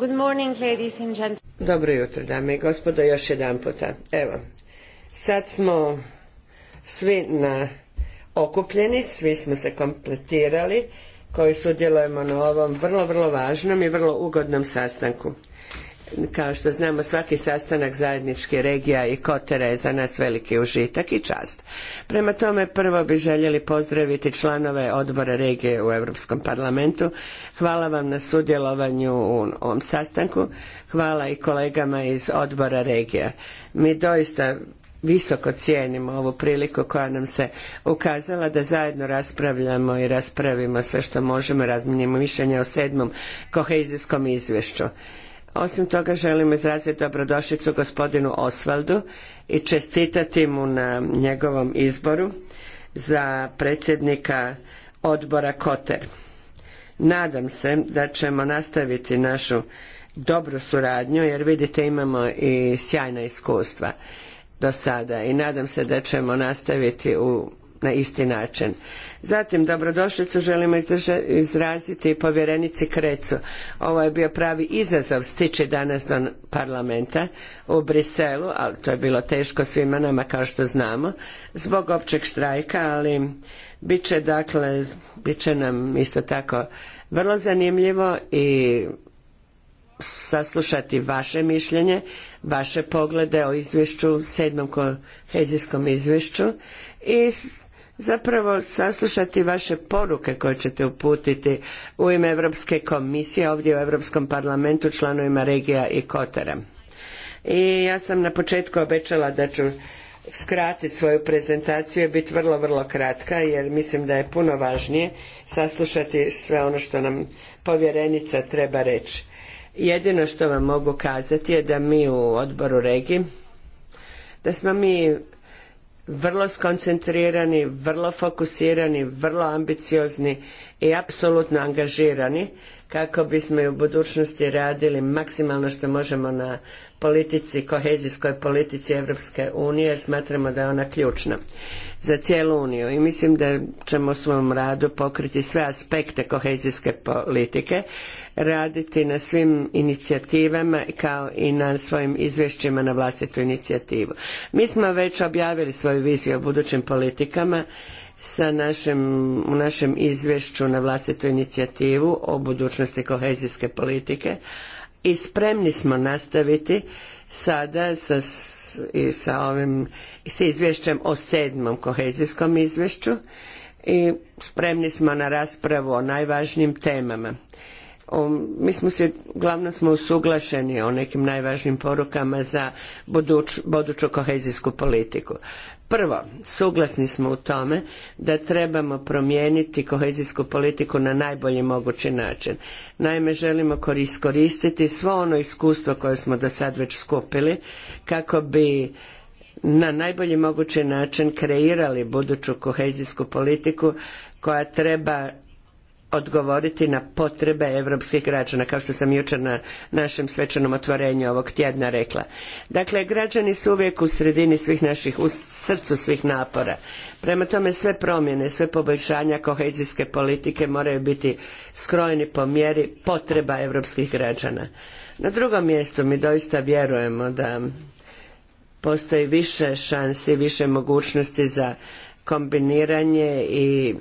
Good morning, ladies Dobro jutro, dame i gospodo, još jedan puta. Evo, sad smo svi na okupljeni, svi smo se kompletirali koji sudjelujemo na ovom vrlo, vrlo važnom i vrlo ugodnom sastanku. Kao što znamo, svaki sastanak zajednički regija i kotera je za nas veliki užitak i čast. Prema tome, prvo bi željeli pozdraviti članove odbora regije u Europskom parlamentu. Hvala vam na sudjelovanju u ovom sastanku. Hvala i kolegama iz odbora regija. Mi doista visoko cijenimo ovu priliku koja nam se ukazala da zajedno raspravljamo i raspravimo sve što možemo, razminimo mišljenje o sedmom kohezijskom izvješću. Osim toga želim izraziti dobrodošlicu gospodinu Osvaldu i čestitati mu na njegovom izboru za predsjednika odbora Koter. Nadam se da ćemo nastaviti našu dobru suradnju jer vidite imamo i sjajna iskustva do sada i nadam se da ćemo nastaviti u na isti način. Zatim, dobrodošlicu želimo izraziti povjerenici Krecu. Ovo je bio pravi izazov stići danas do parlamenta u Briselu, ali to je bilo teško svima nama kao što znamo, zbog općeg štrajka, ali bit će dakle, bit će nam isto tako vrlo zanimljivo i saslušati vaše mišljenje, vaše poglede o izvješću, sedmom kohezijskom izvješću i zapravo saslušati vaše poruke koje ćete uputiti u ime Europske komisije ovdje u Europskom parlamentu članovima regija i Kotara. I ja sam na početku obećala da ću skratiti svoju prezentaciju i biti vrlo, vrlo kratka jer mislim da je puno važnije saslušati sve ono što nam povjerenica treba reći. Jedino što vam mogu kazati je da mi u odboru regi da smo mi vrlo skoncentrirani, vrlo fokusirani, vrlo ambiciozni i apsolutno angažirani kako bismo i u budućnosti radili maksimalno što možemo na politici, kohezijskoj politici Europske unije jer smatramo da je ona ključna za cijelu uniju i mislim da ćemo u svom radu pokriti sve aspekte kohezijske politike, raditi na svim inicijativama kao i na svojim izvješćima na vlastitu inicijativu. Mi smo već objavili svoju viziju o budućim politikama sa našem, u našem izvješću na vlastitu inicijativu o budućnosti kohezijske politike, i spremni smo nastaviti sada sa, i sa ovim sa izvješćem o sedmom kohezijskom izvješću i spremni smo na raspravu o najvažnijim temama. mi smo se, glavno smo usuglašeni o nekim najvažnijim porukama za buduću kohezijsku politiku. Prvo, suglasni smo u tome da trebamo promijeniti kohezijsku politiku na najbolji mogući način. Naime, želimo iskoristiti svo ono iskustvo koje smo do sad već skupili kako bi na najbolji mogući način kreirali buduću kohezijsku politiku koja treba odgovoriti na potrebe europskih građana, kao što sam jučer na našem svečanom otvorenju ovog tjedna rekla. Dakle, građani su uvijek u sredini svih naših, u srcu svih napora. Prema tome sve promjene, sve poboljšanja kohezijske politike moraju biti skrojeni po mjeri potreba europskih građana. Na drugom mjestu mi doista vjerujemo da postoji više šansi, više mogućnosti za kombiniranje i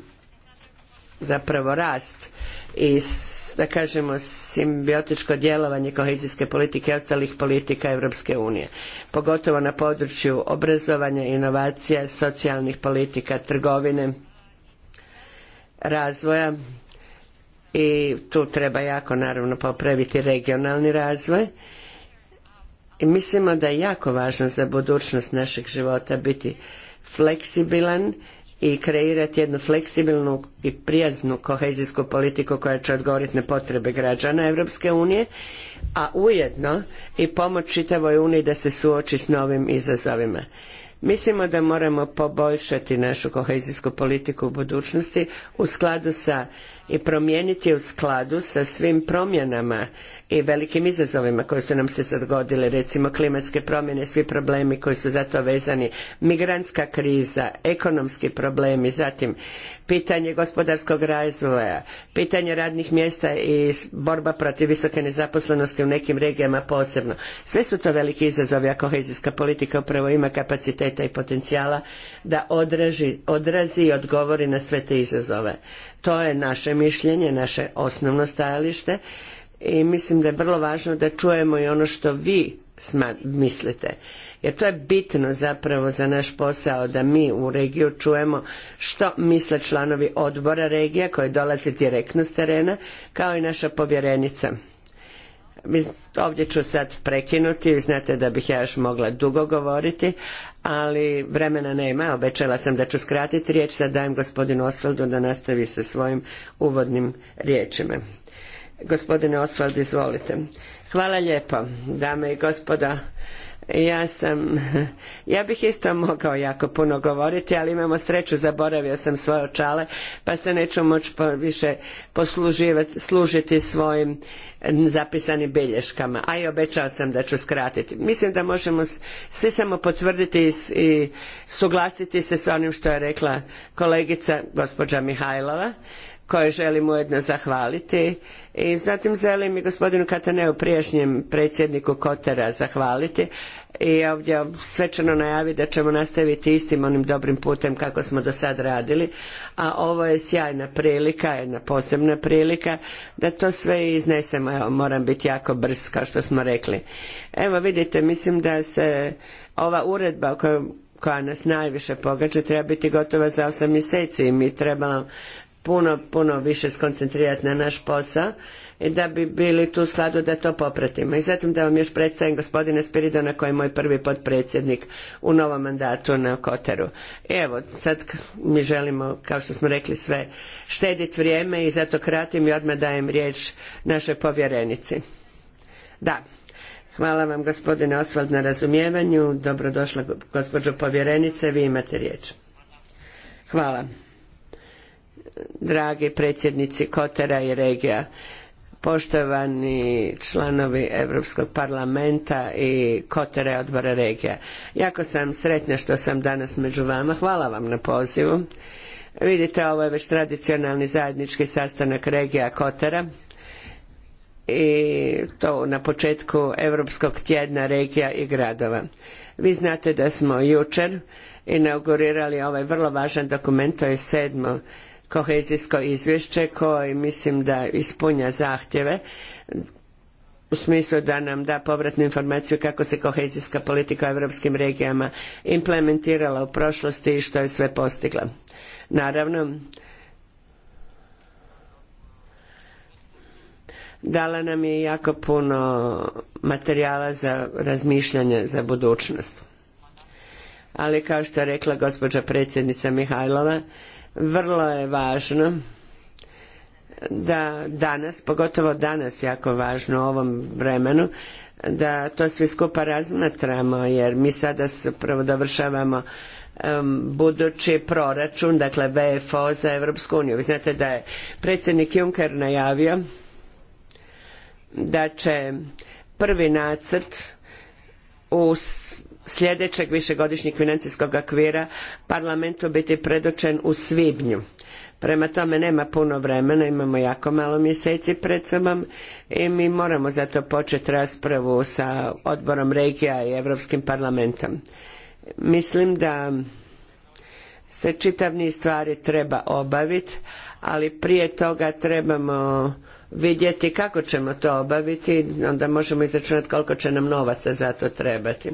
zapravo rast i da kažemo simbiotičko djelovanje kohezijske politike i ostalih politika Europske unije. Pogotovo na području obrazovanja, inovacija, socijalnih politika, trgovine, razvoja i tu treba jako naravno popraviti regionalni razvoj. I mislimo da je jako važno za budućnost našeg života biti fleksibilan i kreirati jednu fleksibilnu i prijaznu kohezijsku politiku koja će odgovoriti na potrebe građana Europske unije, a ujedno i pomoć čitavoj uniji da se suoči s novim izazovima. Mislimo da moramo poboljšati našu kohezijsku politiku u budućnosti u skladu sa i promijeniti u skladu sa svim promjenama i velikim izazovima koji su nam se dogodili, recimo klimatske promjene, svi problemi koji su za to vezani, migrantska kriza, ekonomski problemi, zatim pitanje gospodarskog razvoja, pitanje radnih mjesta i borba protiv visoke nezaposlenosti u nekim regijama posebno. Sve su to veliki izazovi, a kohezijska politika upravo ima kapaciteta i potencijala da odrazi i odgovori na sve te izazove. To je naše mišljenje, naše osnovno stajalište i mislim da je vrlo važno da čujemo i ono što vi mislite. Jer to je bitno zapravo za naš posao da mi u regiju čujemo što misle članovi odbora regija koji dolaze direktno s terena kao i naša povjerenica. Ovdje ću sad prekinuti, znate da bih ja još mogla dugo govoriti, ali vremena nema, obećala sam da ću skratiti riječ, sad dajem gospodinu Osvaldu da nastavi sa svojim uvodnim riječima. Gospodine Osvald, izvolite. Hvala lijepo, dame i gospoda ja sam, ja bih isto mogao jako puno govoriti, ali imamo sreću, zaboravio sam svoje očale, pa se neću moći više posluživati, služiti svojim eh, zapisanim bilješkama, a i obećao sam da ću skratiti. Mislim da možemo svi samo potvrditi i, i suglasiti se s onim što je rekla kolegica gospođa Mihajlova koje želim ujedno zahvaliti i zatim želim i gospodinu Kataneu prijašnjem predsjedniku Kotera, zahvaliti i ovdje svečano najavi da ćemo nastaviti istim onim dobrim putem kako smo do sad radili a ovo je sjajna prilika jedna posebna prilika da to sve iznesemo evo moram biti jako brz kao što smo rekli evo vidite mislim da se ova uredba koja nas najviše pogađa treba biti gotova za osam mjeseci i mi trebamo puno, puno više skoncentrirati na naš posao i da bi bili tu skladu da to popratimo. I zatim da vam još predstavim gospodina Spiridona koji je moj prvi potpredsjednik u novom mandatu na Kotaru. evo, sad mi želimo, kao što smo rekli, sve štediti vrijeme i zato kratim i odmah dajem riječ našoj povjerenici. Da, Hvala vam gospodine Osvald na razumijevanju. Dobrodošla gospođo povjerenice, vi imate riječ. Hvala dragi predsjednici Kotera i regija, poštovani članovi Europskog parlamenta i Kotere odbora regija. Jako sam sretna što sam danas među vama. Hvala vam na pozivu. Vidite, ovo je već tradicionalni zajednički sastanak regija Kotera i to na početku Europskog tjedna regija i gradova. Vi znate da smo jučer inaugurirali ovaj vrlo važan dokument, to je sedmo kohezijsko izvješće koje mislim da ispunja zahtjeve u smislu da nam da povratnu informaciju kako se kohezijska politika u europskim regijama implementirala u prošlosti i što je sve postigla. Naravno, dala nam je jako puno materijala za razmišljanje za budućnost. Ali kao što je rekla gospođa predsjednica Mihajlova, vrlo je važno da danas, pogotovo danas jako važno u ovom vremenu, da to svi skupa razmatramo jer mi sada prvo dovršavamo budući proračun, dakle VFO za Europsku uniju. Vi znate da je predsjednik Juncker najavio da će prvi nacrt u sljedećeg višegodišnjeg financijskog okvira parlamentu biti predočen u svibnju. Prema tome nema puno vremena, imamo jako malo mjeseci pred sobom i mi moramo zato početi raspravu sa odborom regija i Europskim parlamentom. Mislim da se čitav niz stvari treba obaviti, ali prije toga trebamo vidjeti kako ćemo to obaviti, onda možemo izračunati koliko će nam novaca za to trebati.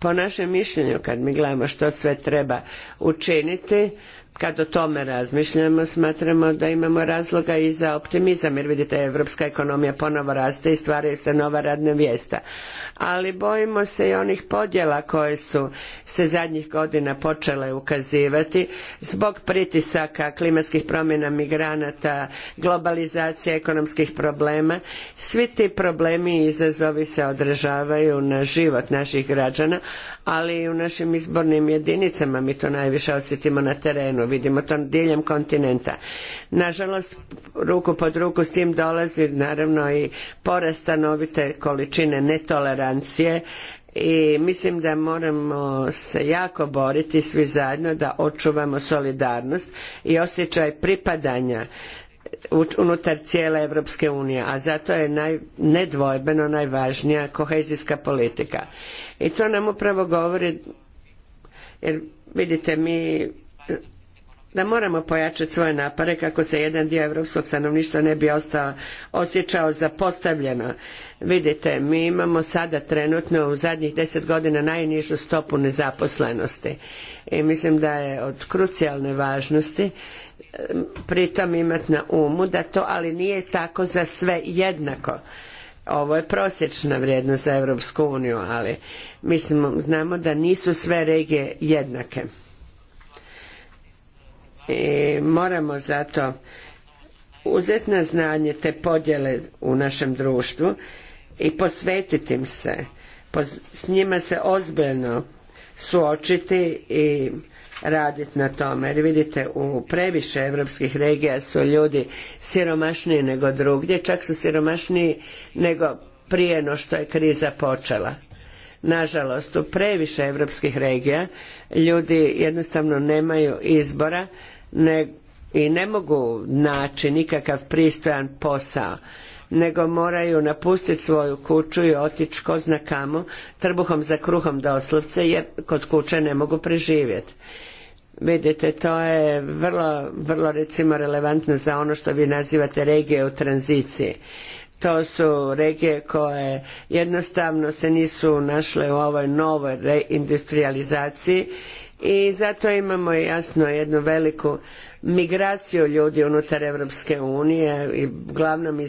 Po našem mišljenju, kad mi gledamo što sve treba učiniti, kad o tome razmišljamo smatramo da imamo razloga i za optimizam jer vidite europska ekonomija ponovo raste i stvaraju se nova radna mjesta ali bojimo se i onih podjela koje su se zadnjih godina počele ukazivati zbog pritisaka klimatskih promjena migranata globalizacije ekonomskih problema svi ti problemi i izazovi se odražavaju na život naših građana ali i u našim izbornim jedinicama mi to najviše osjetimo na terenu Vidimo to diljem kontinenta. Nažalost, ruku pod ruku s tim dolazi naravno i porastanovite količine netolerancije i mislim da moramo se jako boriti svi zajedno da očuvamo solidarnost i osjećaj pripadanja unutar cijele Evropske unije, a zato je naj, nedvojbeno najvažnija kohezijska politika. I to nam upravo govori, jer vidite mi da moramo pojačati svoje napore kako se jedan dio europskog stanovništva ne bi ostao, osjećao zapostavljeno. Vidite, mi imamo sada trenutno u zadnjih deset godina najnižu stopu nezaposlenosti i mislim da je od krucijalne važnosti pritom imati na umu da to ali nije tako za sve jednako. Ovo je prosječna vrijednost za Europsku uniju, ali mislim, znamo da nisu sve regije jednake i moramo zato uzeti na znanje te podjele u našem društvu i posvetiti im se, s njima se ozbiljno suočiti i raditi na tome. Jer vidite, u previše europskih regija su ljudi siromašniji nego drugdje, čak su siromašniji nego prije no što je kriza počela. Nažalost, u previše europskih regija ljudi jednostavno nemaju izbora ne, i ne mogu naći nikakav pristojan posao nego moraju napustiti svoju kuću i otići ko zna kamo trbuhom za kruhom doslovce jer kod kuće ne mogu preživjeti. Vidite, to je vrlo, vrlo recimo relevantno za ono što vi nazivate regije u tranziciji. To su regije koje jednostavno se nisu našle u ovoj novoj reindustrializaciji i zato imamo jasno jednu veliku migraciju ljudi unutar Europske unije i uglavnom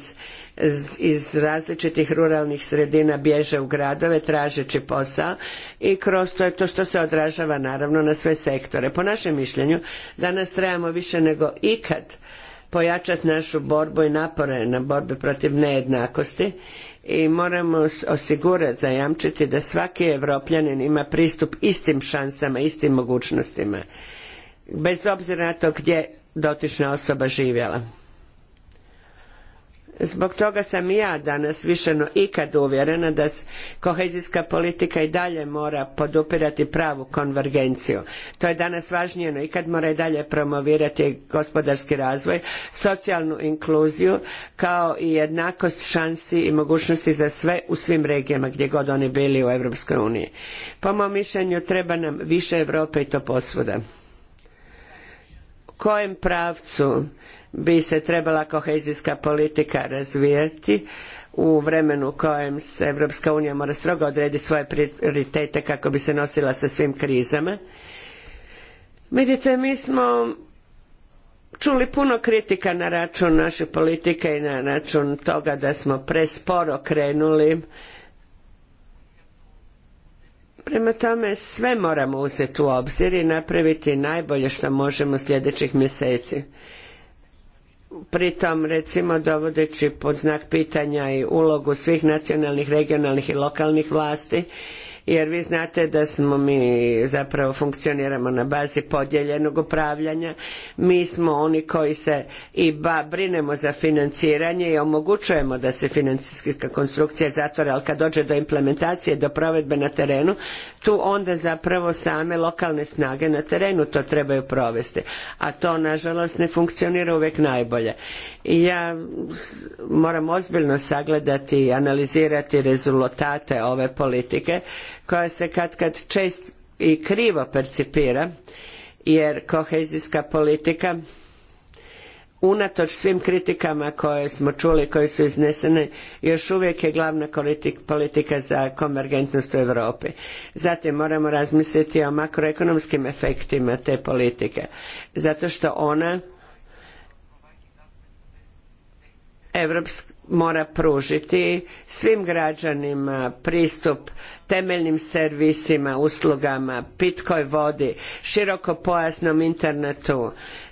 iz, različitih ruralnih sredina bježe u gradove tražeći posao i kroz to je to što se odražava naravno na sve sektore. Po našem mišljenju danas trebamo više nego ikad pojačati našu borbu i napore na borbi protiv nejednakosti i moramo osigurati, zajamčiti da svaki evropljanin ima pristup istim šansama, istim mogućnostima, bez obzira na to gdje dotična osoba živjela. Zbog toga sam i ja danas više no ikad uvjerena da kohezijska politika i dalje mora podupirati pravu konvergenciju. To je danas važnije no ikad mora i dalje promovirati gospodarski razvoj, socijalnu inkluziju kao i jednakost šansi i mogućnosti za sve u svim regijama gdje god oni bili u Europskoj uniji. Po mom mišljenju treba nam više Europe i to posvuda. U kojem pravcu bi se trebala kohezijska politika razvijati u vremenu u kojem se Europska unija mora strogo odrediti svoje prioritete kako bi se nosila sa svim krizama. Vidite, mi smo čuli puno kritika na račun naše politike i na račun toga da smo presporo krenuli. Prema tome sve moramo uzeti u obzir i napraviti najbolje što možemo sljedećih mjeseci pritom recimo dovodeći pod znak pitanja i ulogu svih nacionalnih, regionalnih i lokalnih vlasti jer vi znate da smo mi zapravo funkcioniramo na bazi podijeljenog upravljanja. Mi smo oni koji se i brinemo za financiranje i omogućujemo da se financijska konstrukcija zatvore, ali kad dođe do implementacije, do provedbe na terenu, tu onda zapravo same lokalne snage na terenu to trebaju provesti. A to nažalost ne funkcionira uvijek najbolje. ja moram ozbiljno sagledati i analizirati rezultate ove politike koja se katkad čest i krivo percipira jer kohezijska politika unatoč svim kritikama koje smo čuli koje su iznesene još uvijek je glavna politika za konvergentnost u europi zatim moramo razmisliti o makroekonomskim efektima te politike zato što ona Evropsk, mora pružiti svim građanima pristup temeljnim servisima, uslugama, pitkoj vodi, širokopojasnom internetu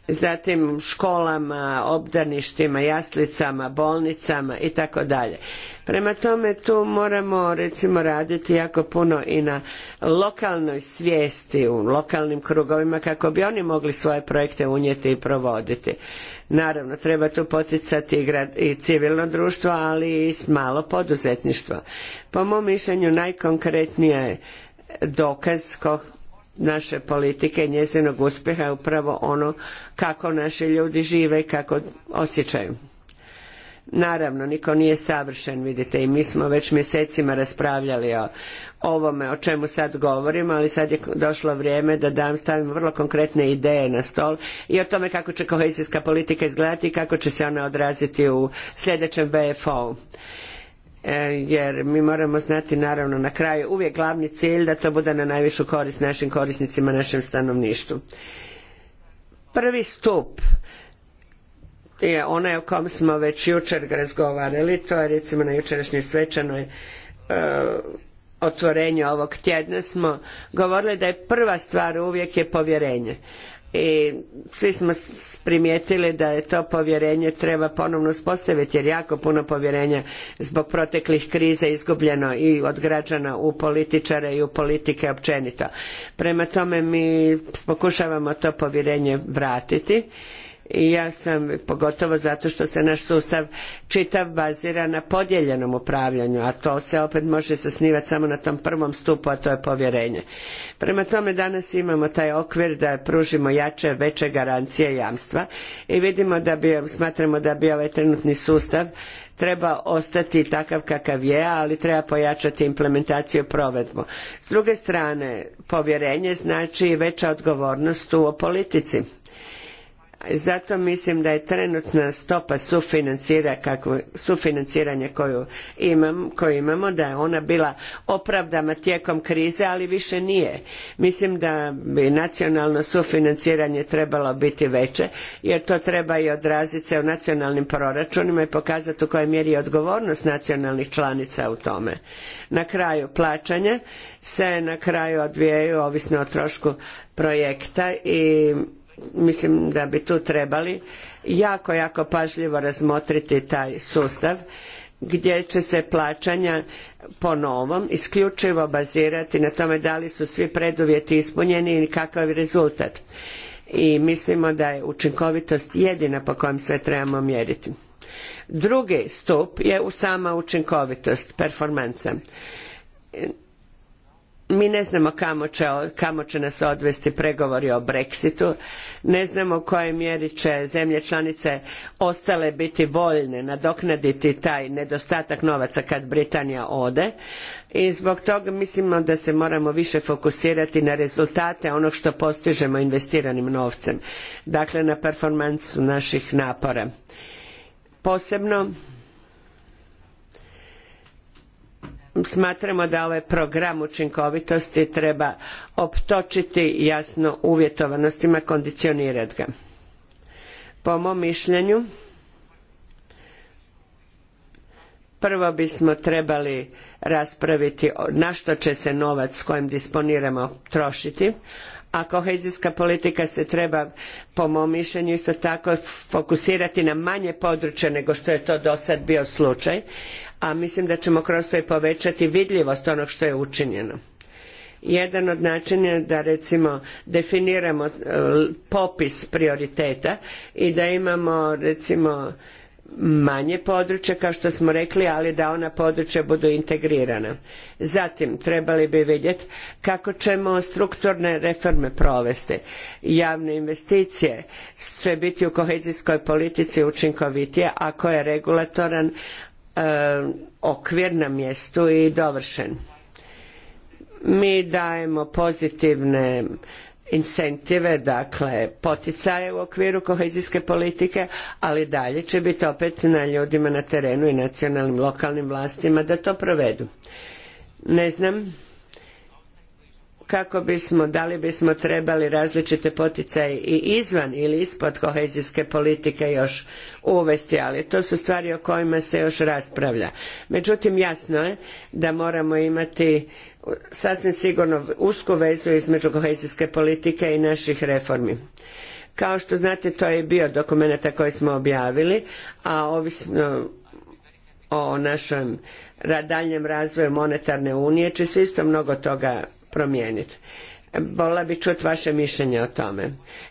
zatim školama, obdaništima, jaslicama, bolnicama i tako dalje. Prema tome tu moramo recimo raditi jako puno i na lokalnoj svijesti u lokalnim krugovima kako bi oni mogli svoje projekte unijeti i provoditi. Naravno, treba tu poticati i, civilno društvo, ali i malo poduzetništvo. Po mom mišljenju najkonkretnije je dokaz naše politike, njezinog uspjeha je upravo ono kako naši ljudi žive i kako osjećaju. Naravno, niko nije savršen, vidite, i mi smo već mjesecima raspravljali o ovome o čemu sad govorimo, ali sad je došlo vrijeme da dam, stavimo vrlo konkretne ideje na stol i o tome kako će kohezijska politika izgledati i kako će se ona odraziti u sljedećem VFO-u. E, jer mi moramo znati naravno na kraju uvijek glavni cilj da to bude na najvišu korist našim korisnicima, našem stanovništvu. Prvi stup je onaj o kom smo već jučer razgovarali, to je recimo na jučerašnjoj svečanoj e, otvorenju ovog tjedna smo govorili da je prva stvar uvijek je povjerenje i svi smo primijetili da je to povjerenje treba ponovno uspostaviti jer jako puno povjerenja zbog proteklih kriza izgubljeno i od građana u političare i u politike općenito. Prema tome mi pokušavamo to povjerenje vratiti i ja sam pogotovo zato što se naš sustav čitav bazira na podijeljenom upravljanju a to se opet može sasnivati samo na tom prvom stupu a to je povjerenje prema tome danas imamo taj okvir da pružimo jače veće garancije jamstva i vidimo da bi smatramo da bi ovaj trenutni sustav treba ostati takav kakav je ali treba pojačati implementaciju i provedbu s druge strane povjerenje znači veća odgovornost u politici zato mislim da je trenutna stopa sufinanciranja koju, koju imamo, da je ona bila opravdana tijekom krize, ali više nije. Mislim da bi nacionalno sufinanciranje trebalo biti veće, jer to treba i odraziti se u nacionalnim proračunima i pokazati u kojoj mjeri je odgovornost nacionalnih članica u tome. Na kraju plaćanja se na kraju odvijaju ovisno o trošku projekta i mislim da bi tu trebali jako, jako pažljivo razmotriti taj sustav gdje će se plaćanja po novom isključivo bazirati na tome da li su svi preduvjeti ispunjeni i kakav je rezultat. I mislimo da je učinkovitost jedina po kojem sve trebamo mjeriti. Drugi stup je sama učinkovitost, performansa mi ne znamo kamo će, nas odvesti pregovori o brexitu ne znamo u kojoj mjeri će zemlje članice ostale biti voljne nadoknaditi taj nedostatak novaca kad britanija ode i zbog toga mislimo da se moramo više fokusirati na rezultate onog što postižemo investiranim novcem dakle na performansu naših napora posebno smatramo da ovaj program učinkovitosti treba optočiti jasno uvjetovanostima, kondicionirati ga. Po mom mišljenju, prvo bismo trebali raspraviti na što će se novac s kojim disponiramo trošiti, a kohezijska politika se treba po mom mišljenju isto tako fokusirati na manje područje nego što je to do sad bio slučaj a mislim da ćemo kroz to i povećati vidljivost onog što je učinjeno. Jedan od načina je da recimo definiramo e, popis prioriteta i da imamo recimo manje područja kao što smo rekli ali da ona područja budu integrirana. Zatim trebali bi vidjeti kako ćemo strukturne reforme provesti. Javne investicije će biti u kohezijskoj politici učinkovitije ako je regulatoran Eh, okvir na mjestu i dovršen. Mi dajemo pozitivne incentive, dakle poticaje u okviru kohezijske politike, ali dalje će biti opet na ljudima na terenu i nacionalnim lokalnim vlastima da to provedu. Ne znam kako bismo, da li bismo trebali različite poticaje i izvan ili ispod kohezijske politike još uvesti, ali to su stvari o kojima se još raspravlja. Međutim, jasno je da moramo imati sasvim sigurno usku vezu između kohezijske politike i naših reformi. Kao što znate, to je bio dokumenta koji smo objavili, a ovisno o našem daljnjem razvoju monetarne unije će se isto mnogo toga promijeniti. Volila bi čuti vaše mišljenje o tome.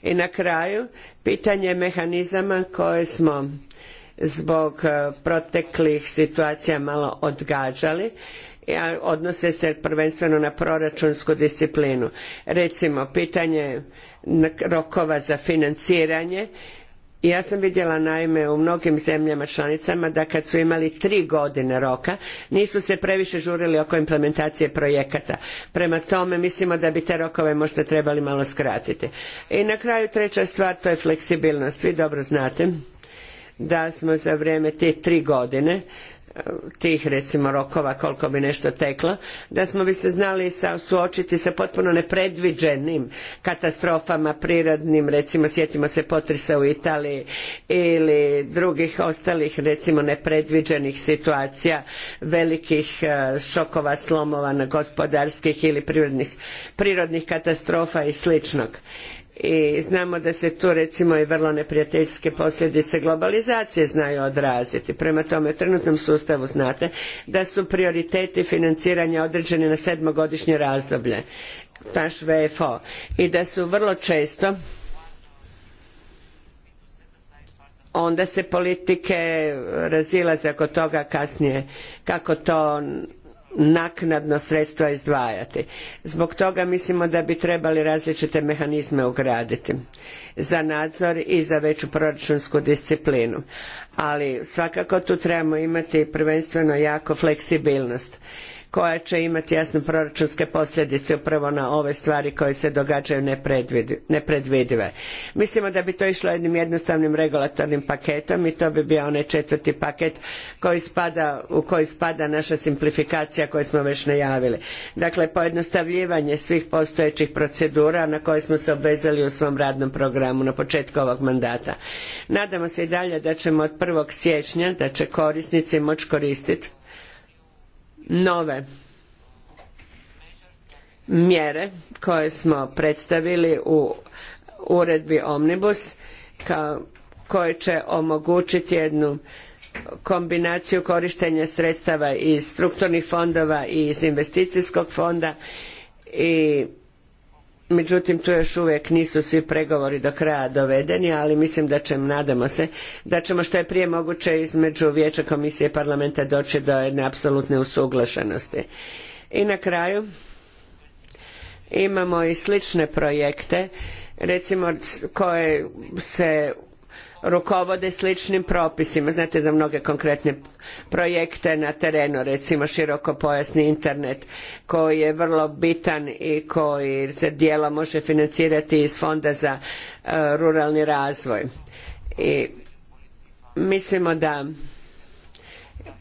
I na kraju, pitanje mehanizama koje smo zbog e, proteklih situacija malo odgađali, e, a odnose se prvenstveno na proračunsku disciplinu. Recimo, pitanje rokova za financiranje ja sam vidjela naime u mnogim zemljama članicama da kad su imali tri godine roka nisu se previše žurili oko implementacije projekata. Prema tome mislimo da bi te rokove možda trebali malo skratiti. I na kraju treća stvar to je fleksibilnost. Vi dobro znate da smo za vrijeme te tri godine tih recimo rokova koliko bi nešto teklo, da smo bi se znali suočiti sa potpuno nepredviđenim katastrofama prirodnim, recimo sjetimo se potresa u Italiji ili drugih ostalih recimo nepredviđenih situacija velikih e, šokova, slomova gospodarskih ili prirodnih, prirodnih katastrofa i sličnog i znamo da se tu recimo i vrlo neprijateljske posljedice globalizacije znaju odraziti. Prema tome, u trenutnom sustavu znate da su prioriteti financiranja određeni na sedmogodišnje razdoblje, taš VFO, i da su vrlo često onda se politike razilaze oko toga kasnije kako to naknadno sredstva izdvajati. Zbog toga mislimo da bi trebali različite mehanizme ugraditi za nadzor i za veću proračunsku disciplinu. Ali svakako tu trebamo imati prvenstveno jako fleksibilnost koja će imati jasno proračunske posljedice upravo na ove stvari koje se događaju nepredvidive. Mislimo da bi to išlo jednim jednostavnim regulatornim paketom i to bi bio onaj četvrti paket koji spada, u koji spada naša simplifikacija koju smo već najavili. Dakle, pojednostavljivanje svih postojećih procedura na koje smo se obvezali u svom radnom programu na početku ovog mandata. Nadamo se i dalje da ćemo od 1. siječnja da će korisnici moći koristiti nove mjere koje smo predstavili u uredbi Omnibus koje će omogućiti jednu kombinaciju korištenja sredstava iz strukturnih fondova i iz investicijskog fonda i međutim tu još uvijek nisu svi pregovori do kraja dovedeni, ali mislim da ćemo, nadamo se, da ćemo što je prije moguće između Vijeća komisije i parlamenta doći do jedne apsolutne usuglašenosti. I na kraju imamo i slične projekte recimo koje se rukovode sličnim propisima. Znate da mnoge konkretne projekte na terenu, recimo širokopojasni internet koji je vrlo bitan i koji se dijelo može financirati iz Fonda za e, ruralni razvoj. I mislimo da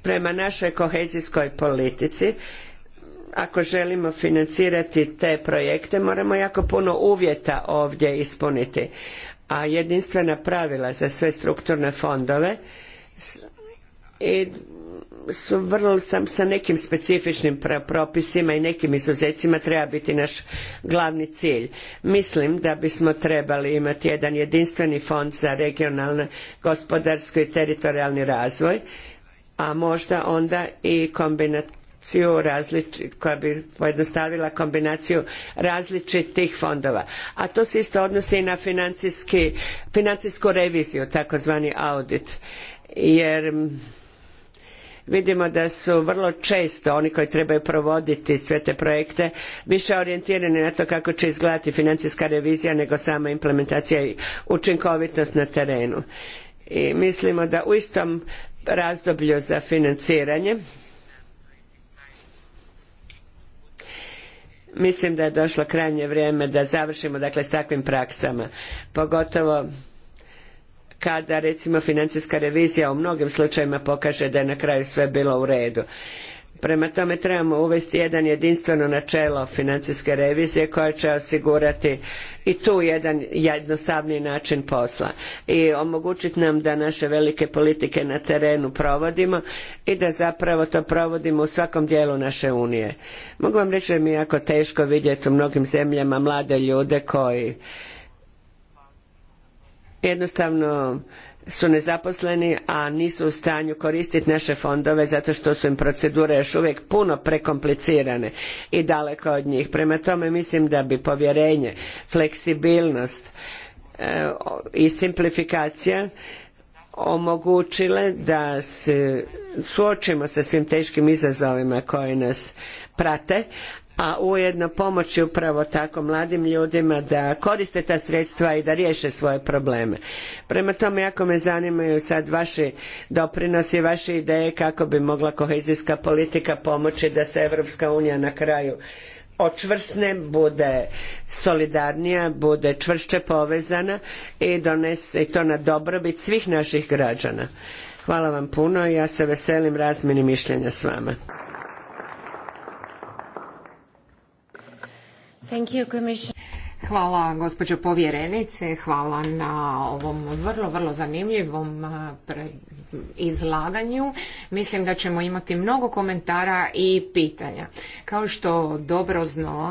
prema našoj kohezijskoj politici ako želimo financirati te projekte moramo jako puno uvjeta ovdje ispuniti a jedinstvena pravila za sve strukturne fondove i su vrlo sam sa nekim specifičnim propisima i nekim izuzecima treba biti naš glavni cilj. Mislim da bismo trebali imati jedan jedinstveni fond za regionalni gospodarski i teritorijalni razvoj, a možda onda i kombinat koja bi pojednostavila kombinaciju različitih fondova. A to se isto odnosi i na financijsku reviziju, takozvani audit. Jer vidimo da su vrlo često oni koji trebaju provoditi sve te projekte više orijentirani na to kako će izgledati financijska revizija nego sama implementacija i učinkovitost na terenu. I mislimo da u istom razdoblju za financiranje mislim da je došlo krajnje vrijeme da završimo dakle s takvim praksama pogotovo kada recimo financijska revizija u mnogim slučajevima pokaže da je na kraju sve bilo u redu Prema tome trebamo uvesti jedan jedinstveno načelo financijske revizije koja će osigurati i tu jedan jednostavniji način posla i omogućiti nam da naše velike politike na terenu provodimo i da zapravo to provodimo u svakom dijelu naše unije. Mogu vam reći da mi je jako teško vidjeti u mnogim zemljama mlade ljude koji jednostavno su nezaposleni a nisu u stanju koristiti naše fondove zato što su im procedure još uvijek puno prekomplicirane i daleko od njih. prema tome mislim da bi povjerenje fleksibilnost e, i simplifikacija omogućile da se suočimo sa svim teškim izazovima koji nas prate a ujedno pomoći upravo tako mladim ljudima da koriste ta sredstva i da riješe svoje probleme. Prema tome, jako me zanimaju sad vaši doprinosi i vaše ideje kako bi mogla kohezijska politika pomoći da se Europska unija na kraju očvrsne, bude solidarnija, bude čvršće povezana i donese to na dobrobit svih naših građana. Hvala vam puno i ja se veselim razmjeni mišljenja s vama. Hvala gospođo povjerenice, hvala na ovom vrlo, vrlo zanimljivom eh, izlaganju. Mislim da ćemo imati mnogo komentara i pitanja. Kao što dobro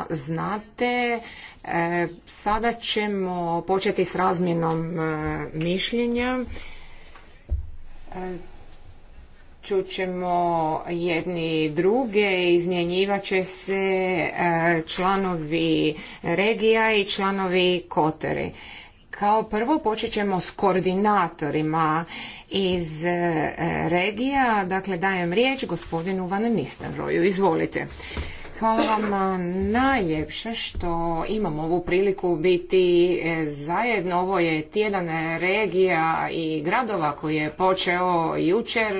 znate, eh, sada ćemo početi s razmjenom eh, mišljenja ćemo jedni druge, izmjenjivat će se e, članovi regija i članovi koteri. Kao prvo počet ćemo s koordinatorima iz e, regija, dakle dajem riječ gospodinu Van Nistelrooju, izvolite. Hvala vam najljepše što imamo ovu priliku biti e, zajedno. Ovo je tjedan regija i gradova koji je počeo jučer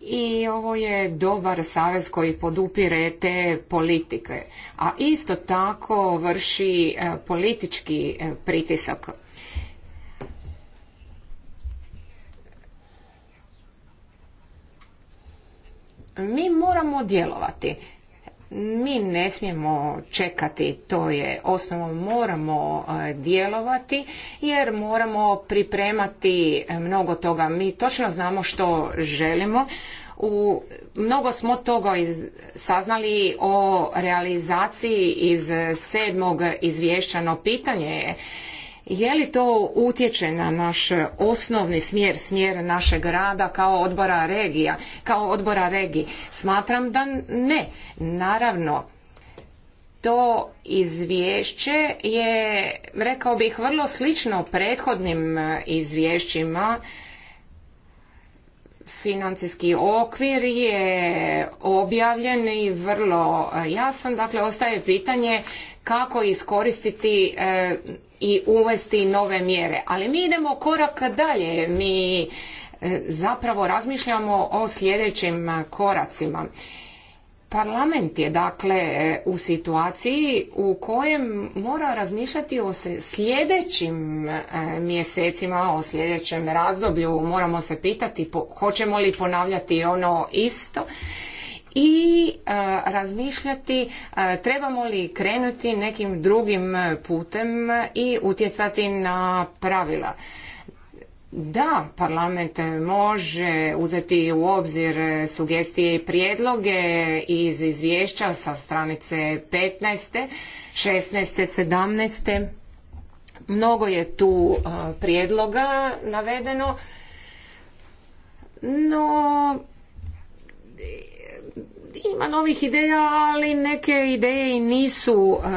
i ovo je dobar savez koji podupire te politike, a isto tako vrši e, politički e, pritisak. Mi moramo djelovati mi ne smijemo čekati, to je osnovno moramo e, djelovati jer moramo pripremati mnogo toga. Mi točno znamo što želimo. U, mnogo smo toga saznali o realizaciji iz sedmog izvješća, pitanje je je li to utječe na naš osnovni smjer, smjer našeg rada kao odbora regija, kao odbora regije Smatram da ne. Naravno, to izvješće je, rekao bih, vrlo slično prethodnim e, izvješćima. Financijski okvir je objavljen i vrlo e, jasan, dakle ostaje pitanje kako iskoristiti e, i uvesti nove mjere. Ali mi idemo korak dalje, mi e, zapravo razmišljamo o sljedećim koracima. Parlament je dakle e, u situaciji u kojem mora razmišljati o sljedećim e, mjesecima, o sljedećem razdoblju. Moramo se pitati hoćemo li ponavljati ono isto i razmišljati trebamo li krenuti nekim drugim e, putem i utjecati na pravila. Da, parlament može uzeti u obzir sugestije i prijedloge iz izvješća sa stranice 15. 16. 17. Mnogo je tu prijedloga navedeno, no ima novih ideja, ali neke ideje i nisu e,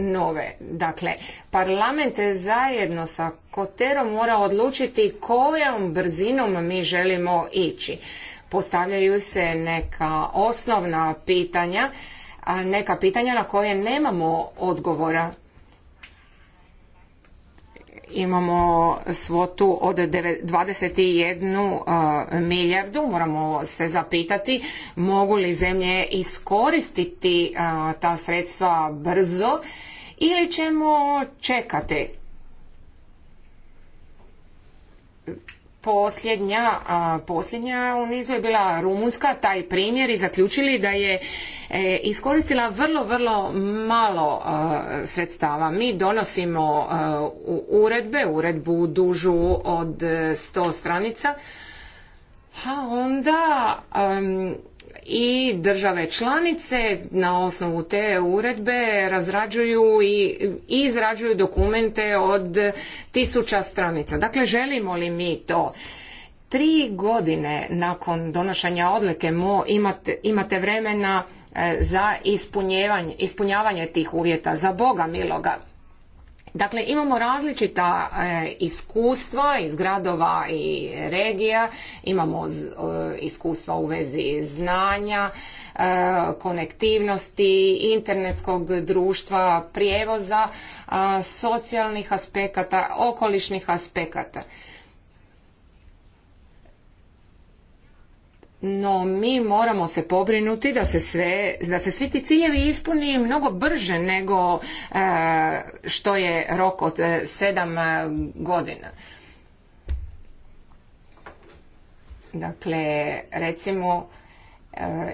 nove. Dakle, parlament je zajedno sa Koterom mora odlučiti kojom brzinom mi želimo ići. Postavljaju se neka osnovna pitanja, neka pitanja na koje nemamo odgovora imamo svotu od 21 uh, milijardu. Moramo se zapitati mogu li zemlje iskoristiti uh, ta sredstva brzo ili ćemo čekati Posljednja, a, posljednja u nizu je bila Rumunska, taj primjer i zaključili da je e, iskoristila vrlo, vrlo malo sredstava. Mi donosimo uredbe, uredbu dužu od 100 e, stranica, a onda i države članice na osnovu te uredbe razrađuju i, izrađuju dokumente od tisuća stranica. Dakle, želimo li mi to? Tri godine nakon donošenja odluke mo, imate, imate vremena e, za ispunjavanje tih uvjeta. Za Boga miloga. Dakle, imamo različita e, iskustva iz gradova i regija, imamo e, iskustva u vezi znanja, e, konektivnosti, internetskog društva, prijevoza, socijalnih aspekata, okolišnih aspekata. no mi moramo se pobrinuti da se, sve, da se svi ti ciljevi ispuni mnogo brže nego e, što je rok od e, sedam e, godina. Dakle, recimo,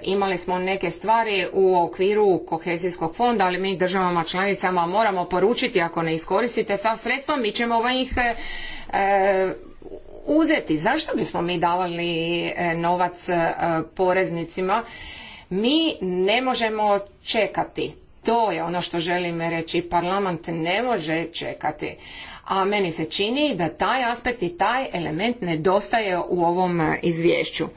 imali smo neke stvari u okviru kohezijskog fonda, ali mi državama članicama moramo poručiti ako ne iskoristite ta sredstva, mi ćemo ih uzeti. Zašto bismo mi davali e, novac e, poreznicima? Mi ne možemo čekati. To je ono što želim reći. Parlament ne može čekati. A meni se čini da taj aspekt i taj element nedostaje u ovom e, izvješću.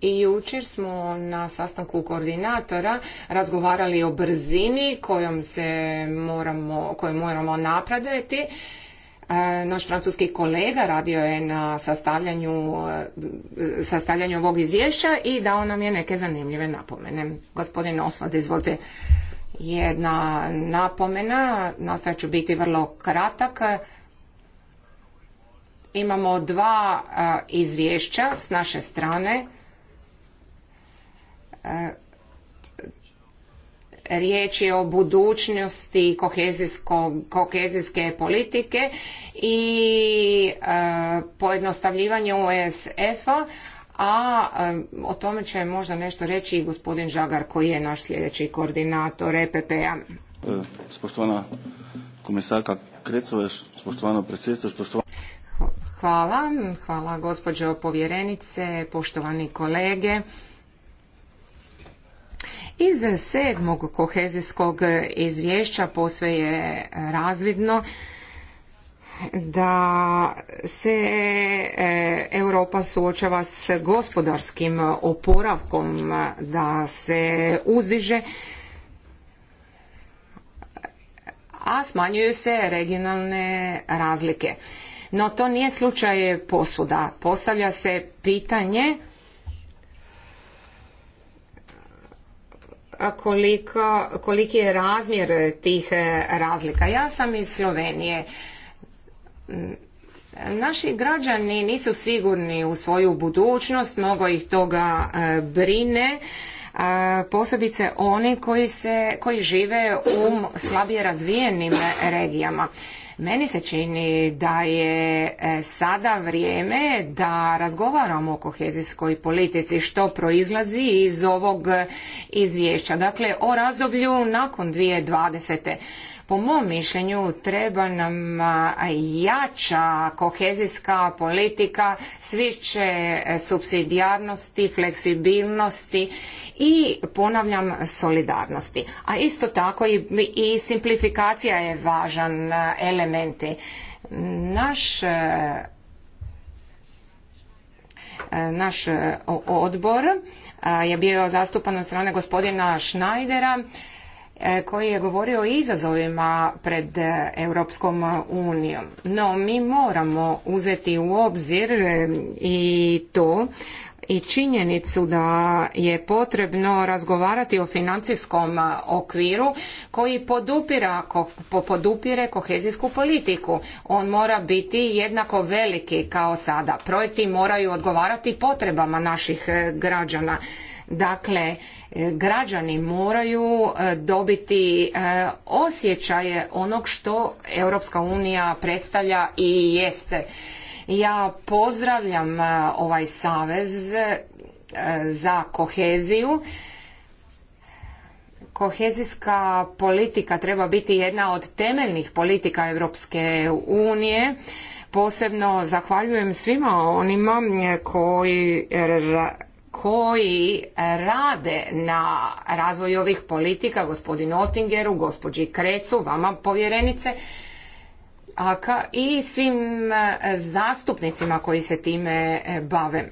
i jučer smo na sastanku koordinatora razgovarali o brzini kojom se moramo, koju moramo napraviti. E, naš francuski kolega radio je na sastavljanju, e, sastavljanju ovog izvješća i dao nam je neke zanimljive napomene. Gospodin Osvad, izvolite. Jedna napomena, nastavit ću biti vrlo kratak. Imamo dva e, izvješća s naše strane E, riječ je o budućnosti kohezijske politike i e, pojednostavljivanju osf a a e, o tome će možda nešto reći i gospodin Žagar koji je naš sljedeći koordinator EPP-a. Spoštovana komisarka Hvala, hvala gospođo povjerenice, poštovani kolege. Iz sedmog kohezijskog izvješća posve je razvidno da se e, Europa suočava s gospodarskim oporavkom, da se uzdiže, a smanjuju se regionalne razlike. No to nije slučaj posuda. Postavlja se pitanje koliko, koliki je razmjer tih e, razlika. Ja sam iz Slovenije. Mm, naši građani nisu sigurni u svoju budućnost, mnogo ih toga e, brine, e, posebice oni koji, se, koji žive u slabije razvijenim regijama. Meni se čini da je e, sada vrijeme da razgovaramo o kohezijskoj politici što proizlazi iz ovog izvješća. Dakle, o razdoblju nakon 2020. Po mom mišljenju treba nam jača kohezijska politika, sviče će e, subsidijarnosti, fleksibilnosti i ponavljam solidarnosti. A isto tako i, simplifikacija je važan element. Naš e, e, odbor je bio zastupan od strane gospodina Schneidera E, koji je govorio o izazovima pred e, Europskom unijom. No, mi moramo uzeti u obzir e, i to i činjenicu da je potrebno razgovarati o financijskom okviru koji podupira, podupire kohezijsku politiku. On mora biti jednako veliki kao sada. Projekti moraju odgovarati potrebama naših građana. Dakle, e, građani moraju e, dobiti e, osjećaje onog što Europska unija predstavlja i jeste. Ja pozdravljam ovaj savez za koheziju kohezijska politika treba biti jedna od temeljnih politika Europske unije. Posebno zahvaljujem svima onima koji koji rade na razvoju ovih politika, gospodinu Otingeru, gospođi Krecu, vama povjerenice, i svim e, zastupnicima koji se time e, bave.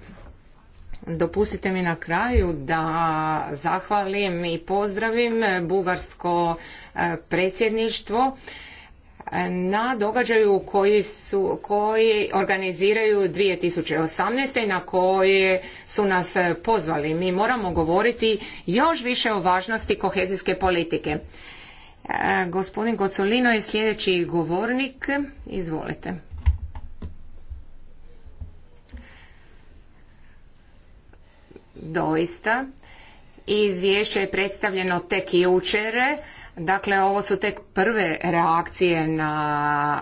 Dopustite mi na kraju da zahvalim i pozdravim bugarsko e, predsjedništvo na događaju koji, su, koji organiziraju 2018. na koje su nas pozvali. Mi moramo govoriti još više o važnosti kohezijske politike. E, gospodin Gocolino je sljedeći govornik. Izvolite. Doista. Izvješće je predstavljeno tek jučer Dakle, ovo su tek prve reakcije na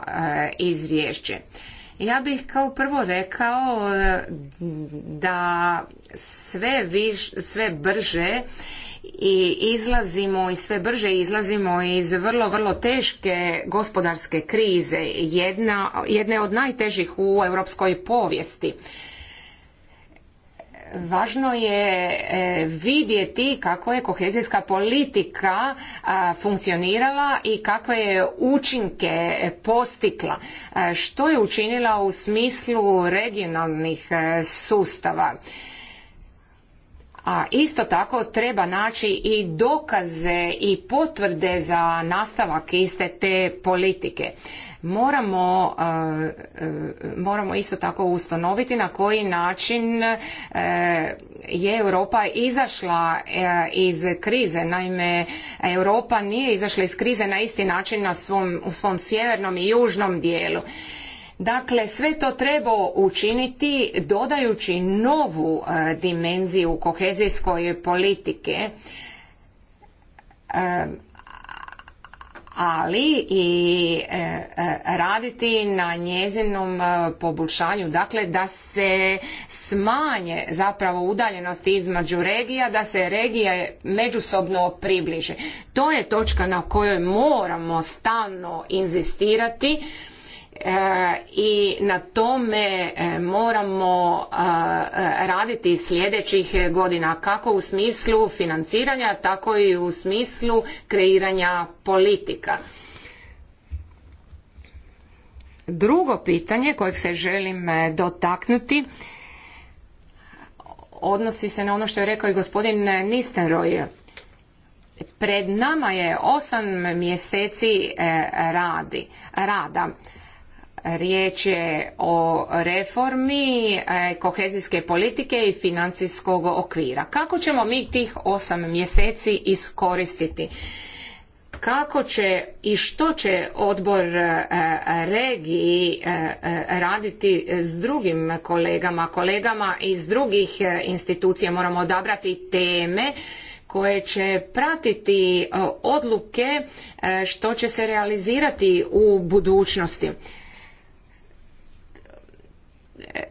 e, izvješće. Ja bih kao prvo rekao e, da sve, sve brže i izlazimo i sve brže izlazimo iz vrlo, vrlo teške gospodarske krize, jedna, jedne od najtežih u europskoj povijesti. Važno je e, vidjeti kako je kohezijska politika funkcionirala i kakve je učinke postikla. E, što je učinila u smislu regionalnih e, sustava? A isto tako treba naći i dokaze i potvrde za nastavak iste te politike. Moramo, e, moramo isto tako ustanoviti na koji način e, je Europa izašla e, iz krize. Naime, Europa nije izašla iz krize na isti način na svom, u svom sjevernom i južnom dijelu. Dakle, sve to treba učiniti dodajući novu e, dimenziju kohezijskoj politike ali i e, e, raditi na njezinom e, poboljšanju, dakle da se smanje zapravo udaljenosti između regija, da se regije međusobno približe. To je točka na kojoj moramo stalno inzistirati E, i na tome e, moramo e, raditi sljedećih godina kako u smislu financiranja tako i u smislu kreiranja politika. Drugo pitanje kojeg se želim dotaknuti odnosi se na ono što je rekao i gospodin Nistenroj. Pred nama je osam mjeseci radi, rada. Riječ je o reformi e, kohezijske politike i financijskog okvira. Kako ćemo mi tih osam mjeseci iskoristiti? Kako će i što će odbor e, regiji e, raditi s drugim kolegama, kolegama iz drugih institucija? Moramo odabrati teme koje će pratiti odluke što će se realizirati u budućnosti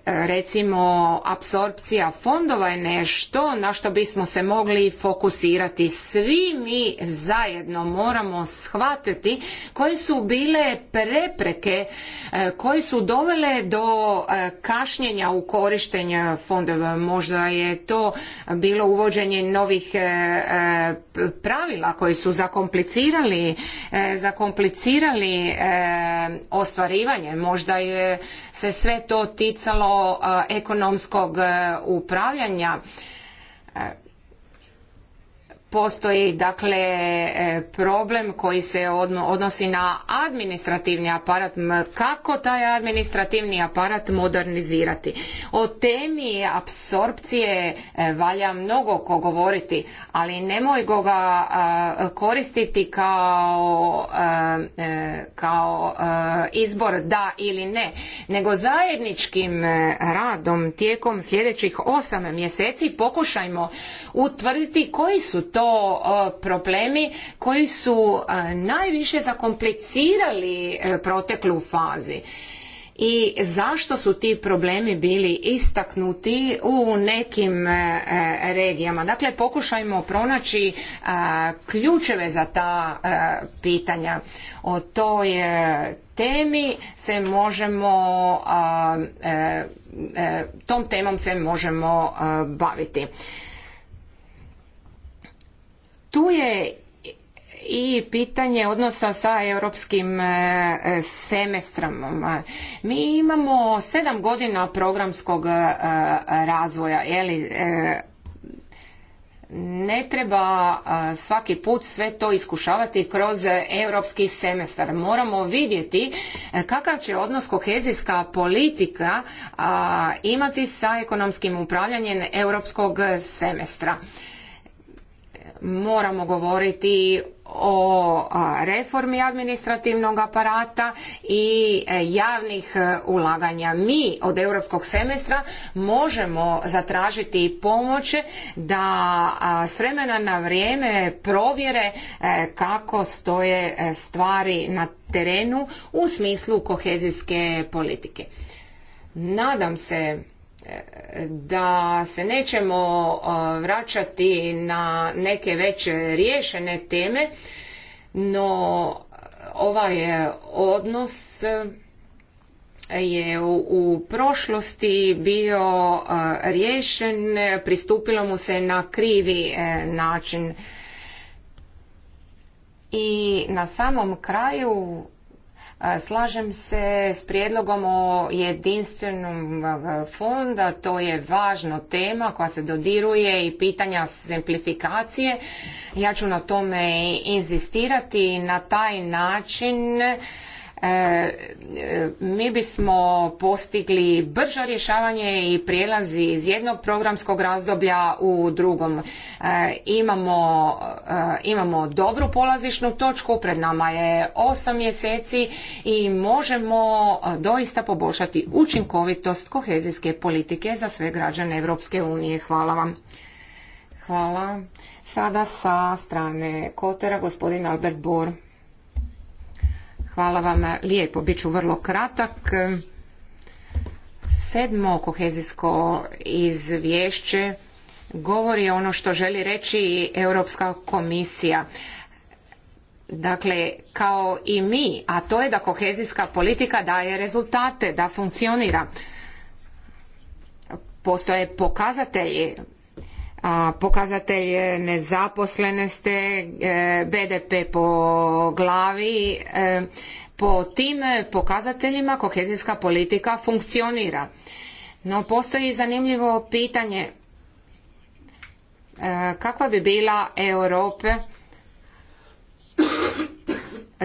recimo apsorpcija fondova je nešto na što bismo se mogli fokusirati. Svi mi zajedno moramo shvatiti koje su bile prepreke e, koje su dovele do e, kašnjenja u korištenju fondova. Možda je to bilo uvođenje novih e, pravila koji su zakomplicirali zakomplicirali ostvarivanje. Možda je se sve to ticalo ticalo ekonomskog e, upravljanja e, postoji dakle e, problem koji se odnosi na administrativni aparat kako taj administrativni aparat modernizirati o temi apsorpcije e, valja mnogo ko govoriti ali nemoj ga e, koristiti kao kao izbor da ili ne nego zajedničkim radom tijekom sljedećih osam mjeseci pokušajmo utvrditi koji su to problemi koji su najviše zakomplicirali e, proteklu fazi i zašto su ti problemi bili istaknuti u nekim e, e, regijama. Dakle, pokušajmo pronaći ključeve za ta pitanja. O toj temi se možemo, tom temom se možemo baviti. Tu je i pitanje odnosa sa europskim e, semestrom. Mi imamo sedam godina programskog e, razvoja, je e, ne treba svaki put sve to iskušavati kroz europski semestar. Moramo vidjeti kakav će odnos kohezijska politika imati sa ekonomskim upravljanjem europskog semestra moramo govoriti o reformi administrativnog aparata i e, javnih e, ulaganja. Mi od europskog semestra možemo zatražiti pomoć da s vremena na vrijeme provjere e, kako stoje stvari na terenu u smislu kohezijske politike. Nadam se da se nećemo vraćati na neke već riješene teme, no ovaj odnos je u prošlosti bio riješen, pristupilo mu se na krivi e, način. I na samom kraju Slažem se s prijedlogom o jedinstvenom fonda, to je važna tema koja se dodiruje i pitanja simplifikacije. Ja ću na tome inzistirati na taj način E, e, mi bismo postigli brže rješavanje i prijelazi iz jednog programskog razdoblja u drugom. E, imamo, imamo dobru polazišnu točku, pred nama je osam mjeseci i možemo doista poboljšati učinkovitost kohezijske politike za sve građane Europske unije. Hvala vam. Hvala. Sada sa strane Kotera gospodin Albert Bor. Hvala vam lijepo, bit vrlo kratak. Sedmo kohezijsko izvješće govori ono što želi reći i Europska komisija. Dakle, kao i mi, a to je da kohezijska politika daje rezultate, da funkcionira. Postoje pokazatelji, Pokazatelje nezaposlenosti, e, BDP po glavi. E, po tim pokazateljima kohezijska politika funkcionira. No postoji zanimljivo pitanje e, kakva bi bila Europe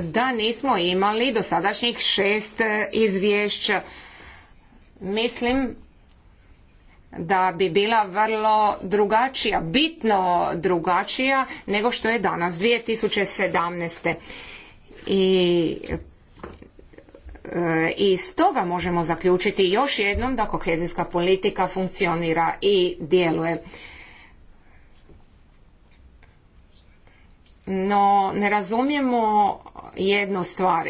da nismo imali do sadašnjih šest izvješća. Mislim da bi bila vrlo drugačija, bitno drugačija nego što je danas 2017. I e, i stoga toga možemo zaključiti još jednom da kohezijska politika funkcionira i djeluje. No, ne razumijemo jednu stvar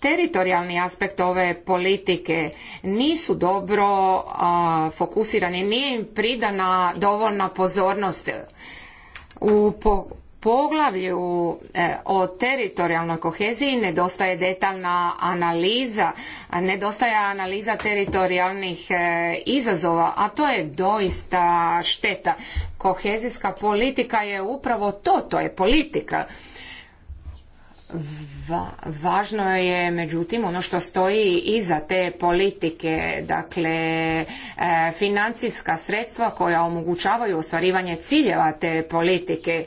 teritorijalni aspekt ove politike nisu dobro fokusirani, nije im pridana dovoljna pozornost u poglavlju e, o teritorijalnoj koheziji nedostaje detaljna analiza, nedostaje analiza teritorijalnih e, izazova, a to je doista šteta. Kohezijska politika je upravo to, to je politika važno je međutim ono što stoji iza te politike, dakle e, financijska sredstva koja omogućavaju ostvarivanje ciljeva te politike,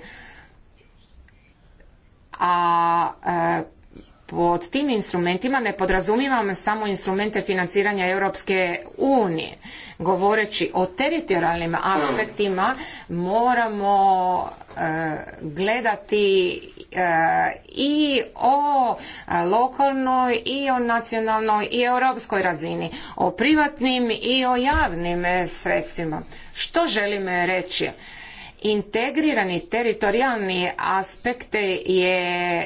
a e, pod tim instrumentima ne podrazumijevam samo instrumente financiranja Europske unije. Govoreći o teritorijalnim aspektima moramo e, gledati i o lokalnoj i o nacionalnoj i europskoj razini, o privatnim i o javnim e, sredstvima. Što želim e, reći? integrirani teritorijalni aspekt je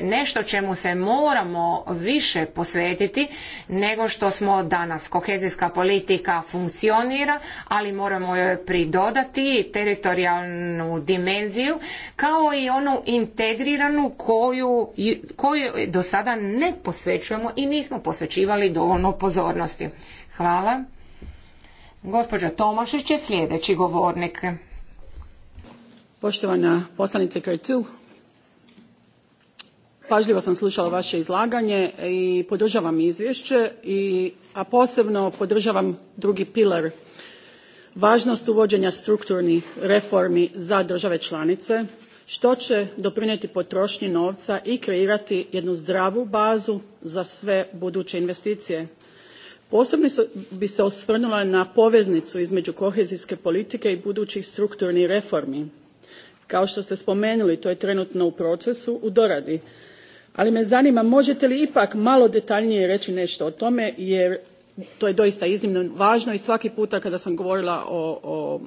nešto čemu se moramo više posvetiti nego što smo danas. Kohezijska politika funkcionira, ali moramo joj pridodati teritorijalnu dimenziju kao i onu integriranu koju, koju do sada ne posvećujemo i nismo posvećivali dovoljno pozornosti. Hvala. Gospođa Tomašić je sljedeći govornik poštovana poslanice creu pažljivo sam slušala vaše izlaganje i podržavam izvješće a posebno podržavam drugi pilar važnost uvođenja strukturnih reformi za države članice što će doprinijeti potrošnji novca i kreirati jednu zdravu bazu za sve buduće investicije. Posebno bi se osvrnula na poveznicu između kohezijske politike i budućih strukturnih reformi. Kao što ste spomenuli, to je trenutno u procesu, u doradi. Ali me zanima, možete li ipak malo detaljnije reći nešto o tome, jer to je doista iznimno važno i svaki puta kada sam govorila o,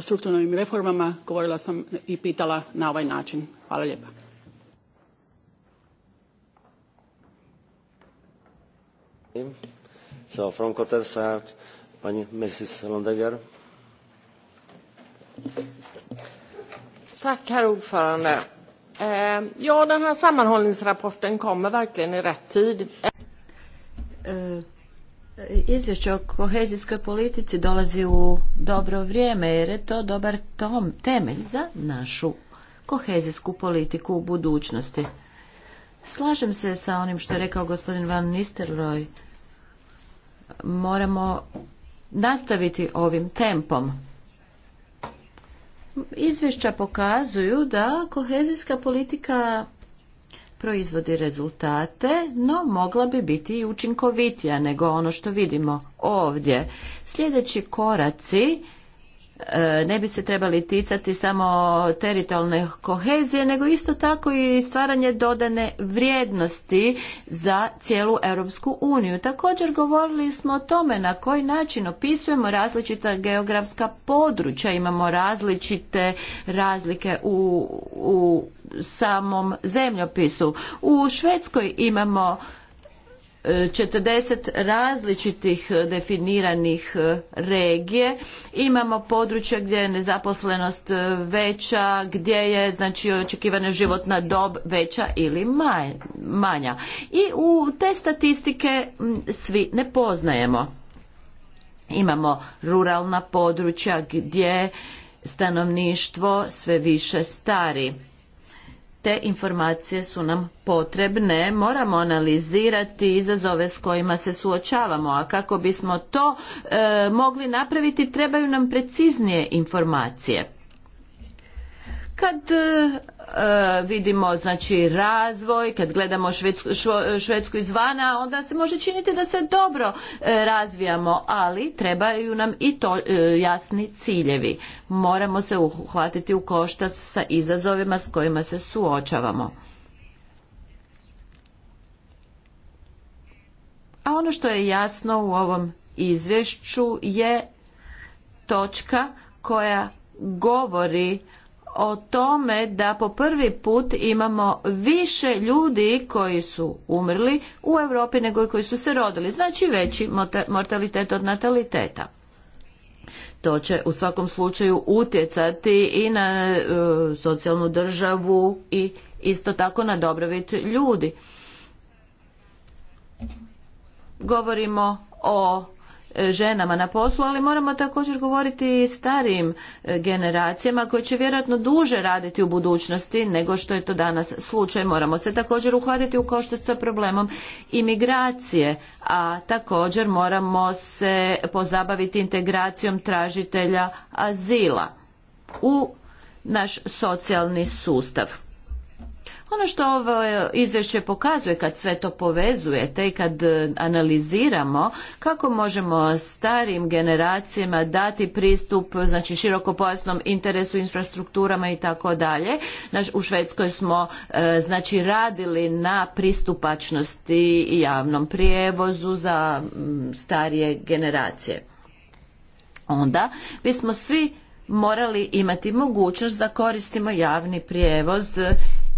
strukturnim reformama, govorila sam i pitala na ovaj način. Hvala lijepa. Tack, herr ordförande. Ehm, ja, den här tid. Eh, izvješće o kohezijskoj politici dolazi u dobro vrijeme jer je to dobar tom, temelj za našu kohezijsku politiku u budućnosti. Slažem se sa onim što je rekao gospodin Van Nistelrooy. Moramo nastaviti ovim tempom. Izvješća pokazuju da kohezijska politika proizvodi rezultate, no mogla bi biti i učinkovitija nego ono što vidimo ovdje. Sljedeći koraci E, ne bi se trebali ticati samo teritorijalne kohezije, nego isto tako i stvaranje dodane vrijednosti za cijelu Europsku uniju. Također govorili smo o tome na koji način opisujemo različita geografska područja, imamo različite razlike u, u samom zemljopisu. U Švedskoj imamo 40 različitih definiranih e, regije. Imamo područja gdje je nezaposlenost e, veća, gdje je znači očekivana životna dob veća ili manja. I u te statistike svi ne poznajemo. Imamo ruralna područja gdje stanovništvo sve više stari te informacije su nam potrebne, moramo analizirati izazove s kojima se suočavamo, a kako bismo to e, mogli napraviti trebaju nam preciznije informacije. Kad e, e, vidimo znači razvoj, kad gledamo Švedsku, izvana, onda se može činiti da se dobro e, razvijamo, ali trebaju nam i to jasni ciljevi. Moramo se uhvatiti u koštac sa izazovima s kojima se suočavamo. A ono što je jasno u ovom izvješću je točka koja govori o tome da po prvi put imamo više ljudi koji su umrli u Europi nego koji su se rodili. Znači veći mortalitet od nataliteta. To će u svakom slučaju utjecati i na e, socijalnu državu i isto tako na dobrobit ljudi. Govorimo o ženama na poslu, ali moramo također govoriti i starijim e, generacijama koje će vjerojatno duže raditi u budućnosti nego što je to danas slučaj. Moramo se također uhvatiti u koštac sa problemom imigracije, a također moramo se pozabaviti integracijom tražitelja azila u naš socijalni sustav. Ono što ovo izvješće pokazuje kad sve to povezujete i kad e, analiziramo kako možemo starim generacijama dati pristup znači širokopojasnom interesu infrastrukturama i tako dalje. U Švedskoj smo e, znači radili na pristupačnosti i javnom prijevozu za starije generacije. Onda mi smo svi morali imati mogućnost da koristimo javni prijevoz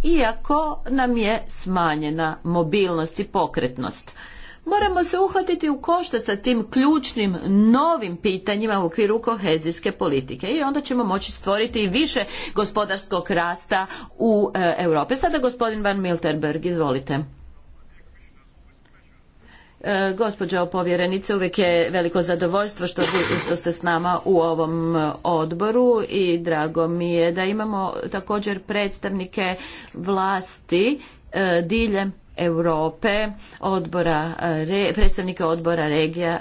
iako nam je smanjena mobilnost i pokretnost. Moramo se uhvatiti u košta sa tim ključnim novim pitanjima u okviru kohezijske politike i onda ćemo moći stvoriti i više gospodarskog rasta u e, Europi. Sada gospodin Van Milterberg, izvolite. E, gospođo povjerenice, uvijek je veliko zadovoljstvo što, ste s nama u ovom odboru i drago mi je da imamo također predstavnike vlasti e, diljem Europe, odbora, e, odbora regija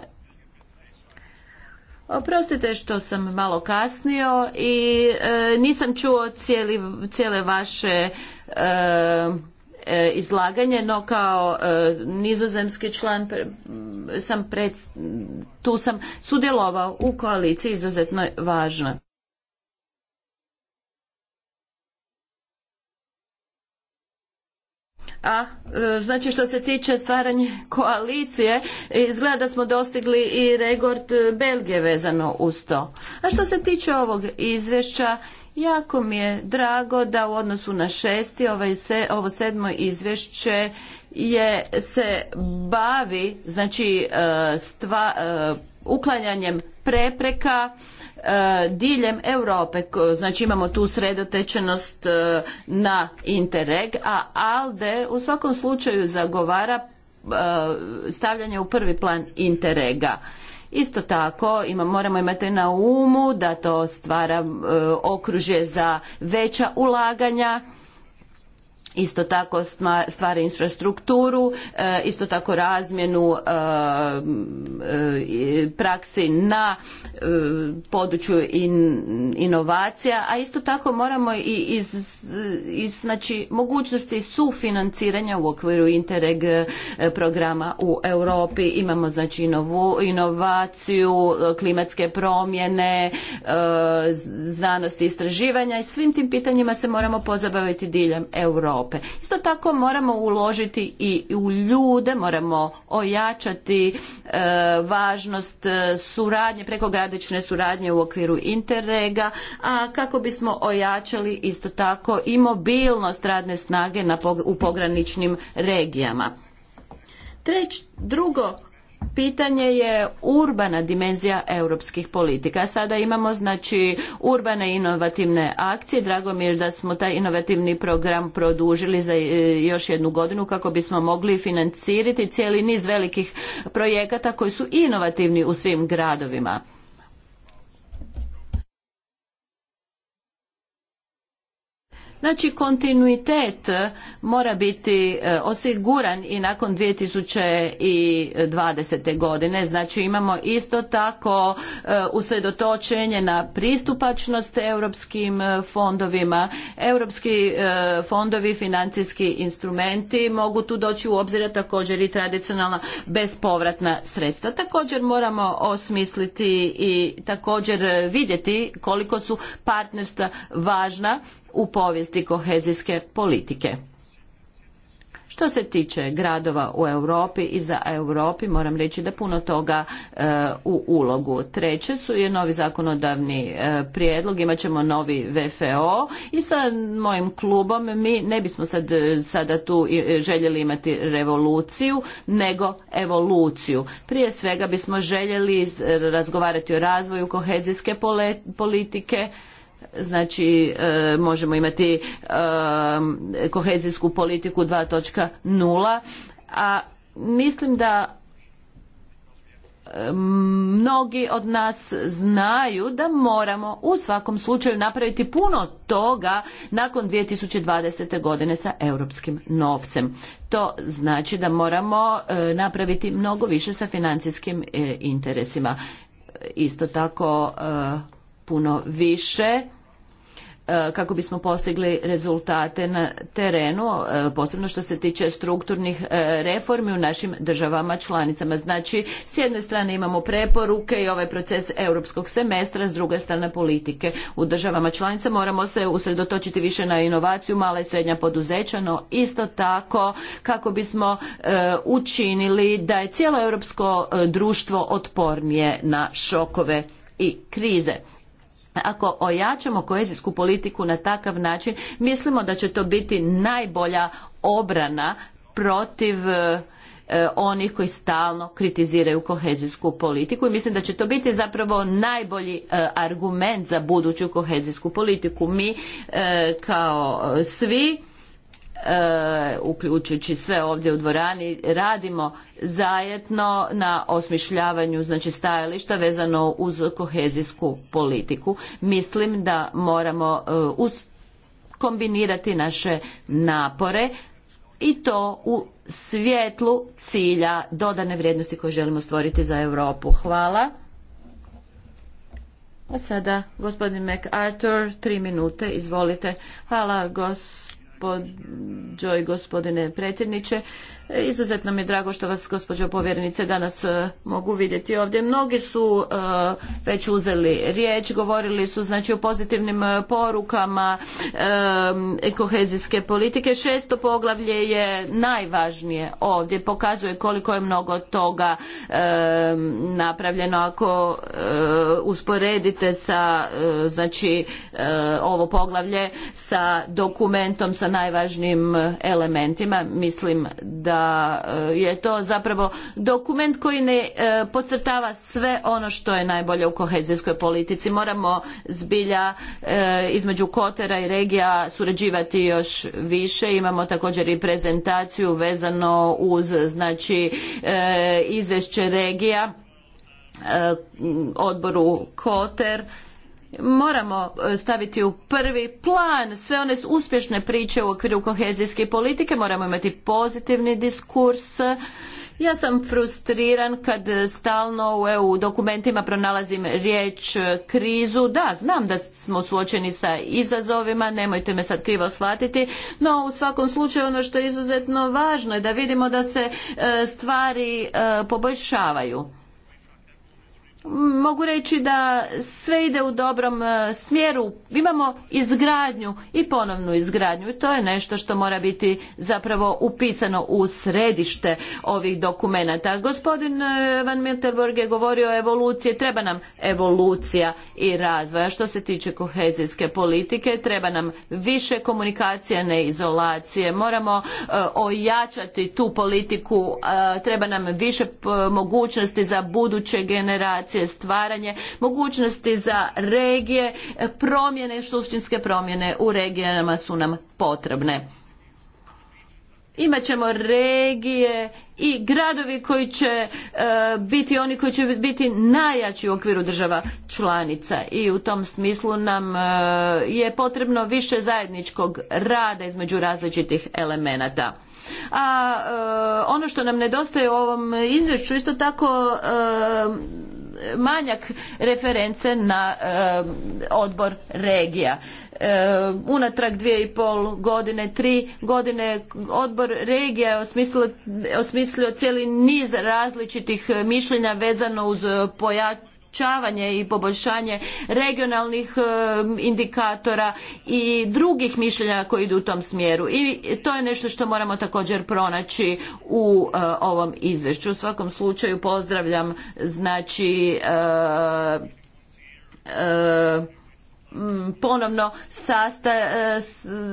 Oprostite što sam malo kasnio i nisam čuo cijele vaše E, izlaganje, no kao e, nizozemski član sam pred, tu sam sudjelovao u koaliciji izuzetno važno. a e, znači što se tiče stvaranja koalicije izgleda da smo dostigli i regord Belgije vezano uz to. A što se tiče ovog izvješća Jako mi je drago da u odnosu na šesti, ovaj se, ovo sedmo izvješće je se bavi znači e, stva, e, uklanjanjem prepreka e, diljem Europe. Znači imamo tu sredotečenost na Interreg, a ALDE u svakom slučaju zagovara stavljanje u prvi plan Interrega. Isto tako ima, moramo imati na umu da to stvara e, okružje za veća ulaganja isto tako stvara infrastrukturu, e, isto tako razmjenu e, e, praksi na području inovacija, a isto tako moramo i znači mogućnosti sufinanciranja u okviru Interreg programa u Europi. Imamo znači novu inovaciju, klimatske promjene, znanost i istraživanja i svim tim pitanjima se moramo pozabaviti diljem Europe. Isto tako moramo uložiti i u ljude, moramo ojačati e, važnost e, suradnje, prekogradične suradnje u okviru Interrega, a kako bismo ojačali isto tako i mobilnost radne snage na, u pograničnim regijama. Treć, drugo pitanje je urbana dimenzija europskih politika. Sada imamo znači urbane inovativne akcije. Drago mi je da smo taj inovativni program produžili za e, još jednu godinu kako bismo mogli financirati cijeli niz velikih projekata koji su inovativni u svim gradovima. Znači kontinuitet mora biti e, osiguran i nakon 2020. godine. Znači imamo isto tako e, usredotočenje na pristupačnost europskim e, fondovima. Europski fondovi, financijski instrumenti mogu tu doći u obzira također i tradicionalna bespovratna sredstva. Također moramo osmisliti i također vidjeti koliko su partnerstva važna u povijesti kohezijske politike. Što se tiče gradova u Europi i za Europi, moram reći da puno toga e, u ulogu. Treće su je novi zakonodavni e, prijedlog, imat ćemo novi VFO i sa mojim klubom mi ne bismo sad, e, sada tu željeli imati revoluciju, nego evoluciju. Prije svega bismo željeli razgovarati o razvoju kohezijske politike, znači e, možemo imati e, kohezijsku politiku 2.0 a mislim da e, mnogi od nas znaju da moramo u svakom slučaju napraviti puno toga nakon 2020. godine sa europskim novcem. To znači da moramo napraviti mnogo više sa financijskim interesima. Isto tako puno više E, kako bismo postigli rezultate na terenu, e, posebno što se tiče strukturnih e, reformi u našim državama članicama. Znači, s jedne strane imamo preporuke i ovaj proces europskog semestra, s druge strane politike u državama članica. Moramo se usredotočiti više na inovaciju, mala i srednja poduzeća, no isto tako kako bismo učinili da je cijelo europsko društvo otpornije na šokove i krize ako ojačamo kohezijsku politiku na takav način, mislimo da će to biti najbolja obrana protiv e, onih koji stalno kritiziraju kohezijsku politiku i mislim da će to biti zapravo najbolji e, argument za buduću kohezijsku politiku. Mi e, kao svi E, uključujući sve ovdje u dvorani, radimo zajedno na osmišljavanju znači stajališta vezano uz kohezijsku politiku. Mislim da moramo e, uz kombinirati naše napore i to u svjetlu cilja dodane vrijednosti koje želimo stvoriti za Europu. Hvala. A sada gospodin MacArthur, tri minute, izvolite. Hvala gospodin po gospodine predsjedniče. Izuzetno mi je drago što vas, gospođo povjernice, danas e, mogu vidjeti ovdje. Mnogi su e, već uzeli riječ, govorili su znači o pozitivnim e, porukama kohezijske politike. Šesto poglavlje je najvažnije ovdje, pokazuje koliko je mnogo toga napravljeno. Ako usporedite sa znači ovo poglavlje sa dokumentom sa najvažnijim elementima, mislim da E, je to zapravo dokument koji ne e, podcrtava sve ono što je najbolje u kohezijskoj politici. Moramo zbilja e, između Kotera i regija surađivati još više. Imamo također i prezentaciju vezano uz znači izvješće regija odboru Koter moramo e, staviti u prvi plan sve one uspješne priče u okviru kohezijske politike, moramo imati pozitivni diskurs. Ja sam frustriran kad stalno u EU dokumentima pronalazim riječ e, krizu. Da, znam da smo suočeni sa izazovima, nemojte me sad krivo shvatiti, no u svakom slučaju ono što je izuzetno važno je da vidimo da se e, stvari poboljšavaju mogu reći da sve ide u dobrom e, smjeru. Imamo izgradnju i ponovnu izgradnju i to je nešto što mora biti zapravo upisano u središte ovih dokumenata. Gospodin e, Van Milterborg je govorio o evoluciji, treba nam evolucija i razvoja. Što se tiče kohezijske politike, treba nam više komunikacije, ne izolacije. Moramo e, ojačati tu politiku, treba nam više mogućnosti za buduće generacije je stvaranje mogućnosti za regije, promjene, suštinske promjene u regijama su nam potrebne. Imat ćemo regije i gradovi koji će e, biti oni koji će biti najjači u okviru država članica i u tom smislu nam e, je potrebno više zajedničkog rada između različitih elemenata. A e, ono što nam nedostaje u ovom izvješću isto tako manjak reference na odbor regija. E, unatrag dvije i pol godine, tri godine odbor regija je osmislio, osmislio cijeli niz različitih mišljenja vezano uz pojač ujednačavanje i poboljšanje regionalnih e, indikatora i drugih mišljenja koji idu u tom smjeru. I to je nešto što moramo također pronaći u e, ovom izvješću. U svakom slučaju pozdravljam znači e, Mm, ponovno sasta, e,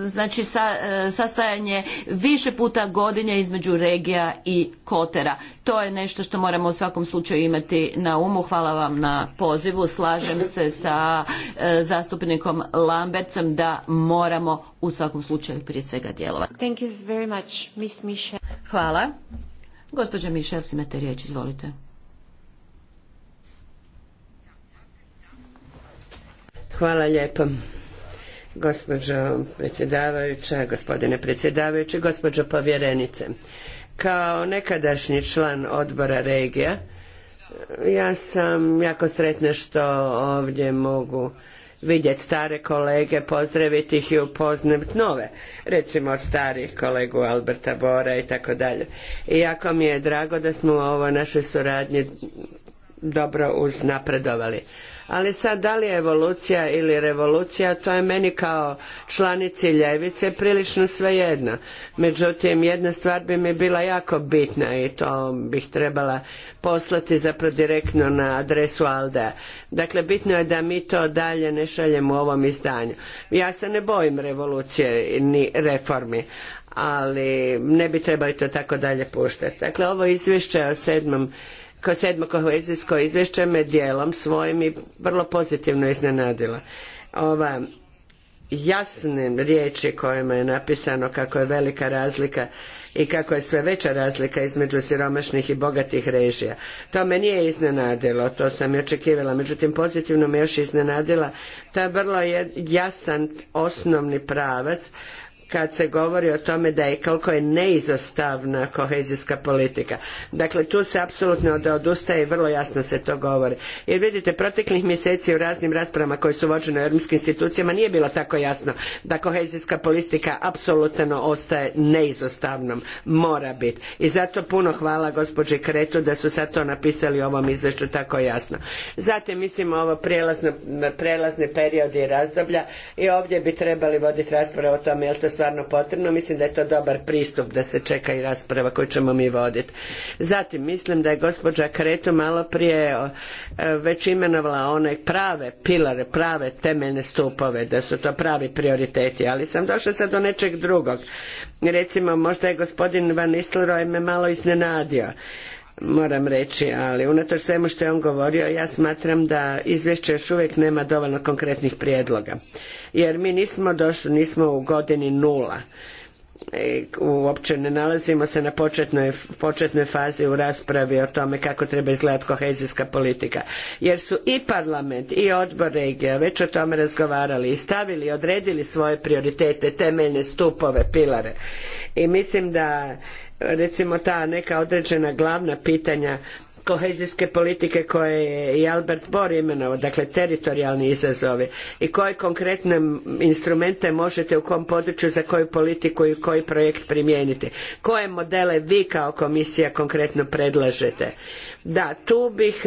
znači e, sastajanje više puta godinja između regija i kotera. To je nešto što moramo u svakom slučaju imati na umu. Hvala vam na pozivu. Slažem se sa e, zastupnikom Lambercem da moramo u svakom slučaju prije svega djelovati. Thank you very much, Hvala. Gospođa Mišev, imate riječ, izvolite. Hvala lijepo. Gospođo predsjedavajuća, gospodine predsjedavajući, gospođo povjerenice. Kao nekadašnji član odbora regija, ja sam jako sretna što ovdje mogu vidjeti stare kolege, pozdraviti ih i upoznati nove, recimo od starih kolegu Alberta Bora i tako dalje. I jako mi je drago da smo u ovoj našoj suradnji dobro uznapredovali. Ali sad, da li je evolucija ili revolucija, to je meni kao članici ljevice prilično svejedno. Međutim, jedna stvar bi mi bila jako bitna i to bih trebala poslati zapravo direktno na adresu Alda. Dakle, bitno je da mi to dalje ne šaljemo u ovom izdanju. Ja se ne bojim revolucije ni reformi, ali ne bi trebali to tako dalje puštati. Dakle, ovo izvješće o sedmom sedmo kohezijsko izvješće me dijelom svojim i vrlo pozitivno iznenadila. Ova jasne riječi kojima je napisano kako je velika razlika i kako je sve veća razlika između siromašnih i bogatih režija. To me nije iznenadilo, to sam i očekivala. Međutim, pozitivno me još iznenadila ta vrlo jasan osnovni pravac kad se govori o tome da je koliko je neizostavna kohezijska politika. Dakle, tu se apsolutno odustaje i vrlo jasno se to govori. Jer vidite, proteklih mjeseci u raznim raspravama koje su vođene u europskim institucijama nije bilo tako jasno da kohezijska politika apsolutno ostaje neizostavnom. Mora biti. I zato puno hvala gospođi Kretu da su sad to napisali u ovom izvješću tako jasno. Zatim, mislim, ovo prijelazni periodi i razdoblja i ovdje bi trebali voditi rasprave o tome jel to stvarno potrebno. Mislim da je to dobar pristup da se čeka i rasprava koju ćemo mi voditi. Zatim, mislim da je gospođa Kretu malo prije e, već imenovala one prave pilare, prave temeljne stupove, da su to pravi prioriteti, ali sam došla sad do nečeg drugog. Recimo, možda je gospodin Van Isleroy me malo iznenadio moram reći, ali unatoč svemu što je on govorio, ja smatram da izvješće još uvijek nema dovoljno konkretnih prijedloga. Jer mi nismo došli, nismo u godini nula. I e, uopće ne nalazimo se na početnoj, početnoj fazi u raspravi o tome kako treba izgledati kohezijska politika jer su i parlament i odbor regija već o tome razgovarali i stavili i odredili svoje prioritete temeljne stupove pilare i mislim da recimo ta neka određena glavna pitanja kohezijske politike koje je i Albert Bor imenovao, dakle teritorijalni izazovi i koje konkretne instrumente možete u kom području za koju politiku i koji projekt primijeniti. Koje modele vi kao komisija konkretno predlažete? Da, tu bih,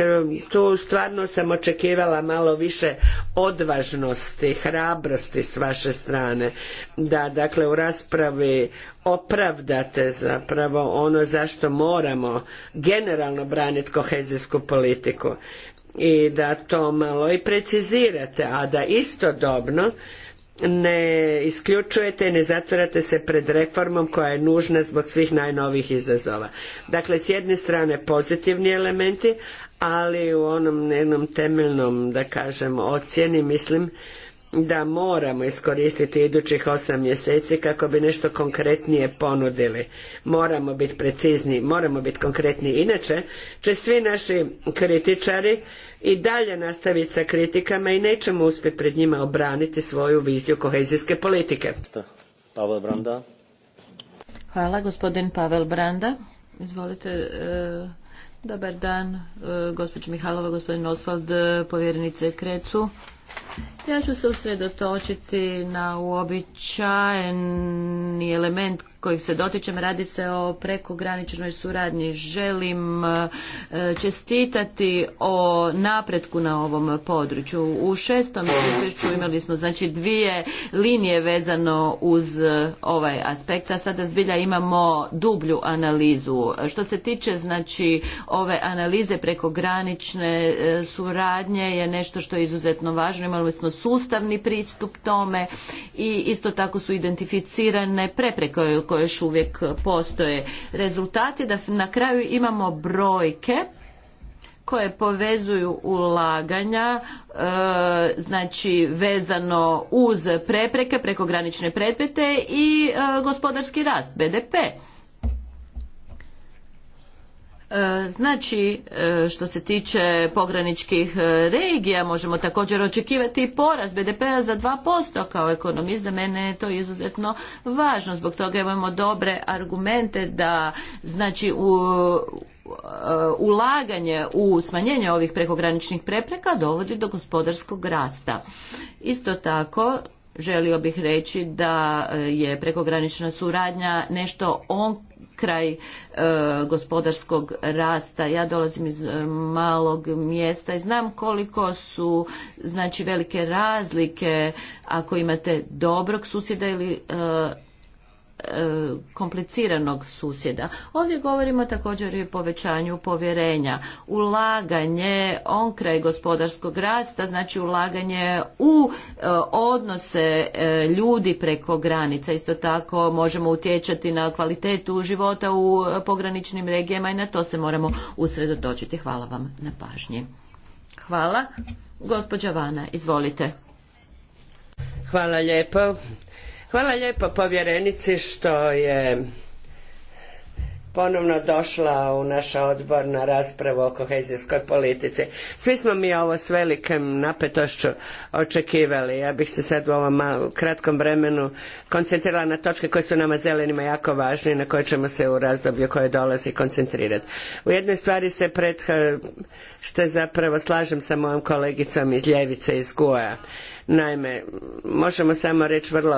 tu stvarno sam očekivala malo više odvažnosti, hrabrosti s vaše strane. Da, dakle u raspravi opravdate zapravo ono zašto moramo generalno braniti kohezijsku politiku i da to malo i precizirate, a da istodobno ne isključujete i ne zatvarate se pred reformom koja je nužna zbog svih najnovijih izazova. Dakle, s jedne strane pozitivni elementi, ali u onom jednom temeljnom, da kažem, ocjeni mislim da moramo iskoristiti idućih osam mjeseci kako bi nešto konkretnije ponudili. Moramo biti precizni, moramo biti konkretni. Inače će svi naši kritičari i dalje nastaviti sa kritikama i nećemo uspjeti pred njima obraniti svoju viziju kohezijske politike. Pavel Hvala, gospodin Pavel Branda. Izvolite, e, dobar dan, e, Mihalova, gospodin Osvald, e, povjerenice Krecu. Ja ću se usredotočiti na uobičajeni element kojih se dotičem. Radi se o prekograničnoj suradnji. Želim e, čestitati o napretku na ovom području. U šestom izvješću imali smo znači dvije linije vezano uz e, ovaj aspekt, a sada zbilja imamo dublju analizu. Što se tiče znači ove analize prekogranične e, suradnje je nešto što je izuzetno važno. Imali smo sustavni pristup tome i isto tako su identificirane prepreke koje još uvijek postoje. rezultati da na kraju imamo brojke koje povezuju ulaganja e, znači vezano uz prepreke, prekogranične predpete i e, gospodarski rast BDP. E, znači, e, što se tiče pograničkih e, regija, možemo također očekivati porast BDP-a za 2% kao ekonomist. Za mene je to izuzetno važno. Zbog toga imamo dobre argumente da znači u ulaganje u smanjenje ovih prekograničnih prepreka dovodi do gospodarskog rasta. Isto tako, želio bih reći da je prekogranična suradnja nešto on kraj e, gospodarskog rasta. Ja dolazim iz e, malog mjesta i znam koliko su znači velike razlike ako imate dobrog susjeda ili e, kompliciranog susjeda. Ovdje govorimo također i o povećanju povjerenja. Ulaganje on kraj gospodarskog rasta, znači ulaganje u e, odnose e, ljudi preko granica. Isto tako možemo utječati na kvalitetu života u pograničnim regijama i na to se moramo usredotočiti. Hvala vam na pažnji. Hvala. Gospođa Vana, izvolite. Hvala lijepo. Hvala lijepo povjerenici što je ponovno došla u naš odbor na raspravu o kohezijskoj politici. Svi smo mi ovo s velikom napetošću očekivali. Ja bih se sad u ovom kratkom vremenu koncentrirala na točke koje su nama zelenima jako važne i na koje ćemo se u razdoblju koje dolazi koncentrirati. U jednoj stvari se pred, što zapravo slažem sa mojom kolegicom iz Ljevice iz Guja Naime, možemo samo reći vrlo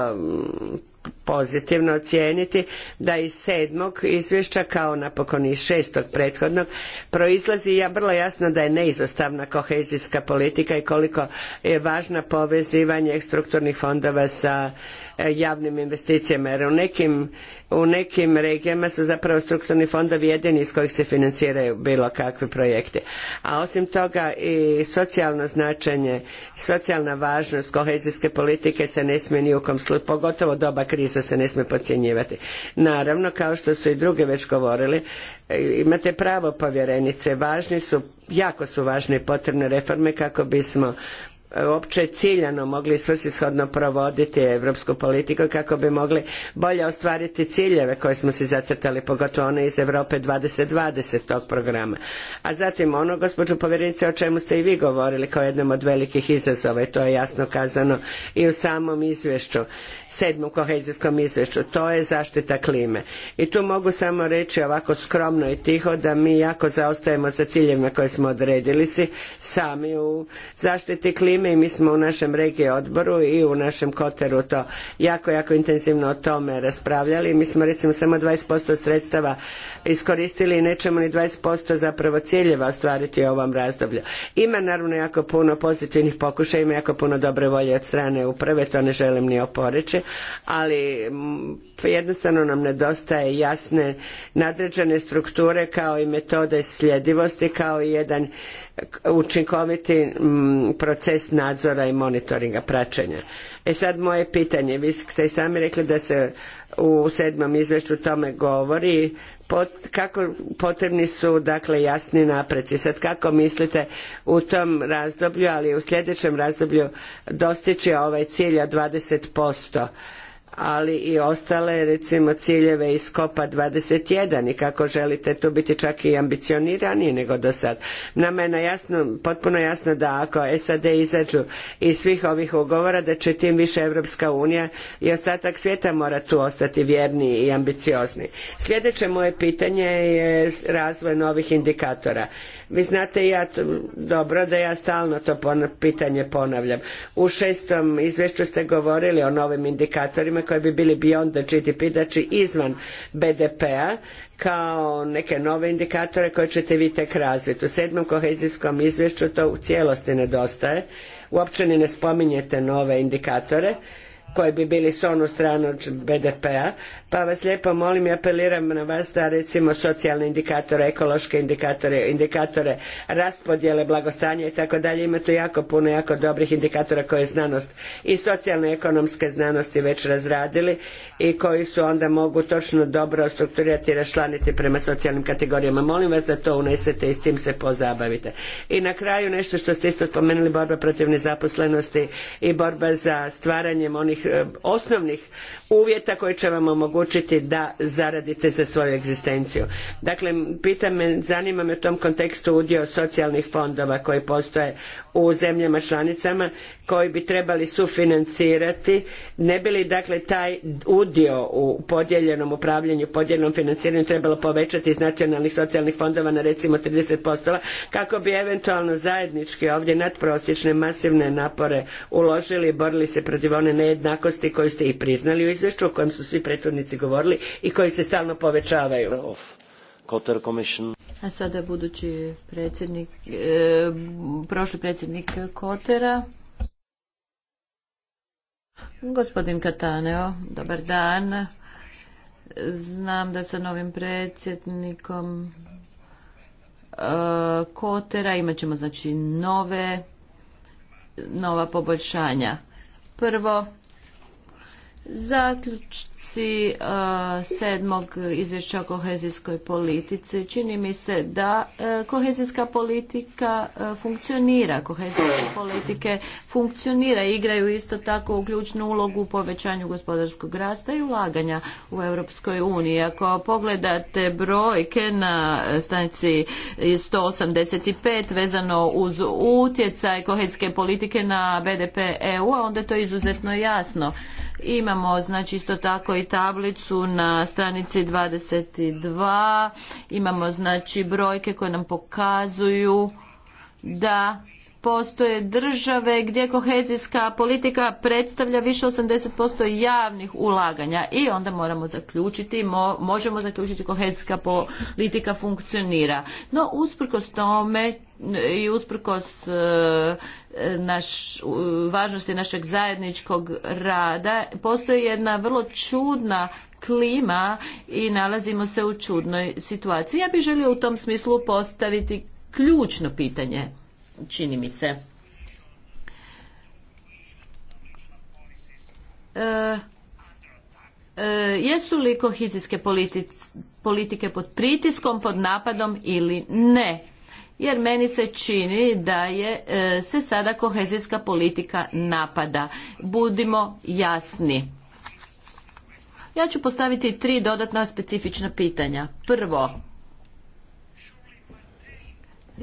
pozitivno ocijeniti da iz sedmog izvješća kao napokon iz šestog prethodnog proizlazi ja vrlo jasno da je neizostavna kohezijska politika i koliko je važna povezivanje strukturnih fondova sa e, javnim investicijama jer u nekim, u regijama su zapravo strukturni fondovi jedini iz kojih se financiraju bilo kakvi projekti. A osim toga i socijalno značenje, socijalna važnost kohezijske politike se ne smije ni u kom slučaju, pogotovo doba kriza se ne smije podcjenjivati. Naravno, kao što su i druge već govorili, e, imate pravo povjerenice, važni su, jako su važne i potrebne reforme kako bismo uopće ciljano mogli svrsishodno provoditi europsku politiku kako bi mogli bolje ostvariti ciljeve koje smo si zacrtali, pogotovo one iz Europe 2020 tog programa. A zatim ono, gospođo povjerenice, o čemu ste i vi govorili kao jednom od velikih izazova i to je jasno kazano i u samom izvješću, sedmom kohezijskom izvješću, to je zaštita klime. I tu mogu samo reći ovako skromno i tiho da mi jako zaostajemo za ciljevima koje smo odredili si sami u zaštiti klime i mi smo u našem regije odboru i u našem koteru to jako, jako intenzivno o tome raspravljali. Mi smo recimo samo 20% sredstava iskoristili i nećemo ni 20% zapravo ciljeva ostvariti u ovom razdoblju. Ima naravno jako puno pozitivnih pokušaja, ima jako puno dobre volje od strane uprave, to ne želim ni oporeći, ali mm, jednostavno nam nedostaje jasne nadređene strukture kao i metode sljedivosti kao i jedan učinkoviti proces nadzora i monitoringa, praćenja. E sad moje pitanje, vi ste i sami rekli da se u sedmom izvješću tome govori, kako potrebni su dakle jasni napreci. Sad kako mislite u tom razdoblju, ali u sljedećem razdoblju dostići ovaj cilj od 20%? ali i ostale recimo ciljeve iz kopa 21 i kako želite tu biti čak i ambicioniraniji nego do sad. Nama je potpuno jasno da ako SAD izađu iz svih ovih ugovora da će tim više Europska unija i ostatak svijeta mora tu ostati vjerniji i ambiciozni. Sljedeće moje pitanje je razvoj novih indikatora. Vi znate ja dobro da ja stalno to pitanje ponavljam. U šestom izvješću ste govorili o novim indikatorima koji bi bili beyond the GDP, znači izvan BDP-a kao neke nove indikatore koje ćete vi tek razviti. U sedmom kohezijskom izvješću to u cijelosti nedostaje. Uopće ni ne spominjete nove indikatore koji bi bili s onu stranu BDP-a, pa vas lijepo molim i apeliram na vas da recimo socijalne indikatore, ekološke indikatore, indikatore raspodjele, blagostanja i tako dalje, ima tu jako puno jako dobrih indikatora koje znanost i socijalne ekonomske znanosti već razradili i koji su onda mogu točno dobro strukturirati i rašlaniti prema socijalnim kategorijama. Molim vas da to unesete i s tim se pozabavite. I na kraju nešto što ste isto spomenuli, borba protiv nezaposlenosti i borba za stvaranjem onih e, osnovnih uvjeta koji će vam omogućiti omogućiti da zaradite za svoju egzistenciju. Dakle, pitam me, zanima me u tom kontekstu udio socijalnih fondova koji postoje u zemljama članicama koji bi trebali sufinancirati, ne bi li dakle taj udio u podijeljenom upravljanju, podijeljenom financiranju trebalo povećati iz nacionalnih socijalnih fondova na recimo 30% kako bi eventualno zajednički ovdje nadprosječne masivne napore uložili i borili se protiv one nejednakosti koju ste i priznali u izvješću u kojem su svi prethodnici govorili i koji se stalno povećavaju. A sada budući predsjednik, e, prošli predsjednik Kotera, Gospodin Kataneo, dobar dan. Znam da sa novim predsjednikom Kotera e, imat ćemo znači nove, nova poboljšanja. Prvo, Zaključci sedam sedmog izvješća o kohezijskoj politici. Čini mi se da e, kohezijska politika e, funkcionira, kohezijske politike funkcionira, i igraju isto tako ključnu ulogu u povećanju gospodarskog rasta i ulaganja u Europskoj uniji. Ako pogledate brojke na stanici 185 vezano uz utjecaj kohezijske politike na BDP EU, onda je to izuzetno jasno. Imamo znači isto tako i tablicu na stranici 22. Imamo znači brojke koje nam pokazuju da postoje države gdje kohezijska politika predstavlja više 80% javnih ulaganja i onda moramo zaključiti, mo, možemo zaključiti kohezijska politika funkcionira. No usprkos tome i usprkos e, naš, važnosti našeg zajedničkog rada postoji jedna vrlo čudna klima i nalazimo se u čudnoj situaciji. Ja bih želio u tom smislu postaviti ključno pitanje čini mi se. E, e, jesu li kohizijske politike pod pritiskom, pod napadom ili ne? Jer meni se čini da je e, se sada kohezijska politika napada. Budimo jasni. Ja ću postaviti tri dodatna specifična pitanja. Prvo,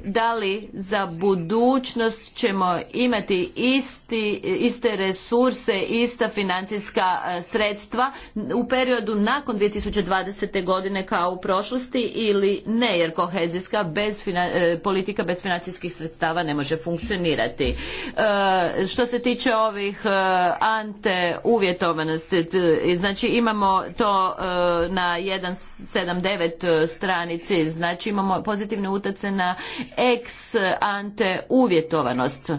da li za budućnost ćemo imati isti, iste resurse, ista financijska e, sredstva u periodu nakon 2020. godine kao u prošlosti ili ne, jer kohezijska bez, e, politika bez financijskih sredstava ne može funkcionirati. E, što se tiče ovih ante uvjetovanosti, znači imamo to na 179 stranici, znači imamo pozitivne utace na ex ante uvjetovanost.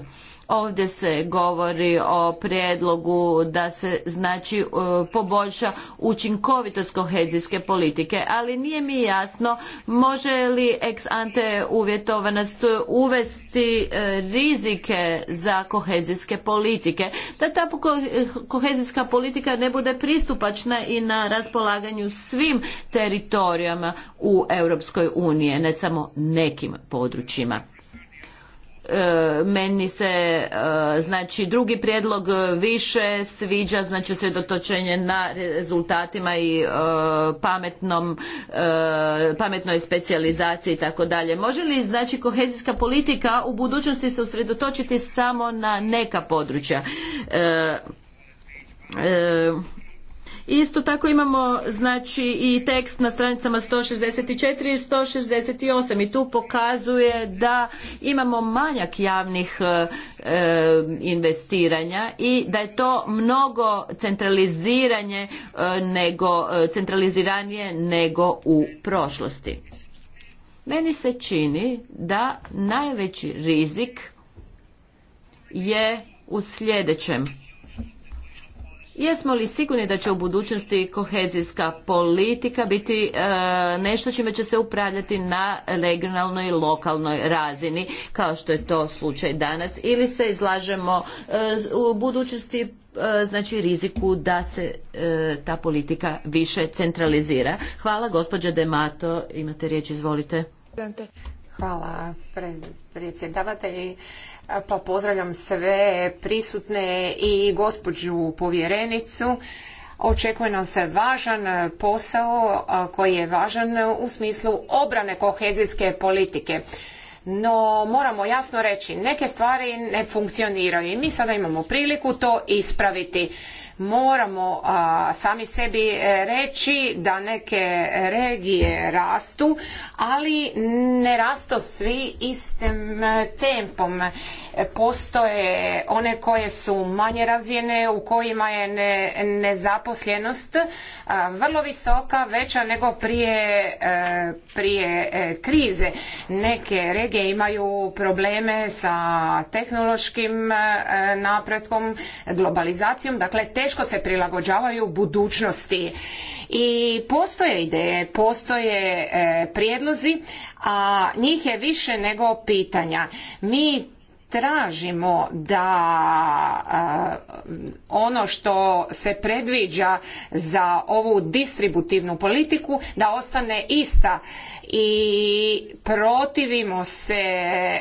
Ovdje se govori o prijedlogu da se znači e, poboljša učinkovitost kohezijske politike, ali nije mi jasno može li ex ante uvjetovanost uvesti e, rizike za kohezijske politike, da ta kohezijska politika ne bude pristupačna i na raspolaganju svim teritorijama u Europskoj uniji, ne samo nekim područjima. E, meni se e, znači drugi prijedlog više sviđa znači sredotočenje na rezultatima i e, pametnoj specijalizaciji i tako dalje može li znači kohezijska politika u budućnosti se usredotočiti samo na neka područja Isto tako imamo znači i tekst na stranicama 164 i 168 i tu pokazuje da imamo manjak javnih e, e, investiranja i da je to mnogo centraliziranje e, nego centraliziranije nego u prošlosti. Meni se čini da najveći rizik je u sljedećem Jesmo li sigurni da će u budućnosti kohezijska politika biti e, nešto čime će se upravljati na regionalnoj i lokalnoj razini kao što je to slučaj danas ili se izlažemo e, u budućnosti e, znači riziku da se ta politika više centralizira. Hvala gospođa Demato, imate riječ, izvolite. Hvala predsjedavatelji. Pa pozdravljam sve prisutne i gospođu povjerenicu. Očekuje nam se važan posao koji je važan u smislu obrane kohezijske politike. No moramo jasno reći, neke stvari ne funkcioniraju i mi sada imamo priliku to ispraviti moramo sami sebi e, reći da neke regije rastu, ali ne rastu svi istim e, tempom. E, postoje one koje su manje razvijene, u kojima je ne, nezaposljenost vrlo visoka, veća nego prije, prije krize. Neke regije imaju probleme sa tehnološkim napretkom, globalizacijom, dakle te teško se prilagođavaju budućnosti i postoje ideje, postoje e, prijedlozi, a njih je više nego pitanja. Mi tražimo da ono što se predviđa za ovu distributivnu politiku da ostane ista i protivimo se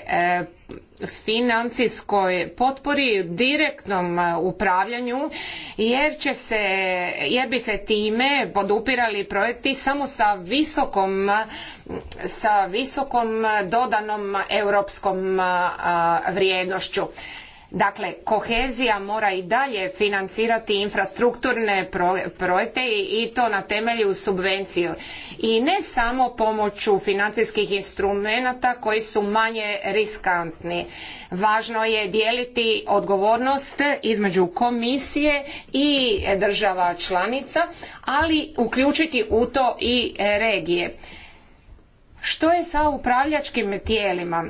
e, financijskoj potpori direktnom upravljanju jer će se jer bi se time podupirali projekti samo sa visokom sa visokom dodanom europskom vrijednošću Dakle, kohezija mora i dalje financirati infrastrukturne projekte i to na temelju subvenciju. I ne samo pomoću financijskih instrumenata koji su manje riskantni. Važno je dijeliti odgovornost između komisije i država članica, ali uključiti u to i regije. Što je sa upravljačkim tijelima?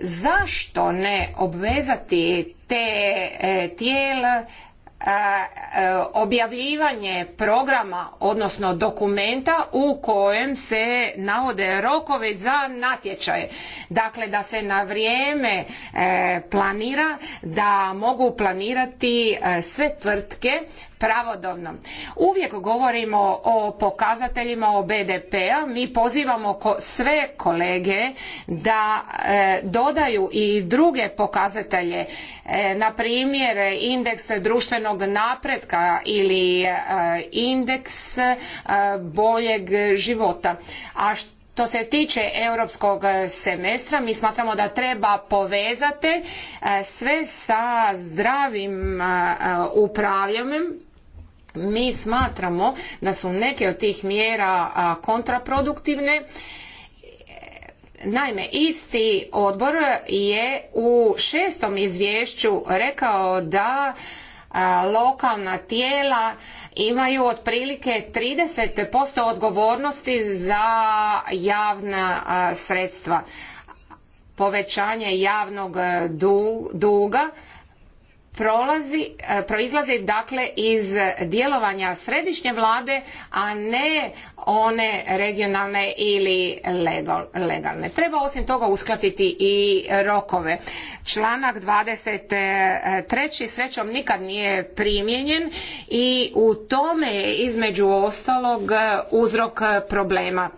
zašto ne obvezati te e, tijela E, objavljivanje programa odnosno dokumenta u kojem se navode rokovi za natječaje dakle da se na vrijeme e, planira da mogu planirati e, sve tvrtke pravodobno uvijek govorimo o pokazateljima o BDP-a mi pozivamo sve kolege da dodaju i druge pokazatelje na primjer indeks društveno napretka ili e, indeks e, boljeg života. A što se tiče europskog semestra, mi smatramo da treba povezati e, sve sa zdravim upravljanjem mi smatramo da su neke od tih mjera kontraproduktivne Naime, isti odbor je u šestom izvješću rekao da lokalna tijela imaju otprilike 30% odgovornosti za javna sredstva. Povećanje javnog e, duga E, proizlazi dakle iz djelovanja središnje vlade, a ne one regionalne ili legalne. Treba osim toga uskladiti i rokove. Članak 23. srećom nikad nije primijenjen i u tome je između ostalog uzrok problema.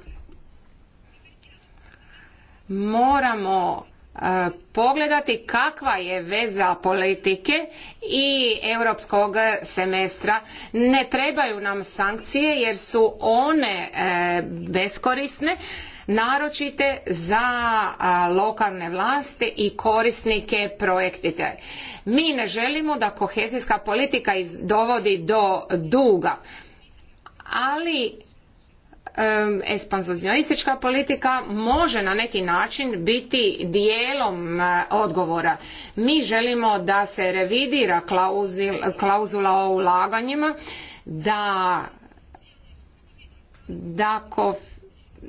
Moramo E, pogledati kakva je veza politike i europskog semestra. Ne trebaju nam sankcije jer su one e, beskorisne, naročite za lokalne vlasti i korisnike projektite. Mi ne želimo da kohezijska politika dovodi do duga, ali ekspanzionistička politika može na neki način biti dijelom odgovora. Mi želimo da se revidira klauzula o ulaganjima, da da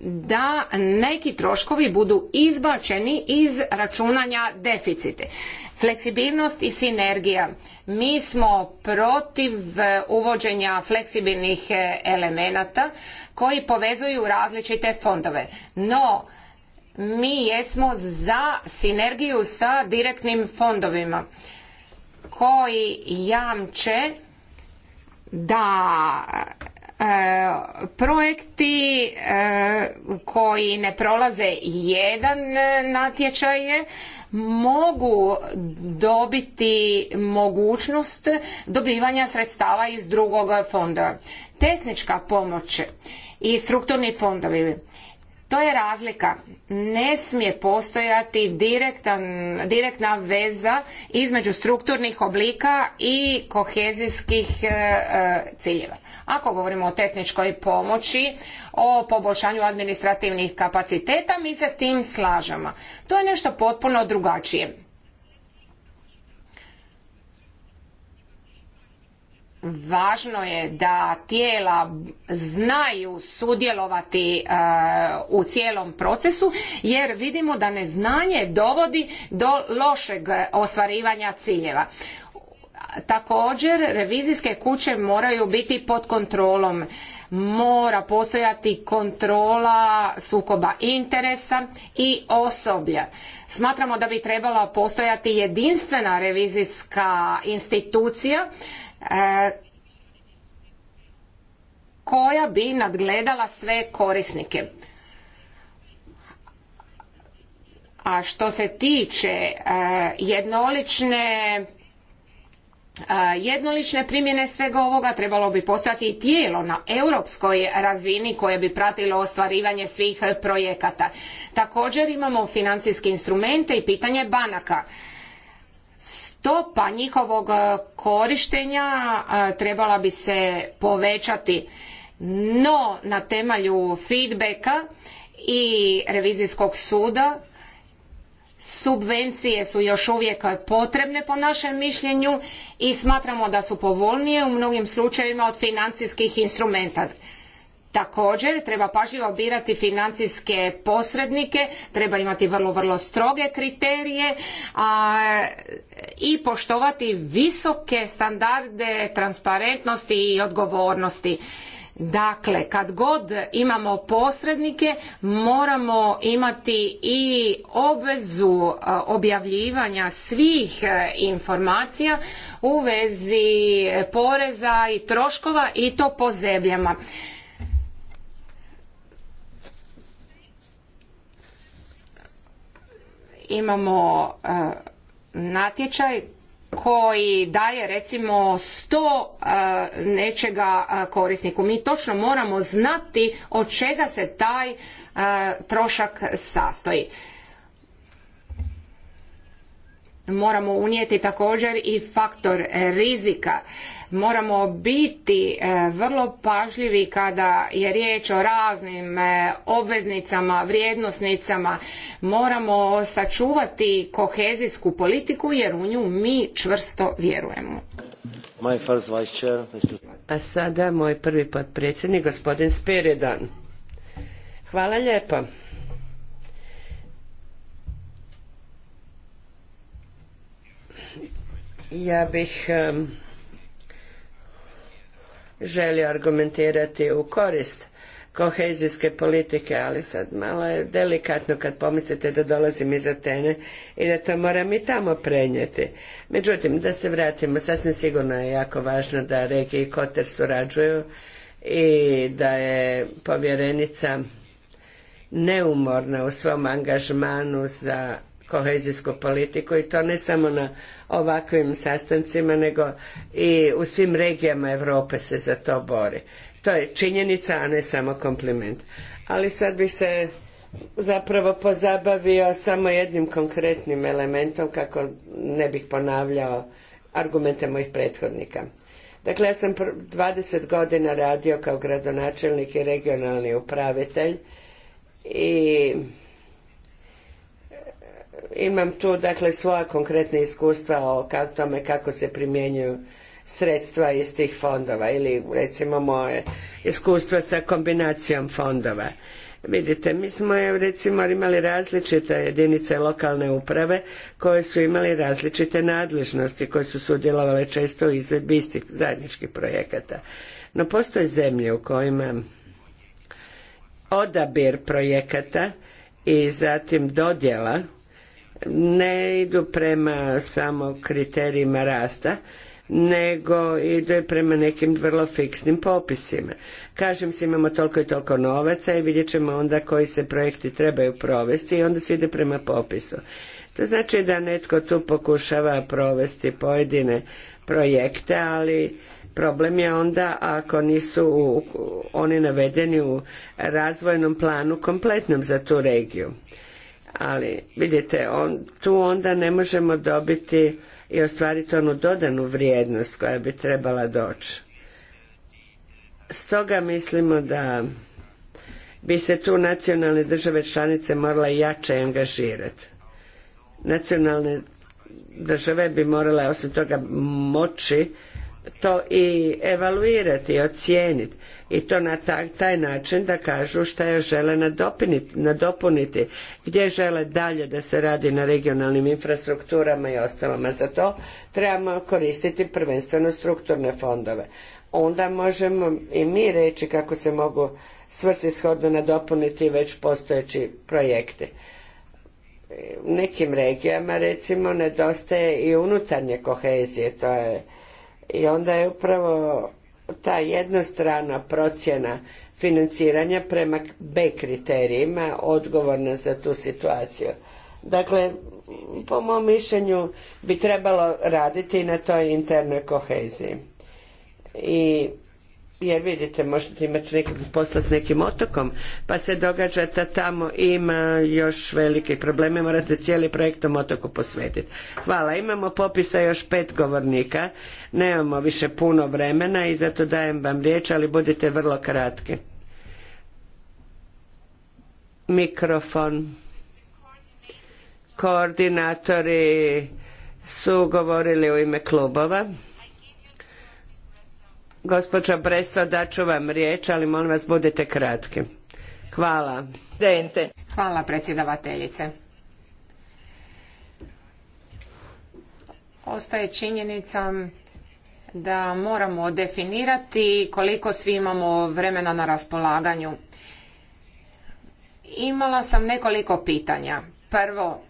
da neki troškovi budu izbačeni iz računanja deficite. Fleksibilnost i sinergija. Mi smo protiv eh, uvođenja fleksibilnih eh, elemenata koji povezuju različite fondove. No, mi jesmo za sinergiju sa direktnim fondovima koji jamče da E, projekti e, koji ne prolaze jedan natječaj mogu dobiti mogućnost dobivanja sredstava iz drugog fonda. Tehnička pomoć i strukturni fondovi to je razlika. Ne smije postojati direktna veza između strukturnih oblika i kohezijskih e, e, ciljeva. Ako govorimo o tehničkoj pomoći, o poboljšanju administrativnih kapaciteta, mi se s tim slažemo. To je nešto potpuno drugačije. važno je da tijela znaju sudjelovati e, u cijelom procesu jer vidimo da neznanje dovodi do lošeg ostvarivanja ciljeva također revizijske kuće moraju biti pod kontrolom mora postojati kontrola sukoba interesa i osoblja smatramo da bi trebala postojati jedinstvena revizijska institucija E, koja bi nadgledala sve korisnike. A što se tiče e, jednolične e, jednolične primjene svega ovoga trebalo bi postati tijelo na europskoj razini koje bi pratilo ostvarivanje svih projekata. Također imamo financijske instrumente i pitanje banaka stopa njihovog e, korištenja e, trebala bi se povećati no na temelju feedbacka i revizijskog suda subvencije su još uvijek potrebne po našem mišljenju i smatramo da su povoljnije u mnogim slučajevima od financijskih instrumenata Također treba pažljivo birati financijske posrednike, treba imati vrlo, vrlo stroge kriterije i poštovati visoke standarde transparentnosti i odgovornosti. Dakle, kad god imamo posrednike, moramo imati i obvezu objavljivanja svih e, informacija u vezi poreza i troškova i to po zemljama. imamo e, natječaj koji daje recimo sto e, nečega e, korisniku. Mi točno moramo znati od čega se taj trošak sastoji moramo unijeti također i faktor rizika. Moramo biti e, vrlo pažljivi kada je riječ o raznim e, obveznicama, vrijednosnicama. Moramo sačuvati kohezijsku politiku jer u nju mi čvrsto vjerujemo. sada moj prvi potpredsjednik, gospodin Speredan. Hvala lijepo. Ja bih želio argumentirati u korist kohezijske politike, ali sad malo je delikatno kad pomislite da dolazim iz Atene i da to moram i tamo prenijeti. Međutim, da se vratimo, sasvim sigurno je jako važno da Reke i Koter surađuju i da je povjerenica neumorna u svom angažmanu za kohezijsku politiku i to ne samo na ovakvim sastancima, nego i u svim regijama Europe se za to bori. To je činjenica, a ne samo kompliment. Ali sad bih se zapravo pozabavio samo jednim konkretnim elementom kako ne bih ponavljao argumente mojih prethodnika. Dakle, ja sam 20 godina radio kao gradonačelnik i regionalni upravitelj i imam tu dakle svoja konkretna iskustva o tome kako se primjenjuju sredstva iz tih fondova ili recimo moje iskustva sa kombinacijom fondova. Vidite, mi smo recimo imali različite jedinice lokalne uprave koje su imali različite nadležnosti koje su sudjelovale često u izvedbi istih zajedničkih projekata. No postoje zemlje u kojima odabir projekata i zatim dodjela ne idu prema samo kriterijima rasta, nego ide prema nekim vrlo fiksnim popisima. Kažem se imamo toliko i toliko novaca i vidjet ćemo onda koji se projekti trebaju provesti i onda se ide prema popisu. To znači da netko tu pokušava provesti pojedine projekte, ali problem je onda ako nisu u, oni navedeni u razvojnom planu kompletnom za tu regiju ali vidite tu onda ne možemo dobiti i ostvariti onu dodanu vrijednost koja bi trebala doći. Stoga mislimo da bi se tu nacionalne države članice morale jače angažirati. Nacionalne države bi morale osim toga moći to i evaluirati i ocijeniti i to na taj, način da kažu šta je žele nadopuniti, gdje žele dalje da se radi na regionalnim infrastrukturama i ostalama. Za to trebamo koristiti prvenstveno strukturne fondove. Onda možemo i mi reći kako se mogu svrsishodno nadopuniti već postojeći projekti. U nekim regijama recimo nedostaje i unutarnje kohezije, to je i onda je upravo ta jednostrana procjena financiranja prema B kriterijima odgovorna za tu situaciju. Dakle, po mom mišljenju bi trebalo raditi na toj internoj koheziji. I jer vidite možete imati nekog posla s nekim otokom pa se događa da tamo ima još velikih problema i morate cijeli projekt tom otoku posvetiti. Hvala, imamo popisa još pet govornika, nemamo više puno vremena i zato dajem vam riječ, ali budite vrlo kratki. Mikrofon. Koordinatori su govorili u ime klubova. Gospođa dat daću vam riječ, ali molim vas budite kratki. Hvala. Hvala predsjedavateljice. Ostaje činjenica da moramo definirati koliko svi imamo vremena na raspolaganju. Imala sam nekoliko pitanja. Prvo,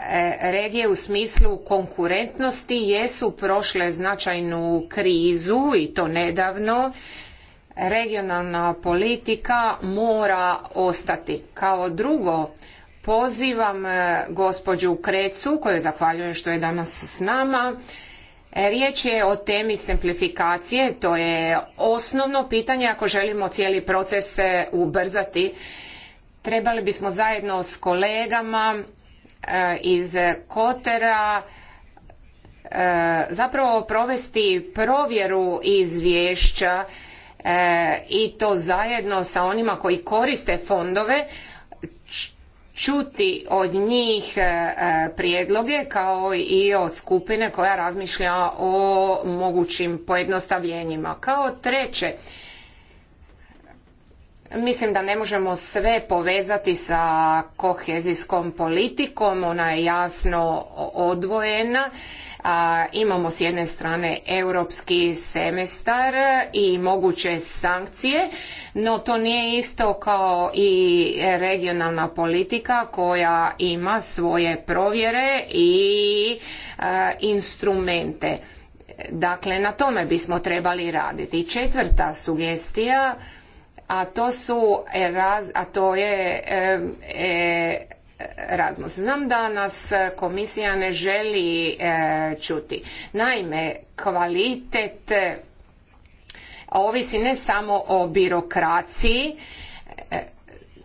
E, regije u smislu konkurentnosti jesu prošle značajnu krizu i to nedavno regionalna politika mora ostati kao drugo pozivam e, gospođu Krecu kojoj zahvaljujem što je danas s nama e, Riječ je o temi simplifikacije, to je osnovno pitanje ako želimo cijeli proces ubrzati. Trebali bismo zajedno s kolegama E, iz Kotera e, zapravo provesti provjeru izvješća e, i to zajedno sa onima koji koriste fondove čuti od njih prijedloge kao i od skupine koja razmišlja o mogućim pojednostavljenjima. Kao treće, Mislim da ne možemo sve povezati sa kohezijskom politikom, ona je jasno odvojena. A, imamo s jedne strane europski semestar i moguće sankcije, no to nije isto kao i regionalna politika koja ima svoje provjere i instrumente. Dakle, na tome bismo trebali raditi. Četvrta sugestija a to su e, a to je e, Razmus. Znam da nas komisija ne želi e, čuti. Naime, kvalitet e, ovisi ne samo o birokraciji, e,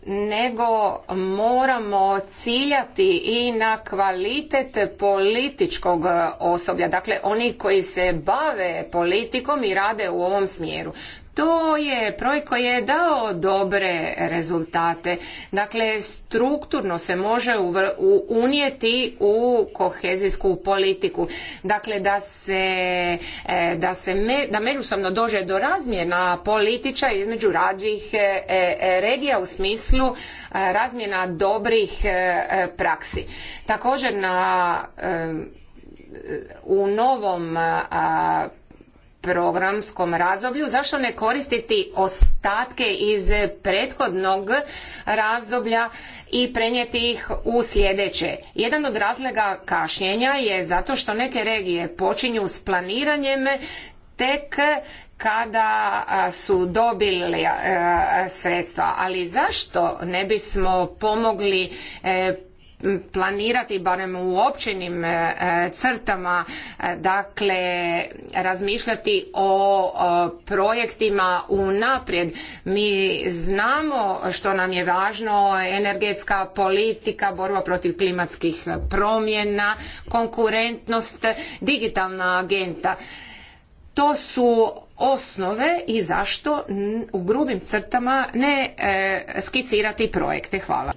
nego moramo ciljati i na kvalitet političkog osoblja, dakle oni koji se bave politikom i rade u ovom smjeru. To je projekt koji je dao dobre rezultate. Dakle, strukturno se može unijeti u kohezijsku politiku. Dakle, da se, e, da se da međusobno dođe do razmjena političa između rađih e, e, regija u smislu razmjena dobrih praksi. Također na u novom programskom razdoblju, zašto ne koristiti ostatke iz prethodnog razdoblja i prenijeti ih u sljedeće. Jedan od razloga kašnjenja je zato što neke regije počinju s planiranjem tek kada su dobili sredstva. Ali zašto ne bismo pomogli e, planirati barem u općenim e, crtama e, dakle razmišljati o projektima unaprijed mi znamo što nam je važno energetska politika borba protiv klimatskih promjena konkurentnost digitalna agenta. to su osnove i zašto u grubim crtama ne e, skicirati projekte. Hvala.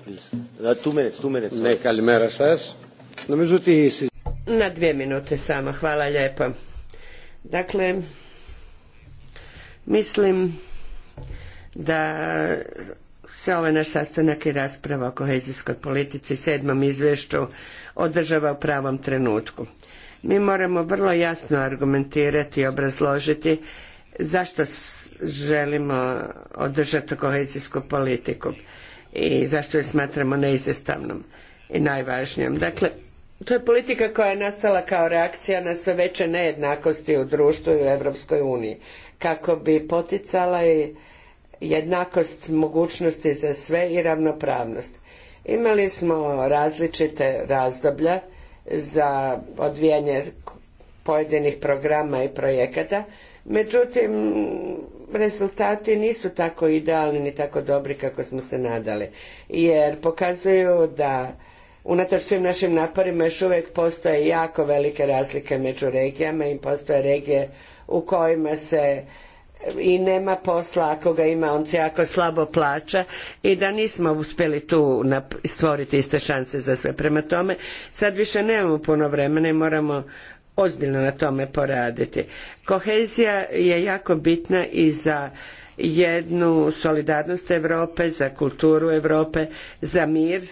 Na dvije minute samo. Hvala lijepo. Dakle, mislim da se ovaj naš sastanak i rasprava o kohezijskoj politici sedmom izvješću održava u pravom trenutku. Mi moramo vrlo jasno argumentirati i obrazložiti zašto želimo održati kohezijsku politiku i zašto je smatramo neizostavnom i najvažnijom. Dakle, to je politika koja je nastala kao reakcija na sve veće nejednakosti u društvu i u Europskoj uniji, kako bi poticala i jednakost mogućnosti za sve i ravnopravnost. Imali smo različite razdoblja za odvijanje pojedinih programa i projekata, Međutim, rezultati nisu tako idealni ni tako dobri kako smo se nadali, jer pokazuju da unatoč svim našim naporima još uvijek postoje jako velike razlike među regijama i postoje regije u kojima se i nema posla ako ga ima on se jako slabo plaća i da nismo uspjeli tu stvoriti iste šanse za sve. Prema tome sad više nemamo puno vremena i moramo ozbiljno na tome poraditi. Kohezija je jako bitna i za jednu solidarnost Europe, za kulturu Europe, za mir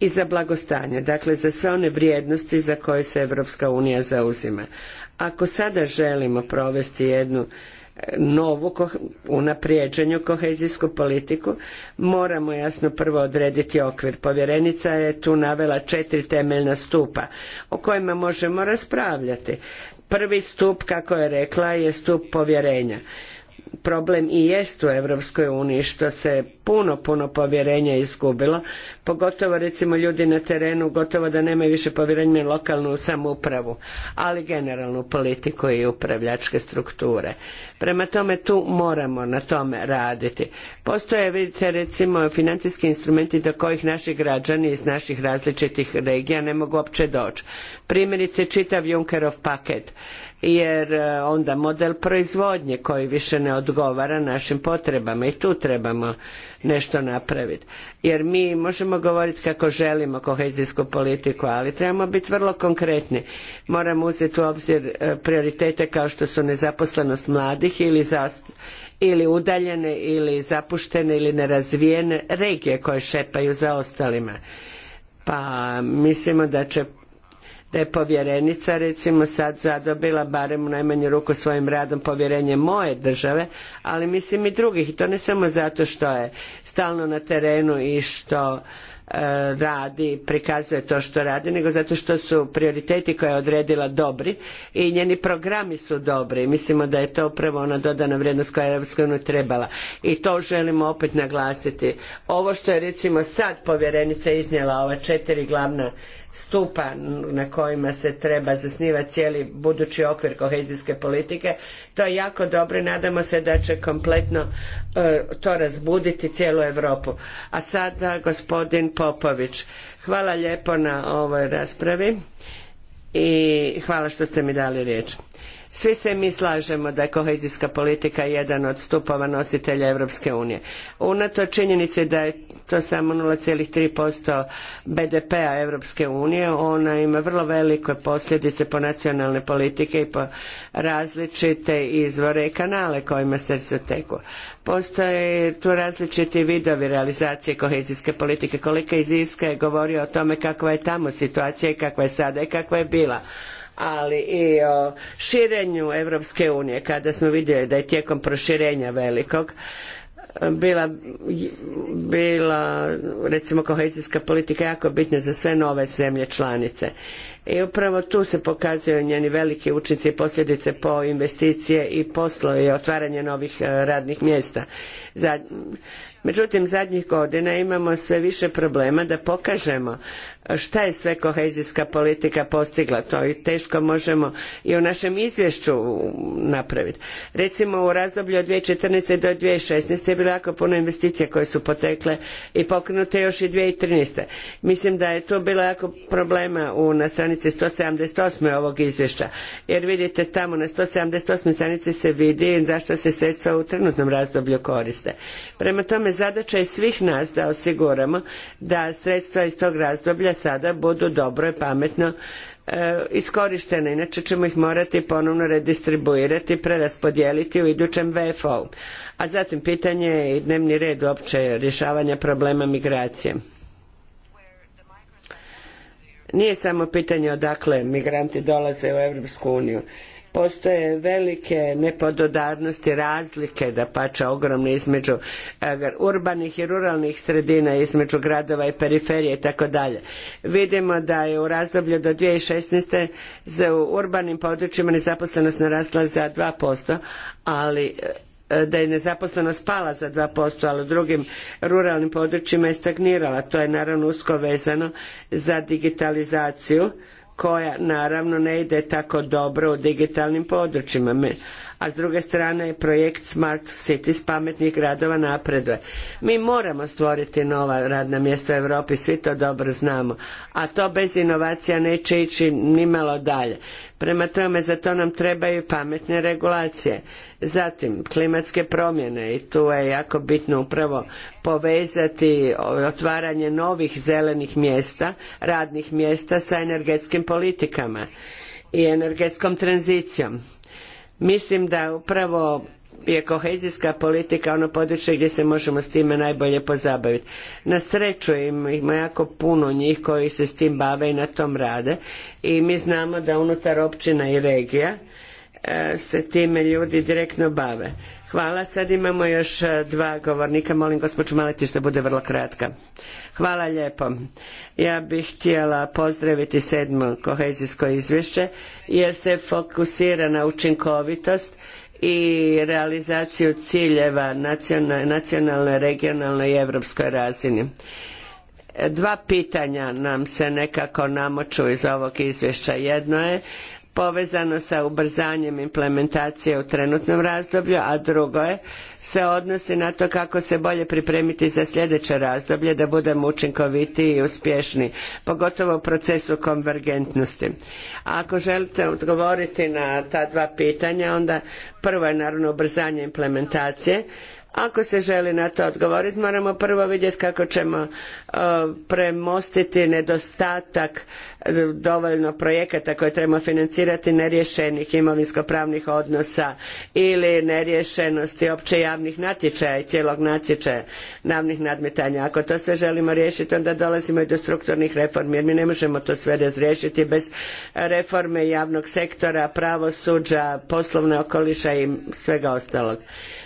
i za blagostanje, dakle za sve one vrijednosti za koje se Europska unija zauzima. Ako sada želimo provesti jednu novu unaprijeđenju kohezijsku politiku moramo jasno prvo odrediti okvir. Povjerenica je tu navela četiri temeljna stupa o kojima možemo raspravljati. Prvi stup, kako je rekla, je stup povjerenja problem i jest u Europskoj uniji što se puno, puno povjerenja izgubilo pogotovo recimo ljudi na terenu gotovo da nemaju više povjerenja u lokalnu samoupravu, ali generalnu politiku i upravljačke strukture. Prema tome tu moramo na tome raditi. Postoje, vidite, recimo financijski instrumenti do kojih naši građani iz naših različitih regija ne mogu uopće doći. Primjerice čitav Junckerov paket jer e, onda model proizvodnje koji više ne odgovara našim potrebama i tu trebamo nešto napraviti. Jer mi možemo govoriti kako želimo kohezijsku politiku, ali trebamo biti vrlo konkretni. Moramo uzeti u obzir e, prioritete kao što su nezaposlenost mladih ili ili udaljene ili zapuštene ili nerazvijene regije koje šepaju za ostalima. Pa mislimo da će da je povjerenica recimo sad zadobila barem u najmanju ruku svojim radom povjerenje moje države, ali mislim i drugih i to ne samo zato što je stalno na terenu i što e, radi, prikazuje to što radi, nego zato što su prioriteti koje je odredila dobri i njeni programi su dobri. Mislimo da je to upravo ona dodana vrijednost koja je EU trebala. I to želimo opet naglasiti. Ovo što je recimo sad povjerenica iznijela, ova četiri glavna stupa na kojima se treba zasnivati cijeli budući okvir kohezijske politike. To je jako dobro i nadamo se da će kompletno e, to razbuditi cijelu Europu. A sada gospodin Popović. Hvala lijepo na ovoj raspravi i hvala što ste mi dali riječ. Svi se mi slažemo da je kohezijska politika jedan od stupova nositelja Europske unije. Unato činjenici da je to samo 0,3% BDP-a Europske unije, ona ima vrlo velike posljedice po nacionalne politike i po različite izvore i kanale kojima se teku. Postoje tu različiti vidovi realizacije kohezijske politike. Kolika iz Irske je govorio o tome kakva je tamo situacija i kakva je sada i kakva je bila ali i o širenju Europske unije kada smo vidjeli da je tijekom proširenja velikog bila, bila recimo kohezijska politika jako bitna za sve nove zemlje članice. I upravo tu se pokazuju njeni veliki učinci i posljedice po investicije i poslovi i otvaranje novih e, radnih mjesta. Međutim, zadnjih godina imamo sve više problema da pokažemo šta je sve kohezijska politika postigla to i teško možemo i u našem izvješću napraviti. Recimo u razdoblju od 2014. do 2016. je bilo jako puno investicija koje su potekle i pokrenute još i 2013. Mislim da je tu bilo jako problema na stranici 178. ovog izvješća jer vidite tamo na 178. stranici se vidi zašto se sredstva u trenutnom razdoblju koriste. Prema tome zadaća je svih nas da osiguramo da sredstva iz tog razdoblja sada budu dobro i pametno e, iskorištene. Inače ćemo ih morati ponovno redistribuirati, preraspodijeliti u idućem VFO. A zatim pitanje je i dnevni red uopće rješavanja problema migracije. Nije samo pitanje odakle migranti dolaze u Europsku uniju postoje velike nepododarnosti, razlike da pača ogromne između e, urbanih i ruralnih sredina, između gradova i periferije i tako dalje. Vidimo da je u razdoblju do 2016. za u urbanim područjima nezaposlenost narasla za 2%, ali e, da je nezaposlenost pala za 2%, ali u drugim ruralnim područjima je stagnirala. To je naravno usko vezano za digitalizaciju koja naravno ne ide tako dobro u digitalnim područjima a s druge strane projekt Smart Cities pametnih gradova napreduje. Mi moramo stvoriti nova radna mjesta u Europi, svi to dobro znamo, a to bez inovacija neće ići nimalo dalje. Prema tome, za to nam trebaju pametne regulacije. Zatim, klimatske promjene i tu je jako bitno upravo povezati otvaranje novih zelenih mjesta, radnih mjesta sa energetskim politikama i energetskom tranzicijom mislim da upravo je kohezijska politika ono područje gdje se možemo s time najbolje pozabaviti. Na sreću ima jako puno njih koji se s tim bave i na tom rade i mi znamo da unutar općina i regija e, se time ljudi direktno bave. Hvala. Sad imamo još e, dva govornika. Molim gospođu Maletić da bude vrlo kratka. Hvala lijepo. Ja bih htjela pozdraviti sedmo kohezijsko izvješće jer se fokusira na učinkovitost i realizaciju ciljeva nacionalne, regionalnoj i europskoj razini. Dva pitanja nam se nekako namoču iz ovog izvješća. Jedno je povezano sa ubrzanjem implementacije u trenutnom razdoblju, a drugo je se odnosi na to kako se bolje pripremiti za sljedeće razdoblje da budemo učinkovitiji i uspješni, pogotovo u procesu konvergentnosti. ako želite odgovoriti na ta dva pitanja, onda prvo je naravno ubrzanje implementacije, ako se želi na to odgovoriti moramo prvo vidjeti kako ćemo premostiti nedostatak dovoljno projekata koje trebamo financirati neriješenih imovinsko-pravnih odnosa ili neriješenosti opće javnih natječaja i cijelog natječaja javnih nadmetanja. Ako to sve želimo riješiti onda dolazimo i do strukturnih reformi jer mi ne možemo to sve razriješiti bez reforme javnog sektora, pravosuđa, poslovne okoliša i svega ostalog.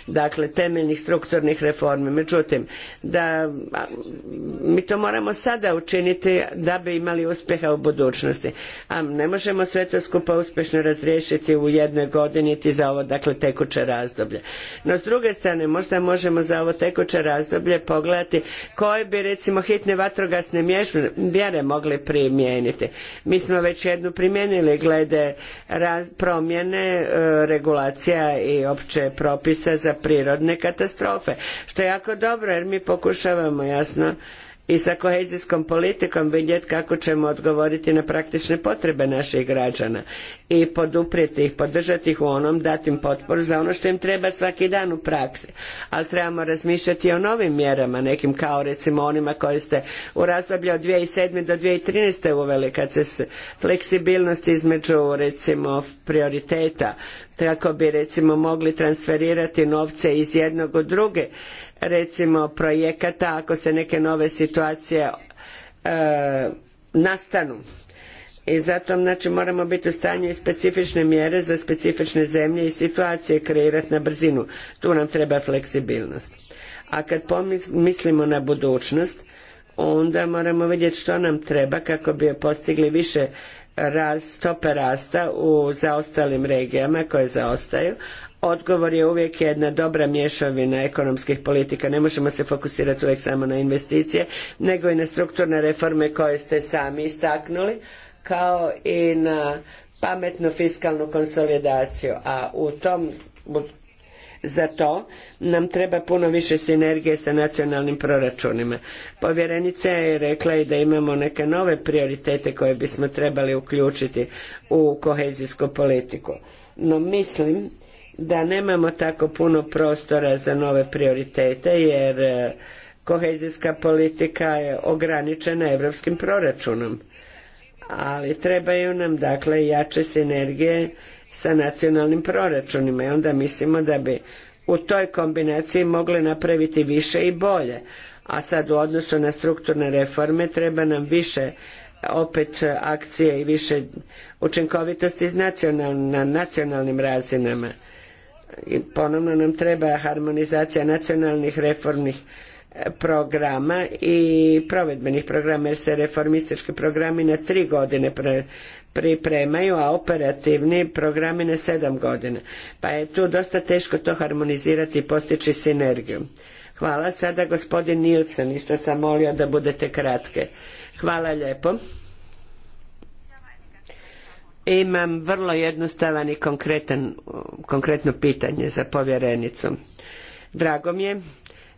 Dakle, temeljnih strukturnih reformi. Međutim, da mi to moramo sada učiniti da bi imali uspjeha u budućnosti budućnosti. A ne možemo sve to skupa uspješno razriješiti u jednoj godini niti za ovo dakle tekuće razdoblje. No s druge strane možda možemo za ovo tekuće razdoblje pogledati koje bi recimo hitne vatrogasne mjere mogli primijeniti. Mi smo već jednu primijenili glede promjene e, regulacija i opće propisa za prirodne katastrofe što je jako dobro jer mi pokušavamo jasno i sa kohezijskom politikom vidjeti kako ćemo odgovoriti na praktične potrebe naših građana i poduprijeti ih, podržati ih u onom, dati im potporu za ono što im treba svaki dan u praksi. Ali trebamo razmišljati i o novim mjerama, nekim kao recimo onima koje ste u razdoblju od 2007. do 2013. uveli kad se fleksibilnost između recimo prioriteta kako bi recimo mogli transferirati novce iz jednog u druge recimo projekata ako se neke nove situacije e, nastanu i zato znači moramo biti u stanju i specifične mjere za specifične zemlje i situacije kreirati na brzinu. Tu nam treba fleksibilnost. A kad mislimo na budućnost, onda moramo vidjeti što nam treba kako bi postigli više stope rasta u zaostalim regijama koje zaostaju, odgovor je uvijek jedna dobra mješavina ekonomskih politika. Ne možemo se fokusirati uvijek samo na investicije, nego i na strukturne reforme koje ste sami istaknuli, kao i na pametnu fiskalnu konsolidaciju. A u tom za to nam treba puno više sinergije sa nacionalnim proračunima. Povjerenica je rekla i da imamo neke nove prioritete koje bismo trebali uključiti u kohezijsku politiku. No mislim da nemamo tako puno prostora za nove prioritete jer e, kohezijska politika je ograničena europskim proračunom. Ali trebaju nam dakle jače sinergije sa nacionalnim proračunima i onda mislimo da bi u toj kombinaciji mogli napraviti više i bolje. A sad u odnosu na strukturne reforme treba nam više opet akcije i više učinkovitosti na nacionalnim razinama i ponovno nam treba harmonizacija nacionalnih reformnih e, programa i provedbenih programa jer se reformistički programi na tri godine pripremaju, a operativni programi na sedam godina. Pa je tu dosta teško to harmonizirati i postići sinergiju. Hvala. Sada gospodin Nilsen, isto sam molio da budete kratke. Hvala lijepo imam vrlo jednostavan i konkretan, konkretno pitanje za povjerenicu. Drago mi je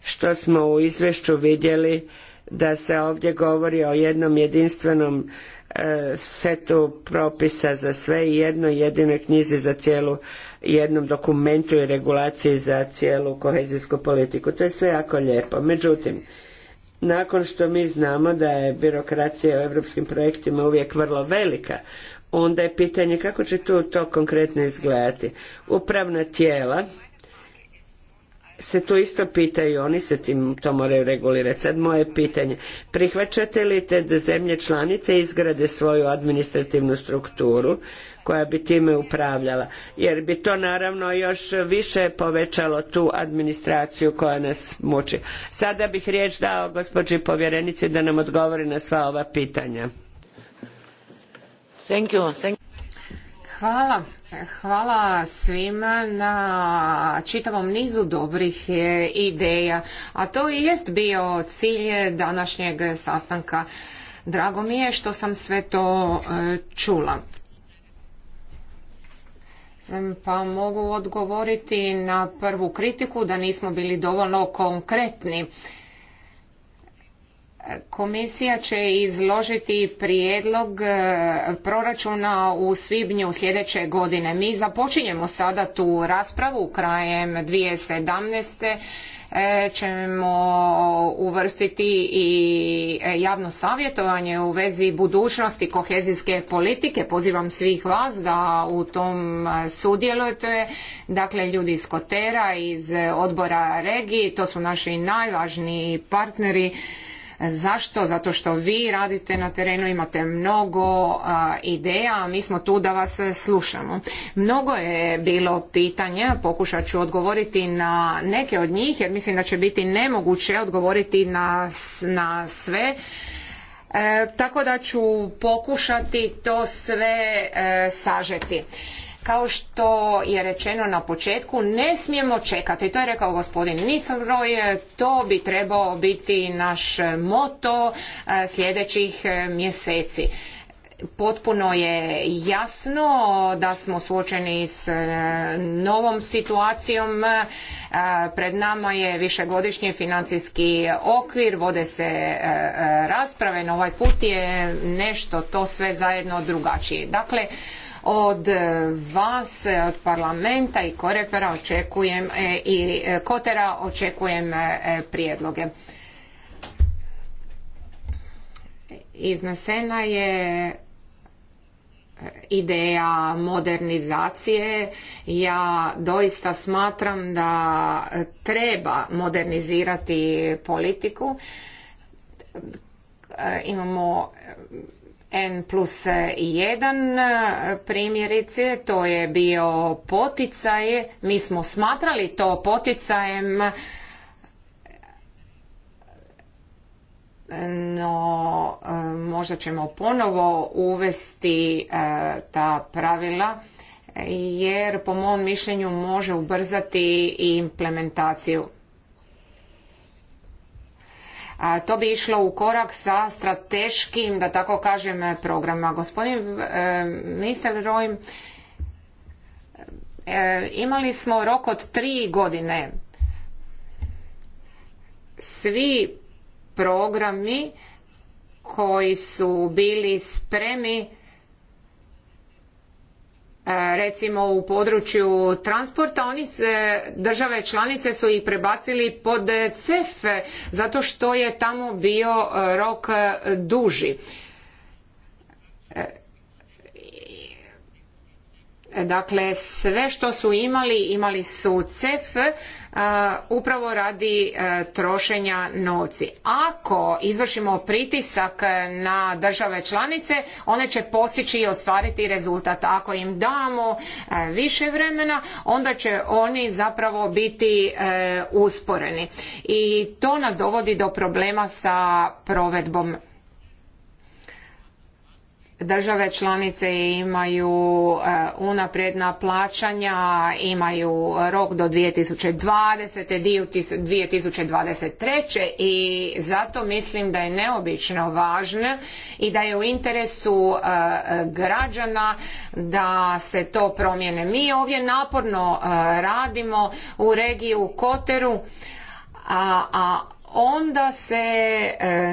što smo u izvješću vidjeli da se ovdje govori o jednom jedinstvenom e, setu propisa za sve i jednoj jedinoj knjizi za cijelu jednom dokumentu i regulaciji za cijelu kohezijsku politiku. To je sve jako lijepo. Međutim, nakon što mi znamo da je birokracija u europskim projektima uvijek vrlo velika, onda je pitanje kako će tu to konkretno izgledati. Upravna tijela se tu isto pitaju, oni se tim to moraju regulirati. Sad moje pitanje, prihvaćate li te da zemlje članice izgrade svoju administrativnu strukturu koja bi time upravljala? Jer bi to naravno još više povećalo tu administraciju koja nas muči. Sada bih riječ dao gospođi povjerenici da nam odgovori na sva ova pitanja. Thank Hvala. svima na čitavom nizu dobrih ideja, a to i jest bio cilj današnjeg sastanka. Drago mi je što sam sve to e, čula. Pa mogu odgovoriti na prvu kritiku da nismo bili dovoljno konkretni Komisija će izložiti prijedlog e, proračuna u svibnju sljedeće godine. Mi započinjemo sada tu raspravu krajem 2017 e, ćemo uvrstiti i e, javno savjetovanje u vezi budućnosti kohezijske politike. Pozivam svih vas da u tom sudjelujete. Dakle, ljudi iz Kotera, iz odbora regiji, to su naši najvažniji partneri Zašto? Zato što vi radite na terenu, imate mnogo ideja, a mi smo tu da vas slušamo. Mnogo je bilo pitanja, pokušat ću odgovoriti na neke od njih jer mislim da će biti nemoguće odgovoriti na, sve. E, tako da ću pokušati to sve e, sažeti. Kao što je rečeno na početku, ne smijemo čekati. To je rekao gospodin Nisamroj to bi trebao biti naš moto e, sljedećih e, mjeseci potpuno je jasno da smo suočeni s e, novom situacijom. Pred nama je višegodišnji financijski okvir, vode se rasprave, na ovaj put je nešto to sve zajedno drugačije. Dakle, od e, vas, e, od parlamenta i korepera očekujem e, i kotera očekujem prijedloge. Iznesena je ideja modernizacije. Ja doista smatram da treba modernizirati politiku. Imamo N plus 1 primjerice, to je bio poticaj, mi smo smatrali to poticajem, no možda ćemo ponovo uvesti e, ta pravila e, jer po mom mišljenju može ubrzati i implementaciju. A to bi išlo u korak sa strateškim, da tako kažem, programima. Gospodin e, Misel Rojm, e, imali smo rok od tri godine. Svi programi koji su bili spremi E, recimo u području transporta oni države članice su i prebacili pod CEF zato što je tamo bio e, rok e, duži. Dakle, sve što su imali, imali su CEF, upravo radi e, trošenja novci. Ako izvršimo pritisak e, na države članice, one će postići i ostvariti rezultat. Ako im damo e, više vremena, onda će oni zapravo biti usporeni. I to nas dovodi do problema sa provedbom države članice imaju e, unapredna plaćanja, imaju rok do 2020. dio 2023. i zato mislim da je neobično važno i da je u interesu e, građana da se to promijene. Mi ovdje naporno e, radimo u regiju Koteru, a, a onda se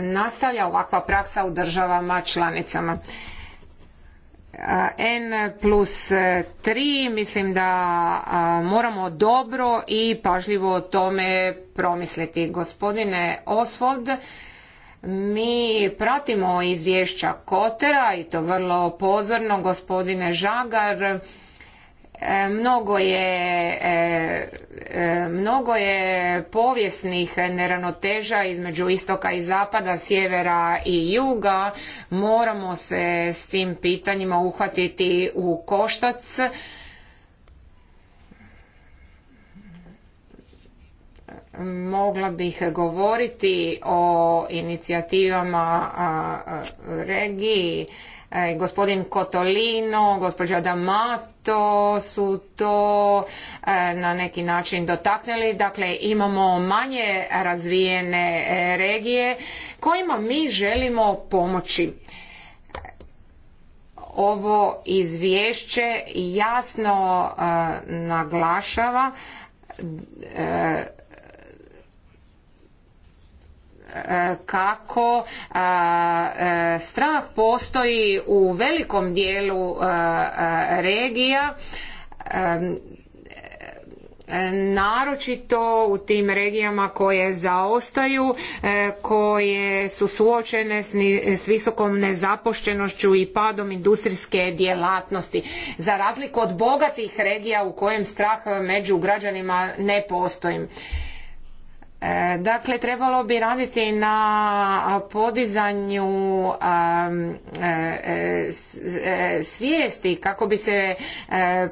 nastavlja ovakva praksa u državama članicama. N plus 3 mislim da moramo dobro i pažljivo o tome promisliti. Gospodine Oswald, mi pratimo izvješća Kotera i to vrlo pozorno. Gospodine Žagar, E, mnogo je e, e, mnogo je povijesnih neravnoteža između istoka i zapada, sjevera i juga. Moramo se s tim pitanjima uhvatiti u koštac. mogla bih govoriti o inicijativama regiji E, gospodin Kotolino, gospođa D'Amato su to e, na neki način dotaknuli. Dakle, imamo manje razvijene e, regije kojima mi želimo pomoći ovo izvješće jasno naglašava kako e, strah postoji u velikom dijelu regija naročito u tim regijama koje zaostaju, e, koje su suočene s visokom nezapoštenošću i padom industrijske djelatnosti. Za razliku od bogatih regija u kojem strah među građanima ne postoji. E, dakle, trebalo bi raditi na podizanju e, e, svijesti kako bi se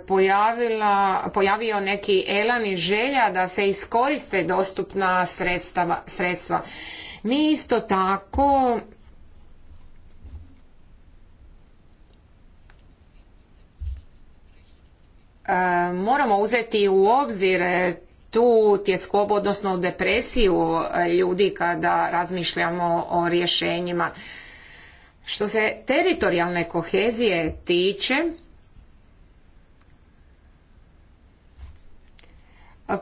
pojavila, pojavio neki elan i želja da se iskoriste dostupna sredstava, sredstva. Mi isto tako moramo uzeti u obzir tu tjeskobu, odnosno depresiju e, ljudi kada razmišljamo o rješenjima. Što se teritorijalne kohezije tiče,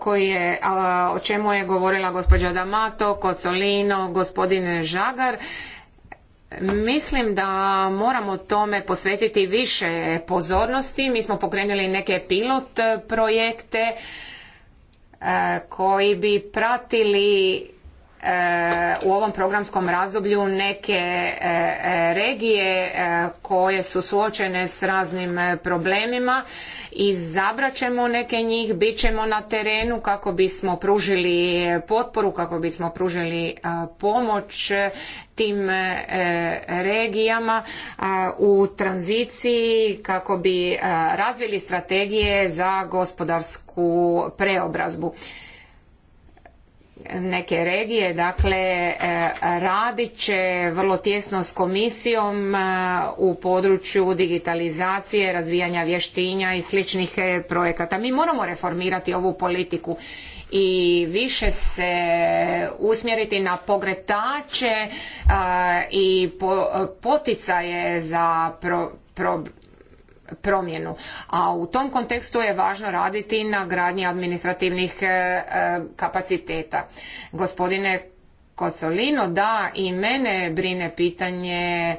koji je, o čemu je govorila gospođa D'Amato, Kocolino, gospodin Žagar, Mislim da moramo tome posvetiti više pozornosti. Mi smo pokrenuli neke pilot projekte koji bi pratili u ovom programskom razdoblju neke e, e, regije e, koje su suočene s raznim problemima izabrat ćemo neke njih, bit ćemo na terenu kako bismo pružili potporu, kako bismo pružili pomoć tim regijama u tranziciji kako bi razvili strategije za gospodarsku preobrazbu neke regije, dakle e, radit će vrlo tjesno s komisijom e, u području digitalizacije, razvijanja vještinja i sličnih e, projekata. Mi moramo reformirati ovu politiku i više se usmjeriti na pogretače i poticaje za pro, promjenu. A u tom kontekstu je važno raditi na gradnji administrativnih e, e, kapaciteta. Gospodine Kocolino, da, i mene brine pitanje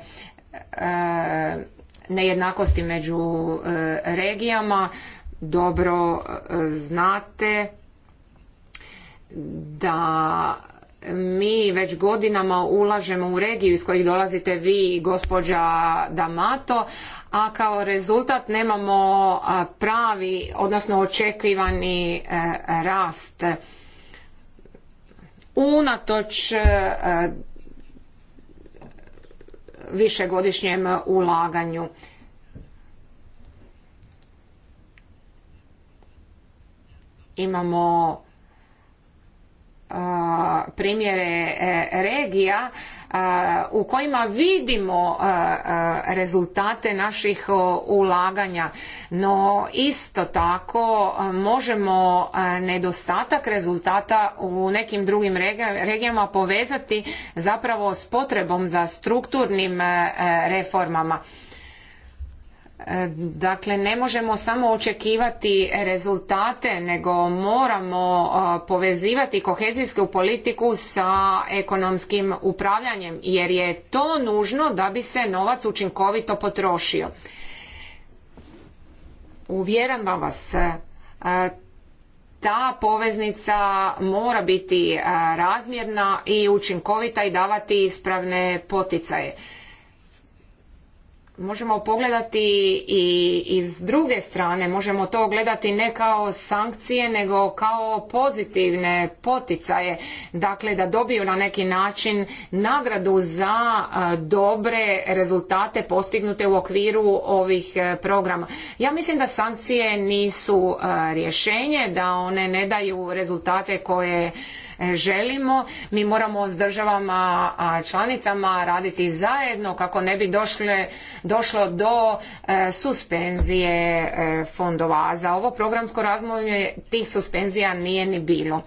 e, nejednakosti među regijama. Dobro znate da mi već godinama ulažemo u regiju iz kojih dolazite vi gospođa Damato, a kao rezultat nemamo pravi, odnosno očekivani e, rast. Unatoč e, e, višegodišnjem ulaganju. Imamo primjere e, regija u kojima vidimo rezultate naših ulaganja no isto tako možemo nedostatak rezultata u nekim drugim regijama povezati zapravo s potrebom za strukturnim e, reformama Dakle, ne možemo samo očekivati rezultate, nego moramo povezivati kohezijsku politiku sa ekonomskim upravljanjem, jer je to nužno da bi se novac učinkovito potrošio. Uvjeram vas, ta poveznica mora biti razmjerna i učinkovita i davati ispravne poticaje možemo pogledati i iz druge strane, možemo to gledati ne kao sankcije nego kao pozitivne poticaje, dakle da dobiju na neki način nagradu za dobre rezultate postignute u okviru ovih e, programa. Ja mislim da sankcije nisu rješenje, da one ne daju rezultate koje E, želimo. Mi moramo s državama članicama raditi zajedno kako ne bi došlo do e, suspenzije e, fondova. A za ovo programsko razdoblje tih suspenzija nije ni bilo.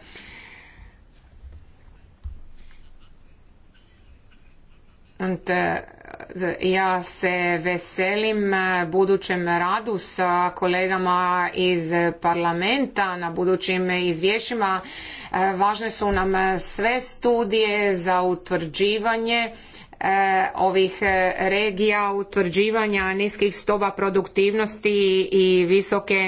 ja se veselim eh, budućem radu sa kolegama iz parlamenta na budućim izvješćima. Eh, važne su nam eh, sve studije za utvrđivanje E, ovih e, regija utvrđivanja niskih stopa produktivnosti i visoke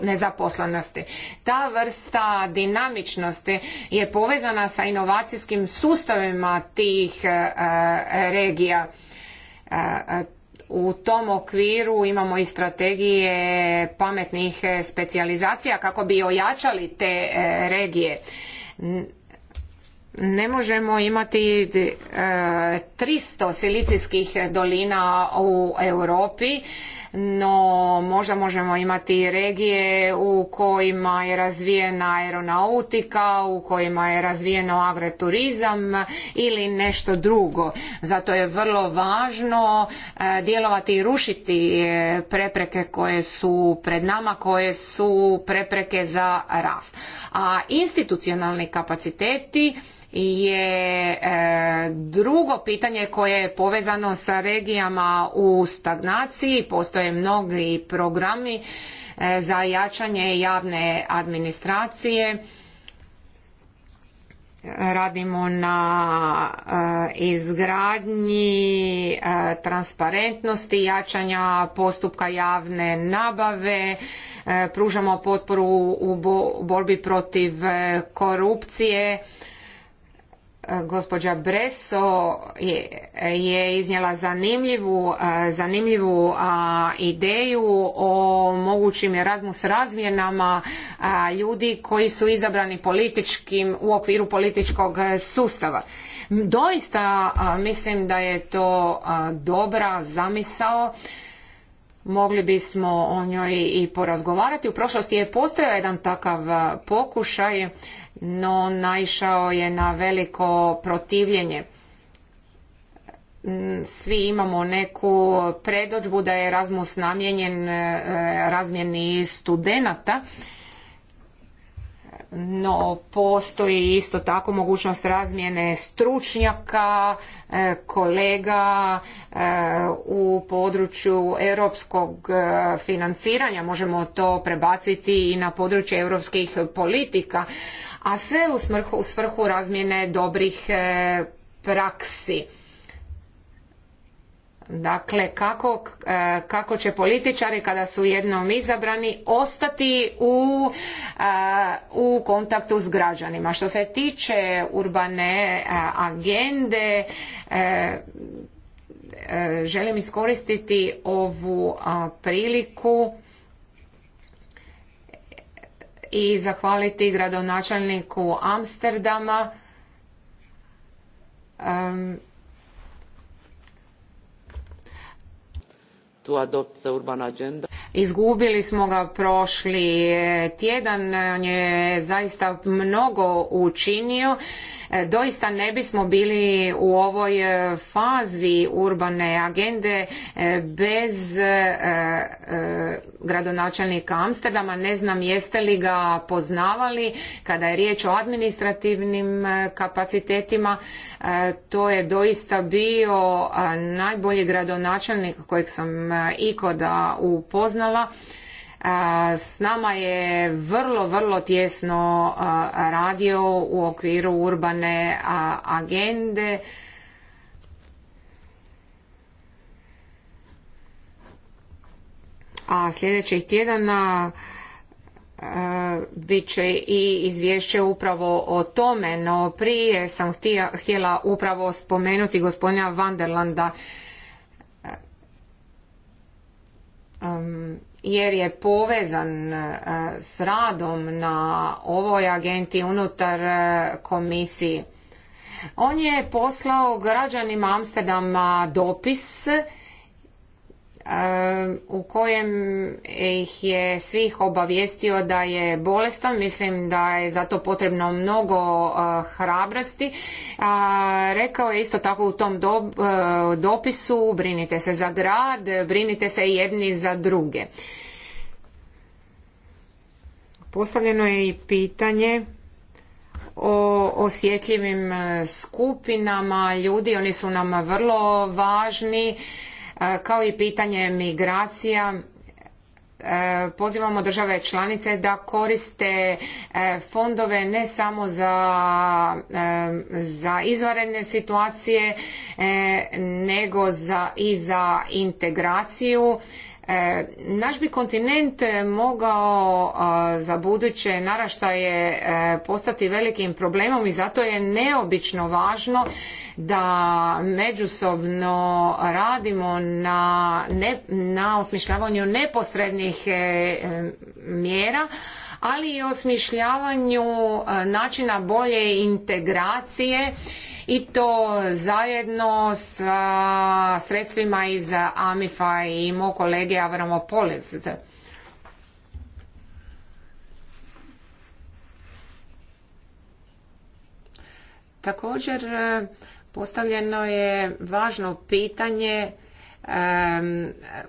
nezaposlenosti. Ta vrsta dinamičnosti je povezana sa inovacijskim sustavima tih e, regija. U tom okviru imamo i strategije pametnih specijalizacija kako bi ojačali te regije ne možemo imati 300 e, silicijskih dolina u Europi, no možda možemo imati regije u kojima je razvijena aeronautika, u kojima je razvijeno agroturizam ili nešto drugo. Zato je vrlo važno e, djelovati i rušiti e, prepreke koje su pred nama, koje su prepreke za rast. A institucionalni kapaciteti je e, drugo pitanje koje je povezano sa regijama u stagnaciji. Postoje mnogi programi e, za jačanje javne administracije radimo na e, izgradnji transparentnosti, jačanja postupka javne nabave, pružamo potporu u borbi protiv korupcije Gospođa Breso je, je iznijela zanimljivu, ideju o mogućim Erasmus razmjenama ljudi koji su izabrani političkim, u okviru političkog sustava. Doista mislim da je to dobra zamisao mogli bismo o njoj i porazgovarati. U prošlosti je postojao jedan takav pokušaj no naišao je na veliko protivljenje mm, svi imamo neku predodžbu da je Erasmus namijenjen e, razmjeni studenata no postoji isto tako mogućnost razmjene stručnjaka, e, kolega e, u području europskog e, financiranja, možemo to prebaciti i na područje europskih politika, a sve u svrhu, u svrhu razmjene dobrih praksi. Dakle, kako, e, kako će političari kada su jednom izabrani ostati u, e, u kontaktu s građanima. Što se tiče urbane e, agende, želim iskoristiti ovu priliku i zahvaliti gradonačelniku Amsterdama urban Izgubili smo ga prošli tjedan, on je zaista mnogo učinio. E, doista ne bismo bili u ovoj fazi urbane agende e, bez e, gradonačelnika Amsterdama. Ne znam jeste li ga poznavali kada je riječ o administrativnim kapacitetima. To je doista bio najbolji gradonačelnik kojeg sam ikoda upoznala. S nama je vrlo, vrlo tjesno radio u okviru urbane agende. A sljedećih tjedana bit će i izvješće upravo o tome, no prije sam htjela upravo spomenuti gospodina Vanderlanda jer je povezan eh, s radom na ovoj agenti unutar eh, komisiji. On je poslao građanima Amsterdama dopis u kojem ih je svih obavijestio da je bolestan. Mislim da je za to potrebno mnogo eh, hrabrosti. Rekao je isto tako u tom eh, dopisu brinite se za grad, brinite se jedni za druge. Postavljeno je i pitanje o osjetljivim eh, skupinama ljudi, oni su nam vrlo važni E, kao i pitanje migracija e, pozivamo države članice da koriste e, fondove ne samo za, za izvanredne situacije nego i za integraciju E, naš bi kontinent e, mogao e, za buduće naraštaje postati velikim problemom i zato je neobično važno da međusobno radimo na, ne, na osmišljavanju neposrednih mjera, ali i osmišljavanju načina bolje integracije i to zajedno sa sredstvima iz AMIFA i mog kolege Avramopolis. Također e, postavljeno je važno pitanje e,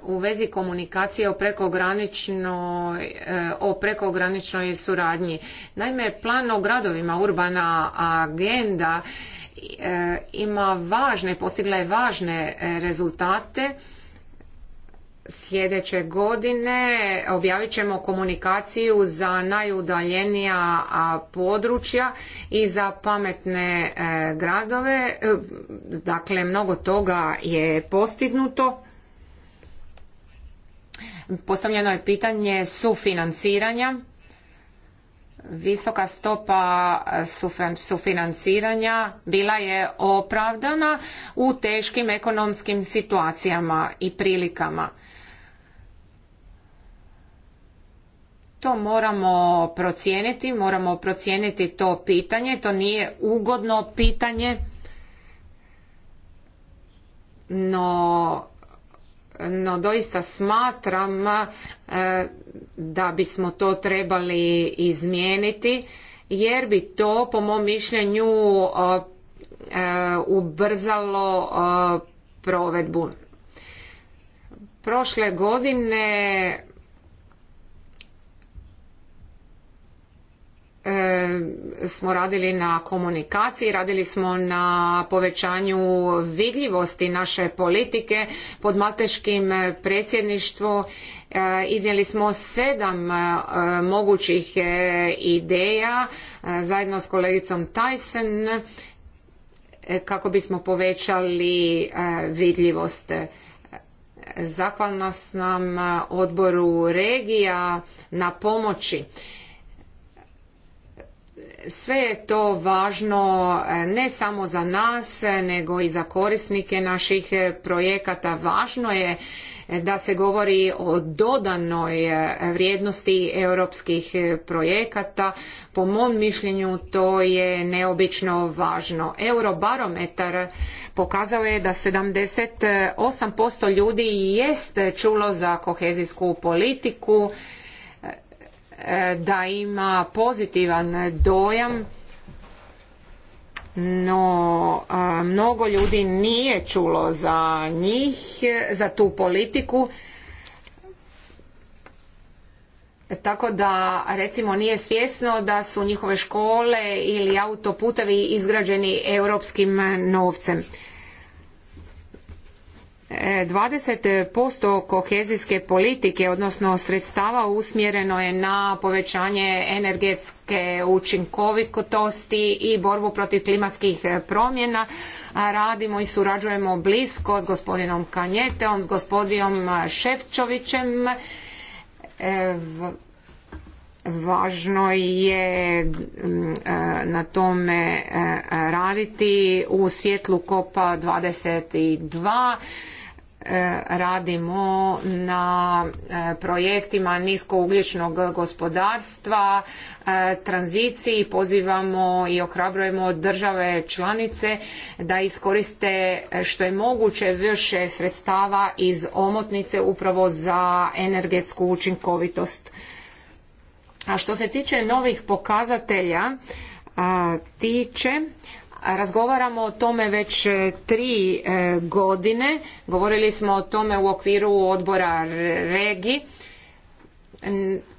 u vezi komunikacije o prekograničnoj, e, o prekograničnoj suradnji. Naime, plan o gradovima, urbana agenda E, ima važne, postigla je važne e, rezultate. Sljedeće godine objavit ćemo komunikaciju za najudaljenija područja i za pametne e, gradove. Dakle, mnogo toga je postignuto. Postavljeno je pitanje sufinanciranja visoka stopa e, sufinanciranja bila je opravdana u teškim ekonomskim situacijama i prilikama. To moramo procijeniti, moramo procijeniti to pitanje, to nije ugodno pitanje, no no doista smatram e, da bismo to trebali izmijeniti jer bi to po mom mišljenju e, ubrzalo provedbu. Prošle godine E, smo radili na komunikaciji, radili smo na povećanju vidljivosti naše politike pod malteškim predsjedništvom. E, iznijeli smo sedam e, mogućih ideja zajedno s kolegicom Tyson kako bismo povećali vidljivost zahvalna sam odboru regija na pomoći sve je to važno e, ne samo za nas e, nego i za korisnike naših e, projekata. Važno je da se govori o dodanoj vrijednosti europskih projekata. Po mom mišljenju to je neobično važno. Eurobarometar pokazao je da 78% ljudi jest čulo za kohezijsku politiku da ima pozitivan dojam no mnogo ljudi nije čulo za njih za tu politiku tako da recimo nije svjesno da su njihove škole ili autoputevi izgrađeni europskim novcem 20% kohezijske politike, odnosno sredstava usmjereno je na povećanje energetske učinkovitosti i borbu protiv klimatskih promjena. Radimo i surađujemo blisko s gospodinom Kanjeteom, s gospodinom Ševčovićem. E, važno je mm, e, na tome e, raditi u svjetlu kopa 22 E, radimo na e, projektima niskougljičnog gospodarstva, e, tranziciji, pozivamo i ohrabrujemo države članice da iskoriste što je moguće više sredstava iz omotnice upravo za energetsku učinkovitost. A što se tiče novih pokazatelja, tiče Razgovaramo o tome već e, tri e, godine, govorili smo o tome u okviru odbora regi.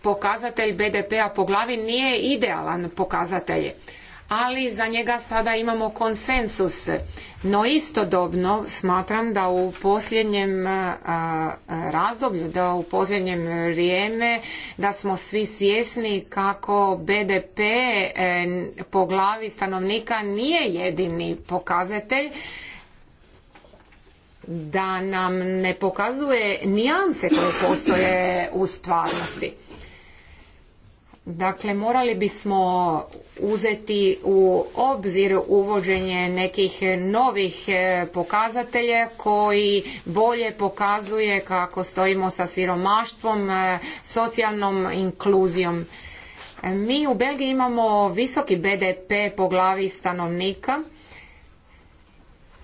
Pokazatelj BDP-a po glavi nije idealan pokazatelj ali za njega sada imamo konsensus. No istodobno smatram da u posljednjem razdoblju, da u posljednjem vrijeme, da smo svi svjesni kako BDP e, po glavi stanovnika nije jedini pokazatelj da nam ne pokazuje nijanse koje postoje u stvarnosti. Dakle, morali bismo uzeti u obzir uvođenje nekih novih e, pokazatelja koji bolje pokazuje kako stojimo sa siromaštvom, e, socijalnom inkluzijom. E, mi u Belgiji imamo visoki BDP po glavi stanovnika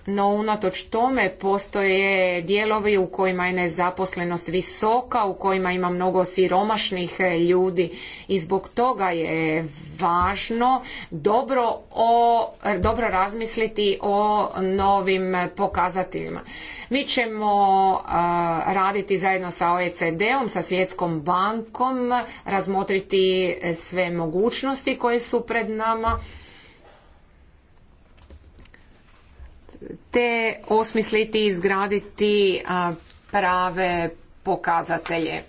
no unatoč tome postoje dijelovi u kojima je nezaposlenost visoka, u kojima ima mnogo siromašnih e, ljudi i zbog toga je važno dobro, razmisliti o novim pokazateljima. Mi ćemo raditi zajedno sa OECD-om, sa Svjetskom bankom, razmotriti e, sve mogućnosti koje su pred nama te osmisliti i izgraditi prave pokazatelje.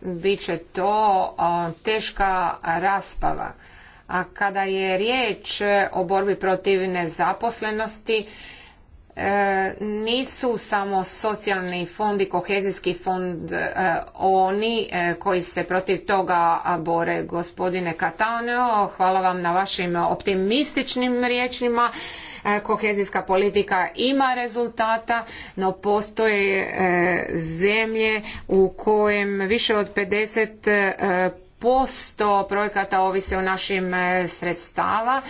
Biće to teška raspava. A kada je riječ o borbi protiv nezaposlenosti, E, nisu samo socijalni fond i kohezijski fond e, oni e, koji se protiv toga bore. Gospodine Cataneo, hvala vam na vašim optimističnim riječima. Kohezijska politika ima rezultata, no postoje zemlje u kojem više od 50% posto projekata ovise o našim sredstava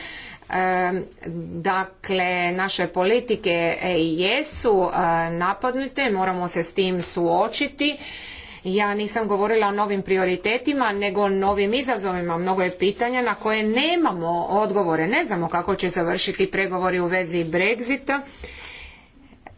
Dakle, naše politike e, jesu e, napadnute, moramo se s tim suočiti. Ja nisam govorila o novim prioritetima, nego o novim izazovima. Mnogo je pitanja na koje nemamo odgovore. Ne znamo kako će završiti pregovori u vezi Brexita.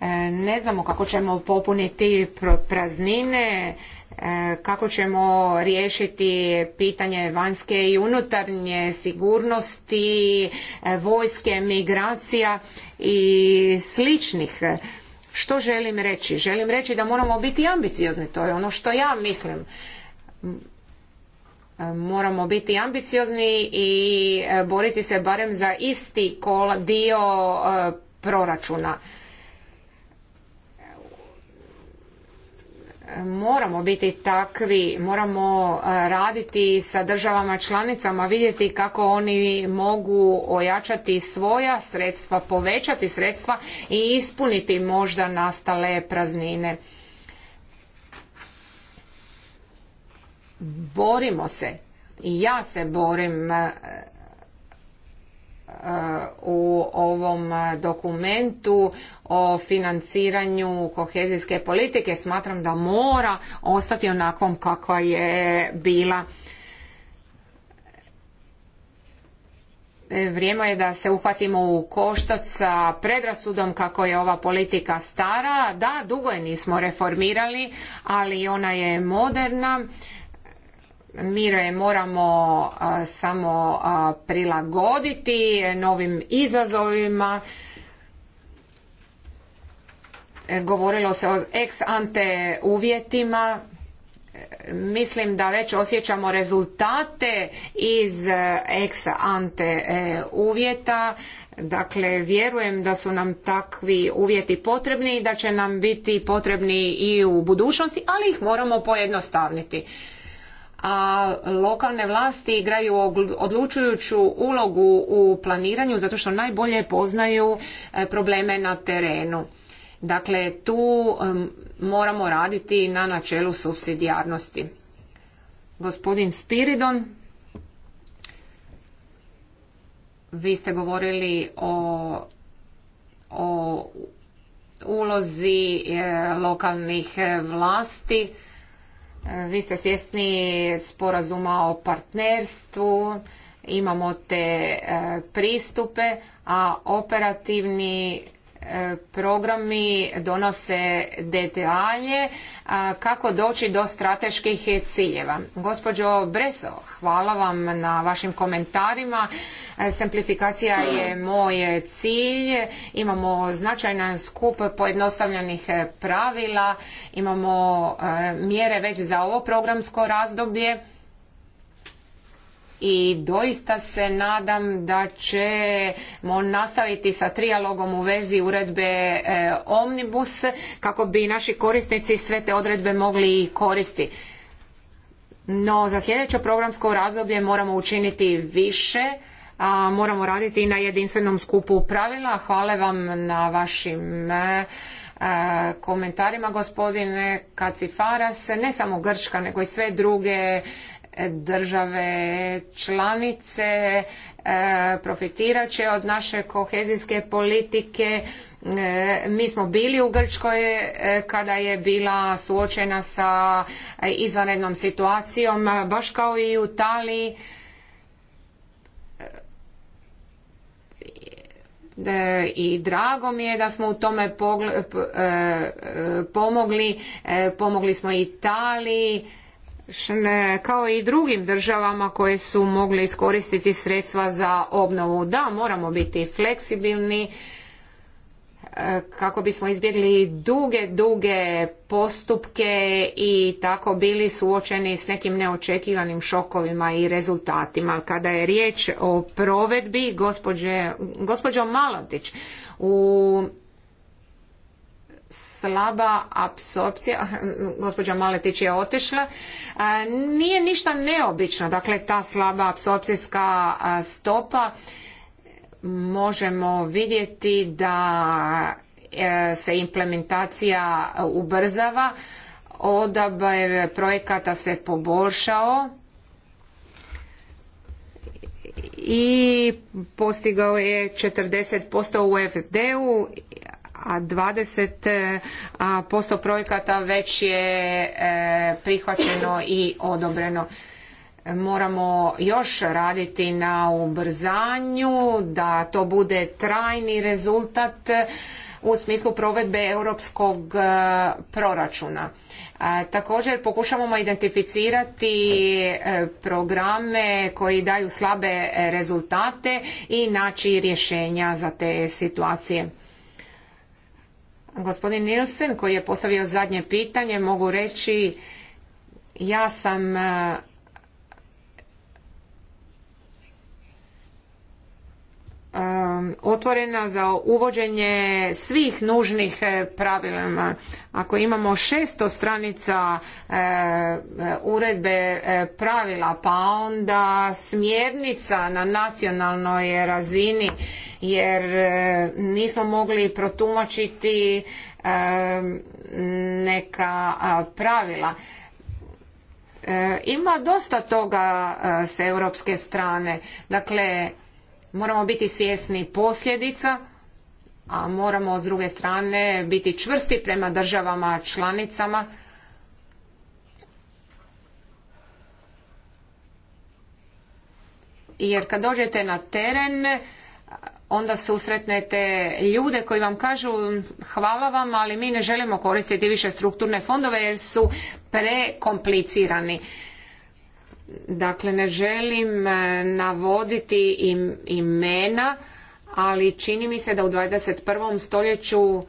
E, ne znamo kako ćemo popuniti praznine E, kako ćemo riješiti pitanje vanjske i unutarnje sigurnosti, e, vojske, migracija i sličnih. Što želim reći? Želim reći da moramo biti ambiciozni, to je ono što ja mislim. Moramo biti ambiciozni i e, boriti se barem za isti dio proračuna moramo biti takvi, moramo e, raditi sa državama članicama, vidjeti kako oni mogu ojačati svoja sredstva, povećati sredstva i ispuniti možda nastale praznine. Borimo se. Ja se borim e, u ovom dokumentu o financiranju kohezijske politike smatram da mora ostati onakvom kakva je bila vrijeme je da se uhvatimo u koštac sa predrasudom kako je ova politika stara da dugo je nismo reformirali ali ona je moderna mire moramo samo prilagoditi novim izazovima e, govorilo se o ex ante uvjetima e, mislim da već osjećamo rezultate iz e, ex ante uvjeta dakle vjerujem da su nam takvi uvjeti potrebni i da će nam biti potrebni i u budućnosti ali ih moramo pojednostavniti a lokalne vlasti igraju odlučujuću ulogu u planiranju zato što najbolje poznaju e, probleme na terenu. Dakle, tu moramo raditi na načelu supsidijarnosti. Gospodin Spiridon, vi ste govorili o, ulozi e, lokalnih vlasti E, vi ste svjesni sporazuma o partnerstvu, imamo te e, pristupe, a operativni E, programi donose detalje kako doći do strateških ciljeva. Gospođo Breso, hvala vam na vašim komentarima. E, simplifikacija je moj cilj. Imamo značajan skup pojednostavljenih pravila. Imamo e, mjere već za ovo programsko razdoblje i doista se nadam da ćemo nastaviti sa trijalogom u vezi uredbe e, Omnibus kako bi naši korisnici sve te odredbe mogli koristiti. No, za sljedeće programsko razdoblje moramo učiniti više, a moramo raditi i na jedinstvenom skupu pravila. Hvala vam na vašim e, e, komentarima gospodine Kacifaras, ne samo Grčka nego i sve druge države članice e, profitirat će od naše kohezijske politike. E, mi smo bili u Grčkoj e, kada je bila suočena sa izvanrednom situacijom, baš kao i u Italiji. i drago mi je da smo u tome pomogli, pomogli smo Italiji, kao i drugim državama koje su mogle iskoristiti sredstva za obnovu. Da, moramo biti fleksibilni e, kako bismo izbjegli duge, duge postupke i tako bili suočeni s nekim neočekivanim šokovima i rezultatima. Kada je riječ o provedbi, gospođo Malatić, u slaba apsorpcija, gospođa Maletić je otišla, nije ništa neobično, dakle ta slaba apsorpcijska stopa možemo vidjeti da e, se implementacija ubrzava, odabar projekata se poboljšao i postigao je 40% u FD-u a 20% e, projekata već je e, prihvaćeno i odobreno. Moramo još raditi na ubrzanju da to bude trajni rezultat e, u smislu provedbe europskog proračuna. Također pokušavamo identificirati programe koji daju slabe rezultate i naći rješenja za te situacije. Gospodin Nilsen koji je postavio zadnje pitanje mogu reći ja sam Um, otvorena za uvođenje svih nužnih eh, pravila. Ako imamo 600 stranica eh, eh, uredbe pravila, pa onda smjernica na nacionalnoj razini, jer nismo mogli protumačiti neka pravila. Ima dosta toga s europske strane. Dakle, Moramo biti svjesni posljedica, a moramo s druge strane biti čvrsti prema državama članicama jer kad dođete na teren onda susretnete ljude koji vam kažu hvala vam, ali mi ne želimo koristiti više strukturne fondove jer su prekomplicirani. Dakle, ne želim e, navoditi imena, ali čini mi se da u 21. stoljeću e,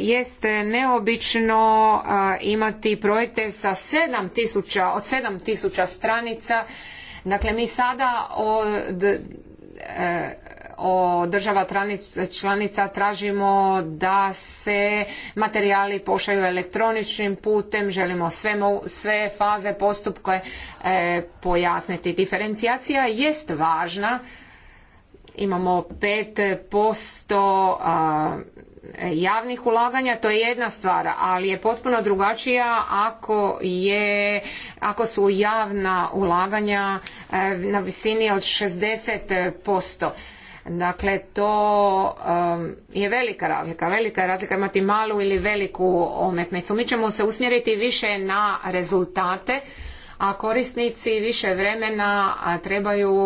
jeste neobično e, imati projekte sa 7000, od 7000 stranica. Dakle, mi sada od od država članica tražimo da se materijali pošalju elektroničnim putem, želimo sve, faze postupka e, pojasniti. Diferencijacija jest važna, imamo 5% javnih ulaganja, to je jedna stvar, ali je potpuno drugačija ako, je, ako su javna ulaganja e, na visini od 60%. Dakle, to um, je velika razlika. Velika je razlika imati malu ili veliku ometnicu. Mi ćemo se usmjeriti više na rezultate, a korisnici više vremena trebaju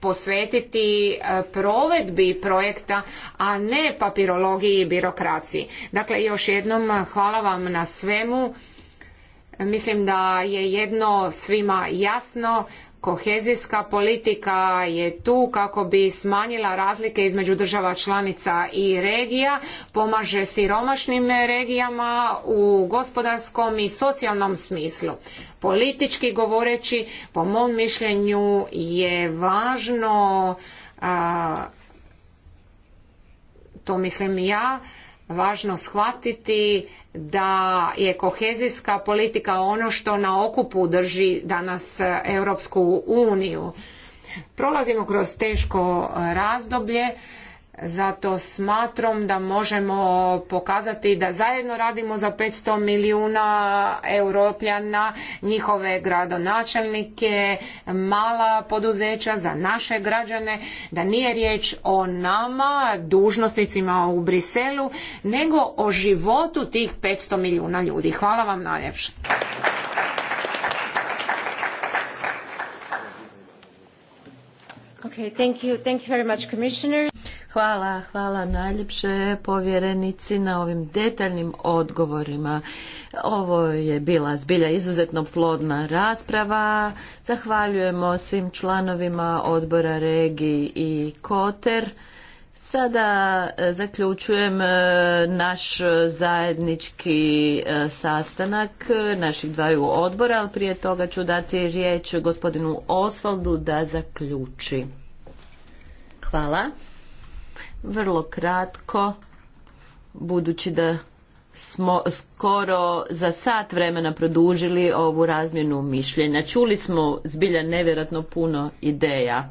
posvetiti e, provedbi projekta, a ne papirologiji i birokraciji. Dakle, još jednom hvala vam na svemu. Mislim da je jedno svima jasno, kohezijska politika je tu kako bi smanjila razlike između država članica i regija, pomaže siromašnim regijama u gospodarskom i socijalnom smislu. Politički govoreći, po mom mišljenju je važno, to mislim ja, važno shvatiti da je kohezijska politika ono što na okupu drži danas e, Europsku uniju. Prolazimo kroz teško razdoblje zato smatram da možemo pokazati da zajedno radimo za 500 milijuna europljana, njihove gradonačelnike, mala poduzeća, za naše građane, da nije riječ o nama, dužnosnicima u Briselu, nego o životu tih 500 milijuna ljudi. Hvala vam najljepše. Okay, thank Hvala, hvala najljepše povjerenici na ovim detaljnim odgovorima. Ovo je bila zbilja izuzetno plodna rasprava. Zahvaljujemo svim članovima odbora regiji i Koter. Sada e, zaključujem e, naš e, zajednički sastanak naših dvaju odbora, ali prije toga ću dati riječ gospodinu Osvaldu da zaključi. Hvala. Vrlo kratko, budući da smo skoro za sat vremena produžili ovu razmjenu mišljenja. Čuli smo zbilja nevjerojatno puno ideja.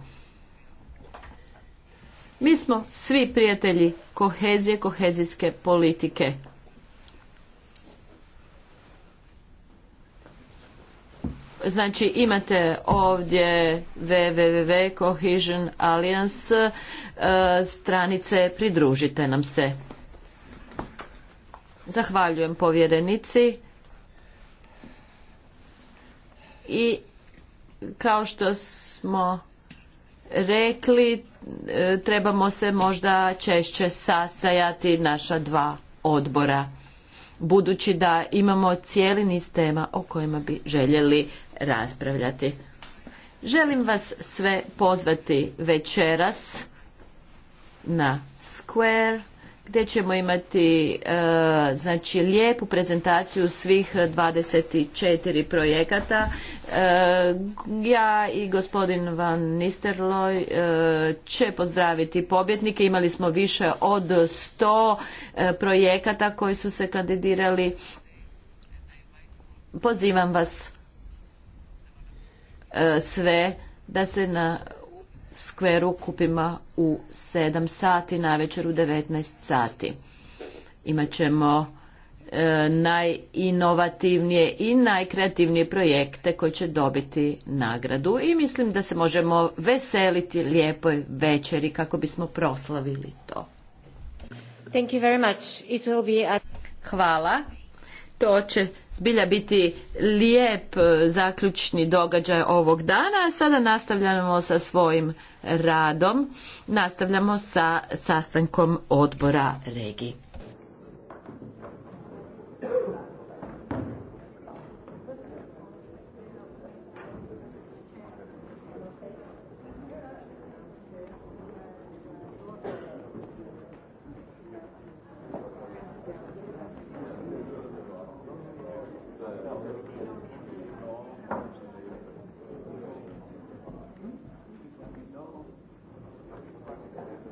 Mi smo svi prijatelji kohezije, kohezijske politike. Znači imate ovdje www e, stranice pridružite nam se. Zahvaljujem povjerenici i kao što smo rekli, e, trebamo se možda češće sastajati naša dva odbora, budući da imamo cijeli niz tema o kojima bi željeli raspravljati. Želim vas sve pozvati večeras na Square gdje ćemo imati e, znači lijepu prezentaciju svih 24 projekata. E, ja i gospodin Van Nisterloj e, će pozdraviti pobjednike. Imali smo više od 100 projekata koji su se kandidirali. Pozivam vas sve da se na skveru kupima u 7 sati, na večer u 19 sati. Imaćemo e, najinovativnije i najkreativnije projekte koji će dobiti nagradu i mislim da se možemo veseliti lijepoj večeri kako bismo proslavili to. Thank you very much. It will be Hvala to će zbilja biti lijep e, zaključni događaj ovog dana. Sada nastavljamo sa svojim radom. Nastavljamo sa sastankom odbora regiji. Hvala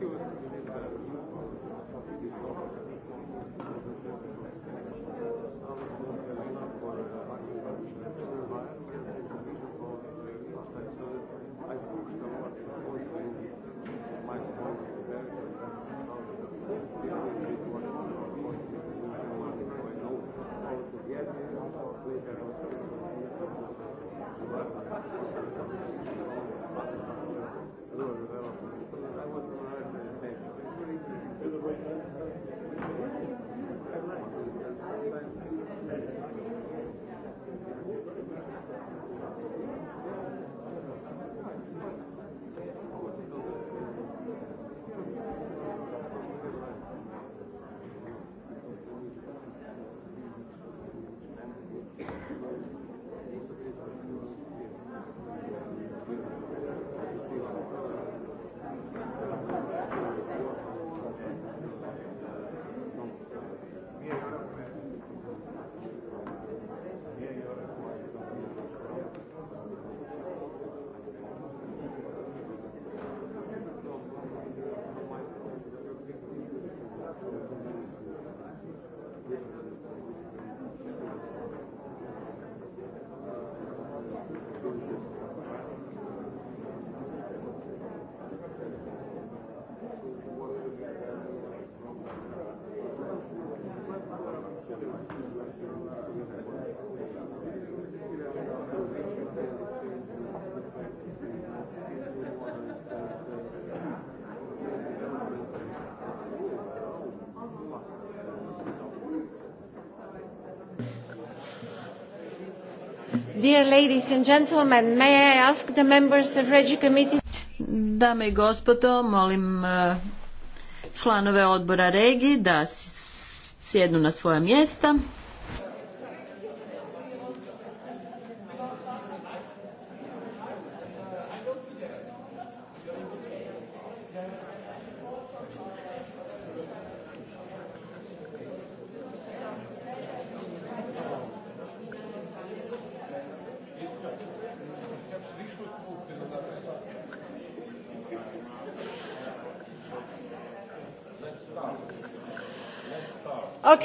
Hvala Dear ladies and gentlemen, may I ask the members of Regi Committee... Dame i gospodo, molim eh, članove odbora Regi da sjednu na svoja mjesta.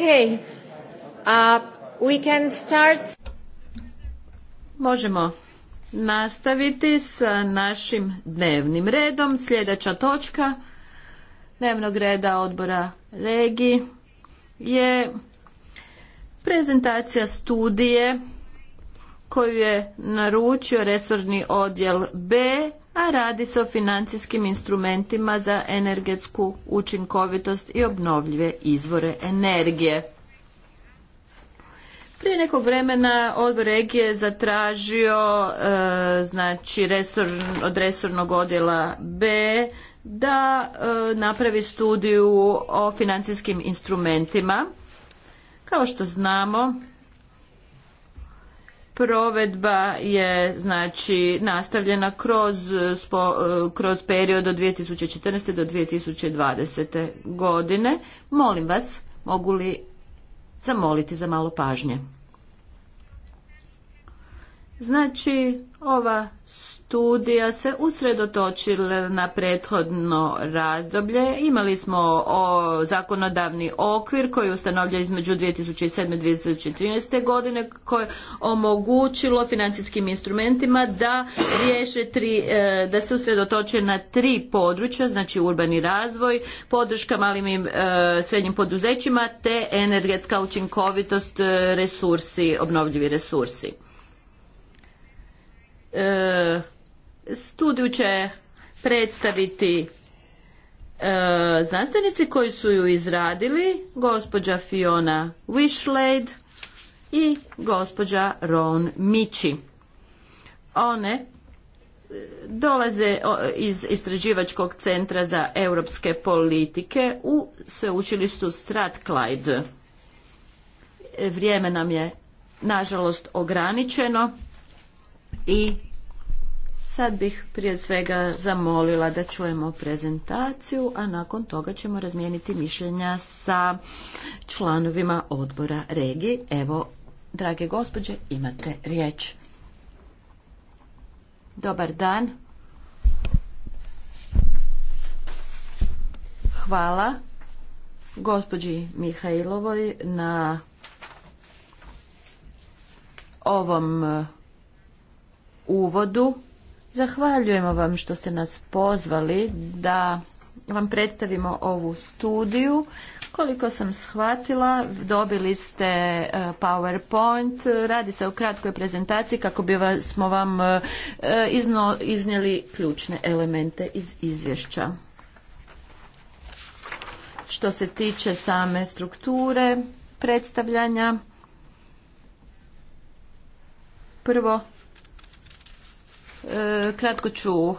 Okay. Uh, we can start. Možemo nastaviti sa našim dnevnim redom. Sljedeća točka dnevnog reda odbora Regi je prezentacija studije koju je naručio resorni odjel B, a radi se o financijskim instrumentima za energetsku učinkovitost i obnovljive izvore energije. Prije nekog vremena odbor regije zatražio e, znači od resornog odjela B da e, napravi studiju o financijskim instrumentima. Kao što znamo, Provedba je znači nastavljena kroz, spo, kroz period od 2014. do 2020. godine. Molim vas, mogu li zamoliti za malo pažnje? Znači, ova studija se usredotočile na prethodno razdoblje. Imali smo o zakonodavni okvir koji je ustanovlja između 2007. i 2013. godine koje omogućilo financijskim instrumentima da riješe tri, e, da se usredotoče na tri područja, znači urbani razvoj, podrška malim i e, srednjim poduzećima te energetska učinkovitost e, resursi, obnovljivi resursi. Studiju će predstaviti e, znanstvenici koji su ju izradili, gospođa Fiona Wishlade i gospođa Ron Michi. One e, dolaze iz Istraživačkog centra za europske politike u sveučilištu Strathclyde. E, vrijeme nam je nažalost ograničeno i Sad bih prije svega zamolila da čujemo prezentaciju, a nakon toga ćemo razmijeniti mišljenja sa članovima odbora regi. Evo, drage gospođe, imate riječ. Dobar dan. Hvala gospođi Mihajlovoj na ovom uh, uvodu Zahvaljujemo vam što ste nas pozvali da vam predstavimo ovu studiju. Koliko sam shvatila, dobili ste e, PowerPoint. Radi se o kratkoj prezentaciji kako bi smo vam e, iznijeli ključne elemente iz izvješća. Što se tiče same strukture predstavljanja, prvo E, kratko ću e,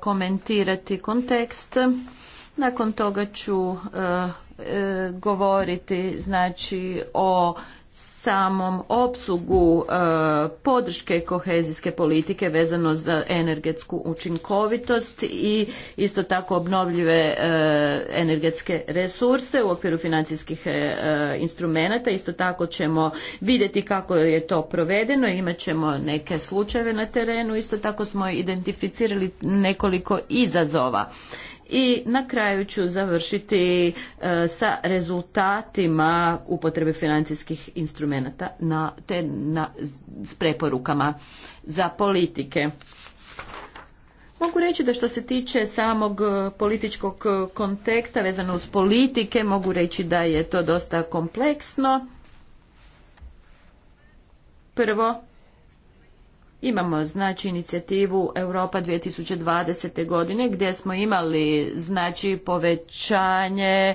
komentirati kontekst. Nakon toga ću e, govoriti znači o samom opsugu e, podrške kohezijske politike vezano za energetsku učinkovitost i isto tako obnovljive e, energetske resurse u okviru financijskih e, instrumenta. Isto tako ćemo vidjeti kako je to provedeno, imat ćemo neke slučajeve na terenu, isto tako smo identificirali nekoliko izazova i na kraju ću završiti e, sa rezultatima upotrebe financijskih instrumenata na, te na, s preporukama za politike. Mogu reći da što se tiče samog e, političkog e, konteksta vezano uz politike, mogu reći da je to dosta kompleksno. Prvo, Imamo znači inicijativu Europa 2020. godine gdje smo imali znači povećanje e,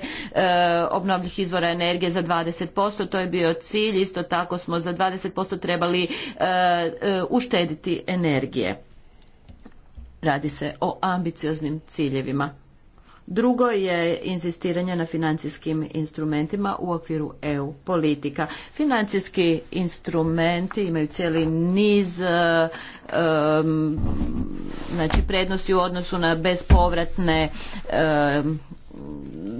obnovljivih izvora energije za 20%, to je bio cilj, isto tako smo za 20% trebali e, e, uštediti energije. Radi se o ambicioznim ciljevima. Drugo je inzistiranje na financijskim instrumentima u okviru EU politika. Financijski instrumenti imaju cijeli niz e, znači prednosti u odnosu na bezpovratne e,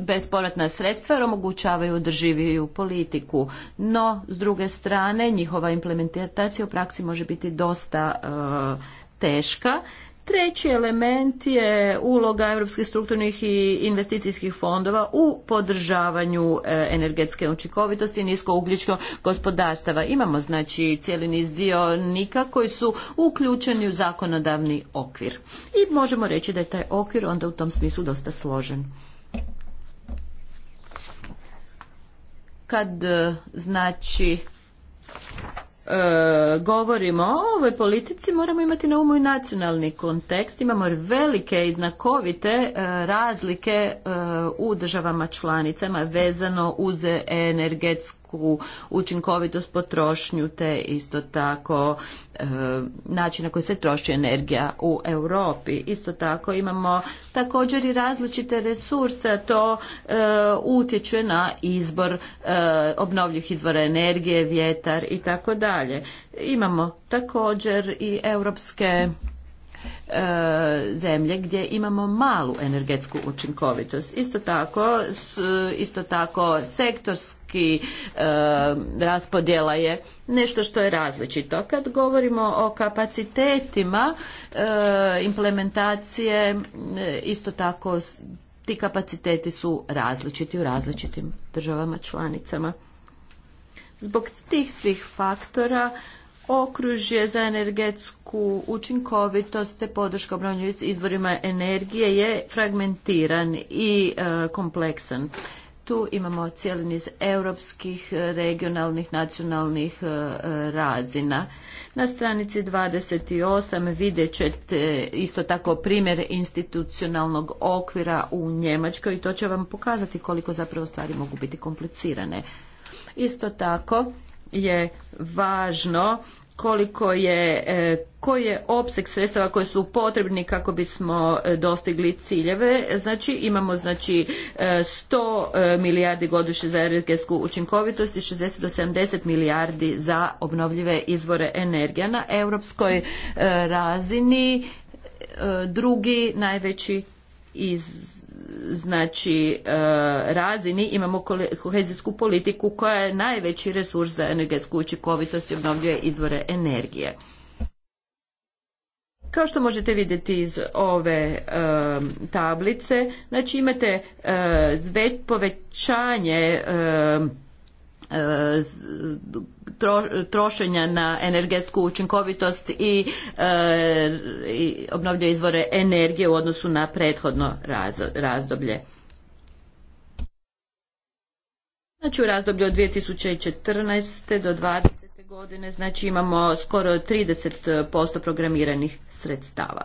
bespovratna sredstva jer omogućavaju održiviju politiku. No, s druge strane, njihova implementacija u praksi može biti dosta e, teška Treći element je uloga europskih strukturnih i investicijskih fondova u podržavanju e, energetske učinkovitosti i niskougljičko gospodarstava. Imamo znači cijeli niz dionika koji su uključeni u zakonodavni okvir. I možemo reći da je taj okvir onda u tom smislu dosta složen. Kad e, znači E, govorimo o ovoj politici moramo imati na umu i nacionalni kontekst. Imamo velike i znakovite e, razlike e, u državama članicama vezano uz energetsku energetsku učinkovitost potrošnju te isto tako e, način na koji se troši energija u Europi. Isto tako imamo također i različite resurse, to e, utječe na izbor e, obnovljivih izvora energije, vjetar i tako dalje. Imamo također i europske e, zemlje gdje imamo malu energetsku učinkovitost. Isto tako, isto tako i e, raspodjela je nešto što je različito. Kad govorimo o kapacitetima e, implementacije, e, isto tako ti kapaciteti su različiti u različitim državama članicama. Zbog tih svih faktora okružje za energetsku učinkovitost te podrška obnovljivim izvorima energije je fragmentiran i kompleksan. Tu imamo cijeli niz europskih, e, regionalnih, nacionalnih e, razina. Na stranici 28 vidjet ćete isto tako primjer institucionalnog okvira u Njemačkoj i to će vam pokazati koliko zapravo stvari mogu biti komplicirane. Isto tako je važno koliko je, e, koji je opseg sredstava koji su potrebni kako bismo e, dostigli ciljeve. Znači imamo znači 100 e, milijardi godišnje za energetsku učinkovitost i 60 do 70 milijardi za obnovljive izvore energija na europskoj razini. Drugi najveći iz znači e, razini imamo kohezijsku politiku koja je najveći resurs za energetsku učinkovitost i obnovljive izvore energije. Kao što možete vidjeti iz ove e, tablice, znači imate e, povećanje trošenja na energetsku učinkovitost e, i obnovljive izvore energije u odnosu na prethodno razdoblje. Znači u razdoblju od 2014. do 2020. godine znači imamo skoro 30% programiranih sredstava.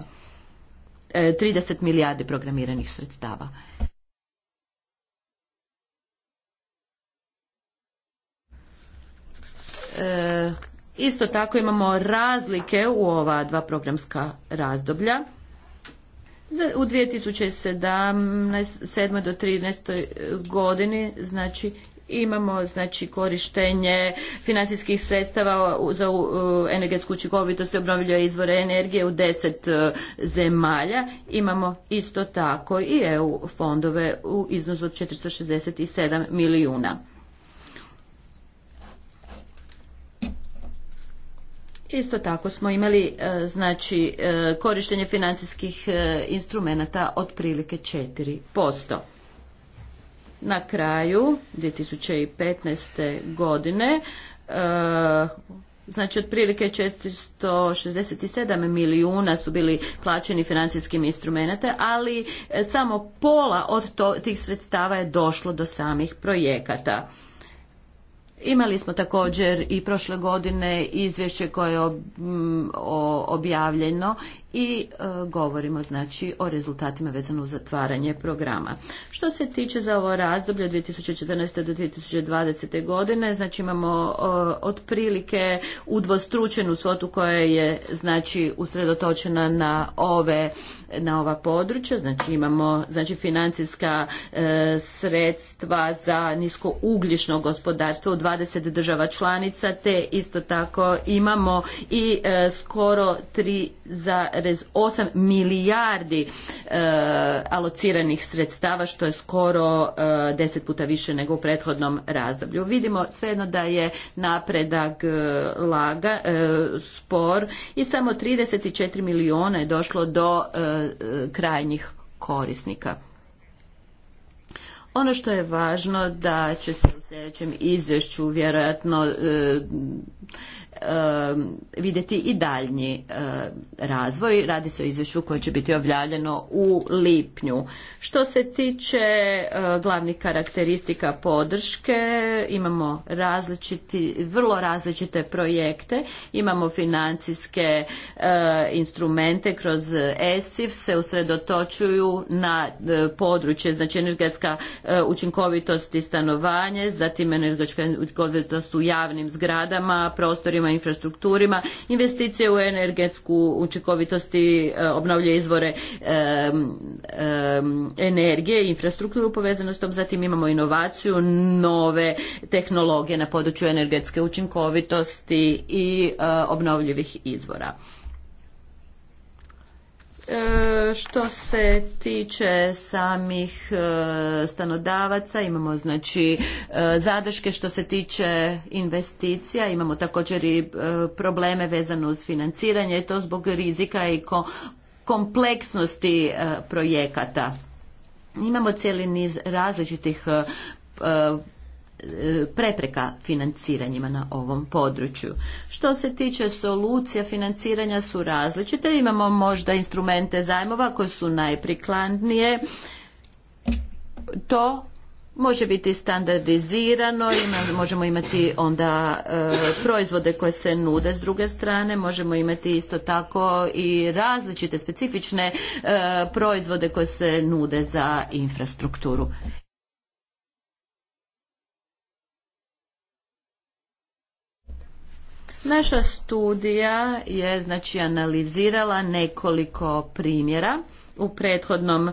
30 e, milijardi programiranih sredstava. E, isto tako imamo razlike u ova dva programska razdoblja. U 2017. do 2013. godini znači imamo znači korištenje financijskih sredstava za energetsku učinkovitost i obnovljive izvore energije u deset e, zemalja. Imamo isto tako i EU fondove u iznosu od 467 milijuna. Isto tako smo imali e, znači e, korištenje financijskih e, instrumenata otprilike 4%. Na kraju 2015. godine Znači, otprilike 467 milijuna su bili plaćeni financijskim instrumenata, ali samo pola od tih sredstava je došlo do samih projekata. Imali smo također i prošle godine izvješće koje je objavljeno i e, govorimo znači o rezultatima vezano uz zatvaranje programa. Što se tiče za ovo razdoblje od 2014. do 2020. godine, znači imamo e, otprilike udvostručenu svotu koja je znači usredotočena na ove na ova područja, znači imamo znači financijska e, sredstva za nisko ugljišno gospodarstvo u 20 država članica, te isto tako imamo i e, skoro tri za osam milijardi e, alociranih sredstava što je skoro e, deset puta više nego u prethodnom razdoblju. Vidimo svejedno da je napredak e, laga, spor i samo 34 milijuna je došlo do krajnjih korisnika. Ono što je važno da će se u sljedećem izvješću vjerojatno Um, vidjeti i daljnji um, razvoj. Radi se o izvješću koje će biti objavljeno u lipnju. Što se tiče uh, glavnih karakteristika podrške, imamo različiti, vrlo različite projekte, imamo financijske uh, instrumente kroz ESIF se usredotočuju na uh, područje, znači energetska učinkovitost i stanovanje, zatim energetska učinkovitost u javnim zgradama, prostorima infrastrukturima, investicije u energetsku učinkovitosti, e, obnovlje izvore energije i energije, infrastrukturu povezanostom, zatim imamo inovaciju, nove tehnologije na području energetske učinkovitosti i e, obnovljivih izvora. E, što se tiče samih e, stanodavaca, imamo znači e, zadrške što se tiče investicija, imamo također i probleme vezano uz financiranje to zbog rizika i kompleksnosti projekata. Imamo cijeli niz različitih prepreka financiranjima na ovom području. Što se tiče solucija financiranja su različite, imamo možda instrumente zajmova koje su najprikladnije. To može biti standardizirano, i možemo imati onda e, proizvode koje se nude s druge strane, možemo imati isto tako i različite specifične e, proizvode koje se nude za infrastrukturu. Naša studija je znači analizirala nekoliko primjera u prethodnom e,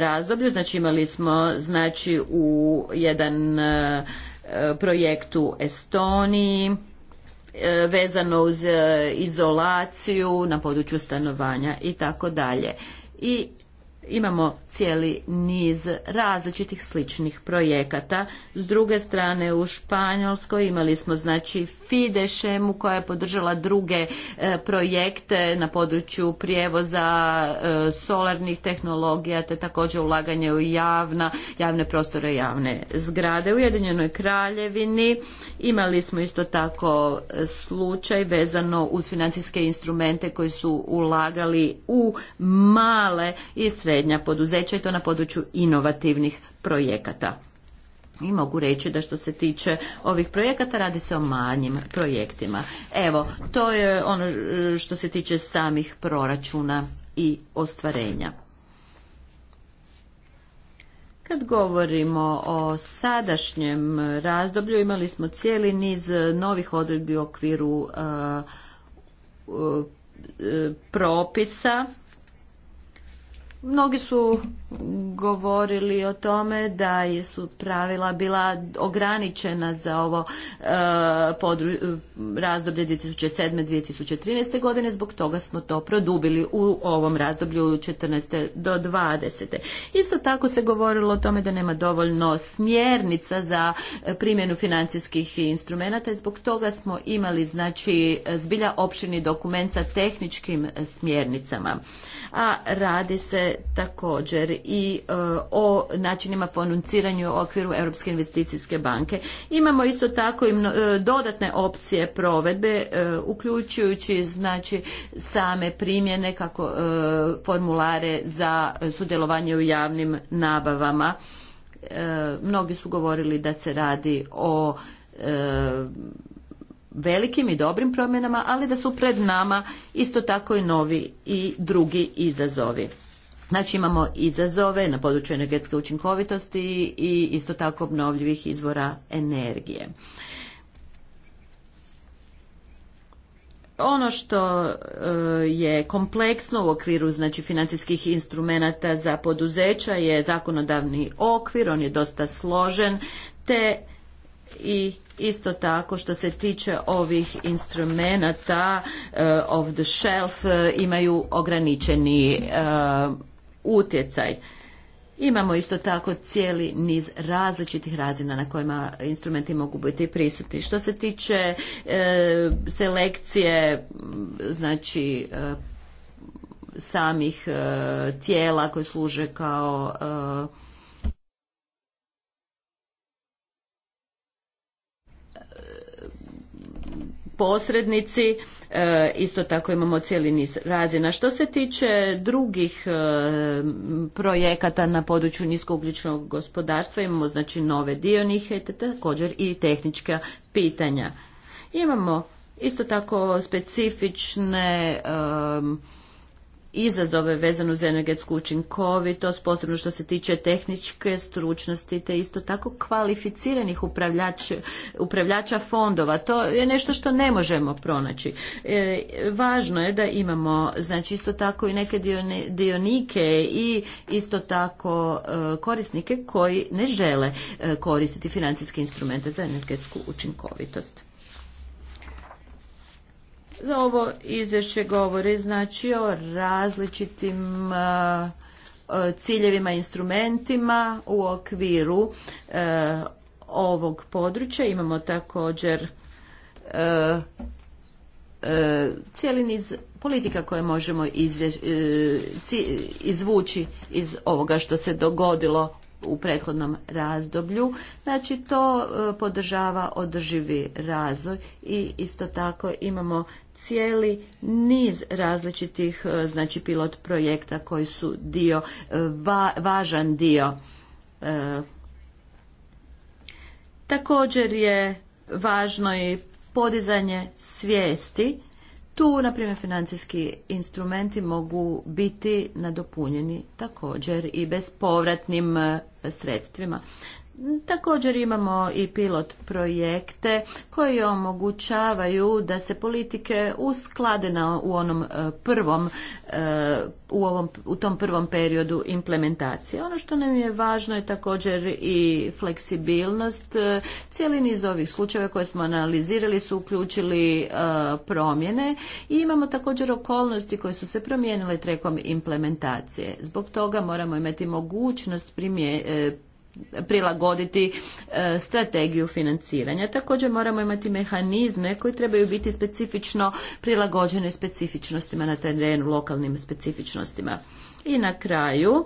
razdoblju, znači imali smo znači u jedan projektu projekt u Estoniji e, vezano uz e, izolaciju na području stanovanja i tako dalje. I imamo cijeli niz različitih sličnih projekata. S druge strane u Španjolskoj imali smo znači Fidešemu koja je podržala druge e, projekte na području prijevoza e, solarnih tehnologija te također ulaganje u javna, javne prostore, javne zgrade. U Jedinjenoj Kraljevini imali smo isto tako e, slučaj vezano uz financijske instrumente koji su ulagali u male i srednje srednja poduzeća i to na području inovativnih projekata. I mogu reći da što se tiče ovih projekata radi se o manjim projektima. Evo, to je ono e, što se tiče samih proračuna i ostvarenja. Kad govorimo o sadašnjem razdoblju, imali smo cijeli niz novih odredbi u okviru e, e, propisa Mnogi su govorili o tome da su pravila bila ograničena za ovo e, podru, e, razdoblje 2007-2013. godine, zbog toga smo to produbili u ovom razdoblju 14. do 20. Isto tako se govorilo o tome da nema dovoljno smjernica za primjenu financijskih instrumenata i zbog toga smo imali znači zbilja opširni dokument sa tehničkim smjernicama. A radi se također i e, o načinima ponunciranju u okviru Europske investicijske banke. Imamo isto tako i e, dodatne opcije provedbe, e, uključujući znači same primjene kako formulare za sudjelovanje u javnim nabavama. Mnogi su govorili da se radi o velikim i dobrim promjenama, ali da su pred nama isto tako i novi i drugi izazovi. Znači imamo izazove na području energetske učinkovitosti i isto tako obnovljivih izvora energije. Ono što e, je kompleksno u okviru znači financijskih instrumenata za poduzeća je zakonodavni okvir, on je dosta složen, te i isto tako što se tiče ovih instrumenata e, of the shelf e, imaju ograničeni utjecaj. Imamo isto tako cijeli niz različitih razina na kojima instrumenti mogu biti prisutni. Što se tiče e, selekcije, znači e, samih e, tijela koje služe kao posrednici, e, isto tako imamo cijeli niz razina. Što se tiče drugih e, projekata na području niskougljičnog gospodarstva, imamo znači nove dionike, također i tehnička pitanja. Imamo isto tako specifične e, izazove vezano za energetsku učinkovitost, posebno što se tiče tehničke stručnosti, te isto tako kvalificiranih upravljač, upravljača fondova. To je nešto što ne možemo pronaći. E, važno je da imamo, znači isto tako i neke dionike i isto tako e, korisnike koji ne žele e, koristiti financijske instrumente za energetsku učinkovitost. Ovo izvješće govori znači o različitim e, e, ciljevima i instrumentima u okviru e, ovog područja. Imamo također cijeli niz politika koje možemo izvući iz ovoga što se dogodilo u prethodnom razdoblju. Znači to e, podržava održivi razvoj i isto tako imamo cijeli niz različitih e, znači pilot projekta koji su dio e, važan dio također je važno i podizanje svijesti tu, na primjer, financijski instrumenti mogu biti nadopunjeni također i povratnim e, sredstvima. Također imamo i pilot projekte koji omogućavaju da se politike usklade na, u onom e, prvom e, u, ovom, u tom prvom periodu implementacije. Ono što nam je važno je također i fleksibilnost. E, cijeli niz ovih slučajeva koje smo analizirali su uključili promjene i imamo također okolnosti koje su se promijenile trekom implementacije. Zbog toga moramo imati mogućnost primje, prilagoditi e, strategiju financiranja. Također moramo imati mehanizme koji trebaju biti specifično prilagođene specifičnostima na terenu, lokalnim specifičnostima. I na kraju,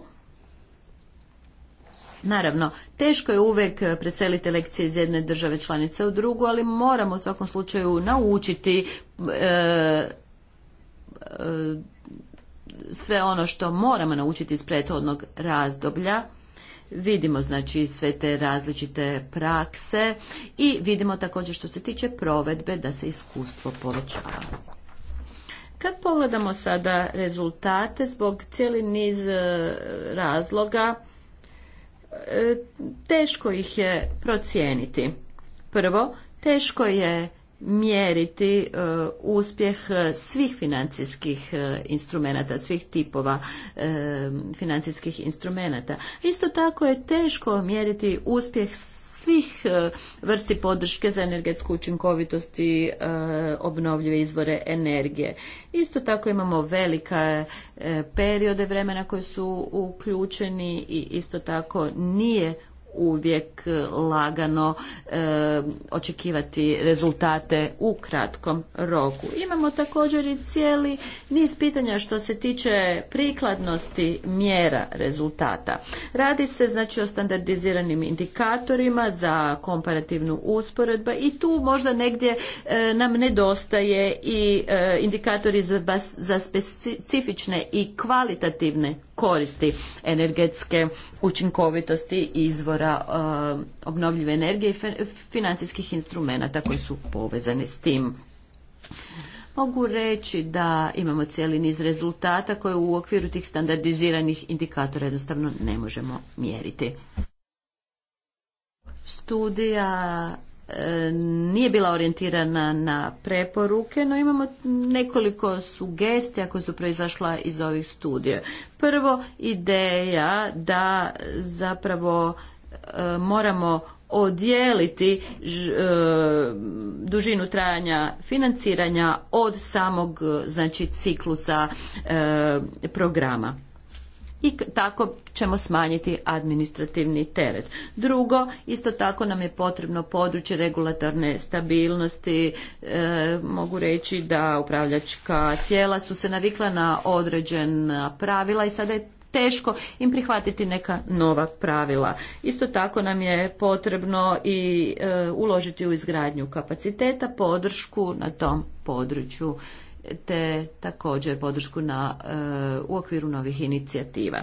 Naravno, teško je uvijek preseliti lekcije iz jedne države članice u drugu, ali moramo u svakom slučaju naučiti e, e, sve ono što moramo naučiti iz prethodnog razdoblja Vidimo znači sve te različite prakse i vidimo također što se tiče provedbe da se iskustvo povećava. Kad pogledamo sada rezultate zbog cijeli niz e, razloga e, teško ih je procijeniti. Prvo, teško je mjeriti e, uspjeh svih financijskih e, instrumenata, svih tipova e, financijskih instrumenata. Isto tako je teško mjeriti uspjeh svih vrsti podrške za energetsku učinkovitost i obnovljive izvore energije. Isto tako imamo velika periode vremena koji su uključeni i isto tako nije uvijek lagano e, očekivati rezultate u kratkom roku. Imamo također i cijeli niz pitanja što se tiče prikladnosti mjera rezultata. Radi se znači o standardiziranim indikatorima za komparativnu usporedbu i tu možda negdje e, nam nedostaje i e, indikatori za, za specifične i kvalitativne koristi energetske učinkovitosti izvora eh, obnovljive energije i financijskih instrumenata koji su povezani s tim. Mogu reći da imamo cijeli niz rezultata koje u okviru tih standardiziranih indikatora jednostavno ne možemo mjeriti. Studija E, nije bila orijentirana na preporuke, no imamo nekoliko sugestija koje su proizašla iz ovih studija. Prvo, ideja da zapravo e, moramo odijeliti e, dužinu trajanja financiranja od samog znači ciklusa programa i tako ćemo smanjiti administrativni teret. Drugo, isto tako nam je potrebno područje regulatorne stabilnosti. E, mogu reći da upravljačka tijela su se navikla na određena pravila i sada je teško im prihvatiti neka nova pravila. Isto tako nam je potrebno i e, uložiti u izgradnju kapaciteta, podršku na tom području te također podršku na, e, u okviru novih inicijativa.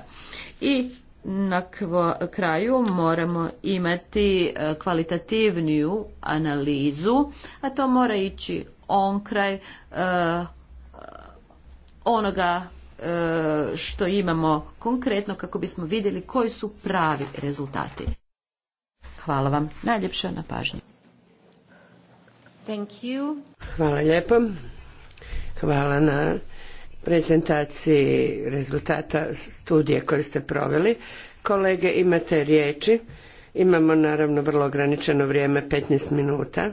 I na kraju moramo imati e, kvalitativniju analizu, a to mora ići on kraj e, onoga što imamo konkretno kako bismo vidjeli koji su pravi rezultati. Hvala vam najljepša na pažnji. Hvala lijepo. Hvala na prezentaciji rezultata studije koje ste proveli. Kolege, imate riječi. Imamo naravno vrlo ograničeno vrijeme, 15 minuta.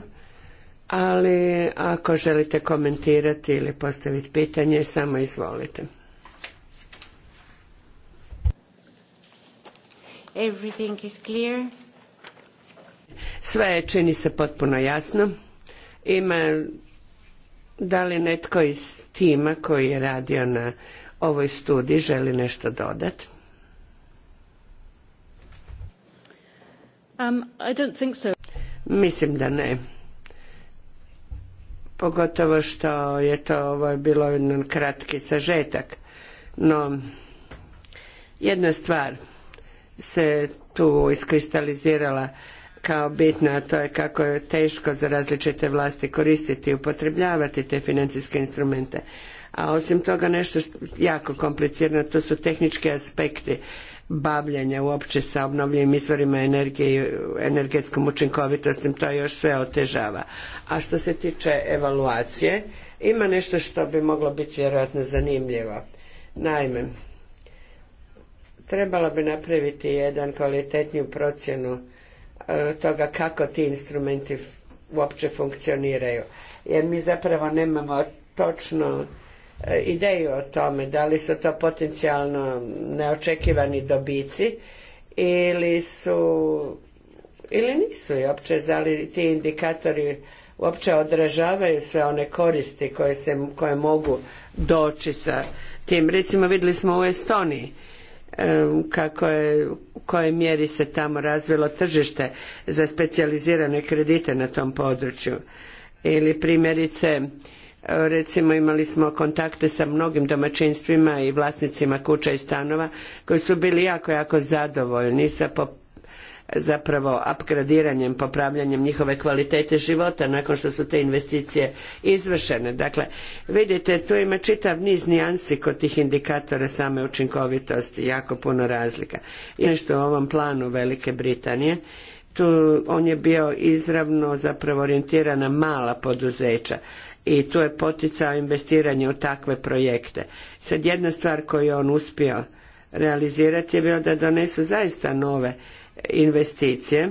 Ali ako želite komentirati ili postaviti pitanje, samo izvolite. Everything Sve čini se potpuno jasno. Ima da li netko iz tima koji je radio na ovoj studiji želi nešto dodati? Um, Mislim da ne. Pogotovo što je to ovo je bilo jedan kratki sažetak. No, jedna stvar se tu iskristalizirala kao bitno, a to je kako je teško za različite vlasti koristiti i upotrebljavati te financijske instrumente. A osim toga nešto jako komplicirano, to su tehnički aspekti bavljanja uopće sa obnovljivim izvorima energije i energetskom učinkovitosti to još sve otežava. A što se tiče evaluacije, ima nešto što bi moglo biti vjerojatno zanimljivo. Naime, trebalo bi napraviti jedan kvalitetniju procjenu E, toga kako ti instrumenti uopće funkcioniraju. Jer mi zapravo nemamo točno e, ideju o tome da li su to potencijalno neočekivani dobici ili su ili nisu i uopće da li ti indikatori uopće odražavaju sve one koristi koje, mogu doći sa tim. Recimo vidjeli smo u Estoniji kako je u kojoj mjeri se tamo razvilo tržište za specijalizirane kredite na tom području ili primjerice e, recimo imali smo kontakte sa mnogim domaćinstvima i vlasnicima kuća i stanova koji su bili jako, jako zadovoljni sa po zapravo upgradiranjem, popravljanjem njihove kvalitete života nakon što su te investicije izvršene. Dakle, vidite, tu ima čitav niz nijansi kod tih indikatora same učinkovitosti, jako puno razlika. I je u ovom planu Velike Britanije, tu on je bio izravno zapravo orijentiran na mala poduzeća i tu je poticao investiranje u takve projekte. Sad jedna stvar koju je on uspio realizirati je bio da donesu zaista nove investicije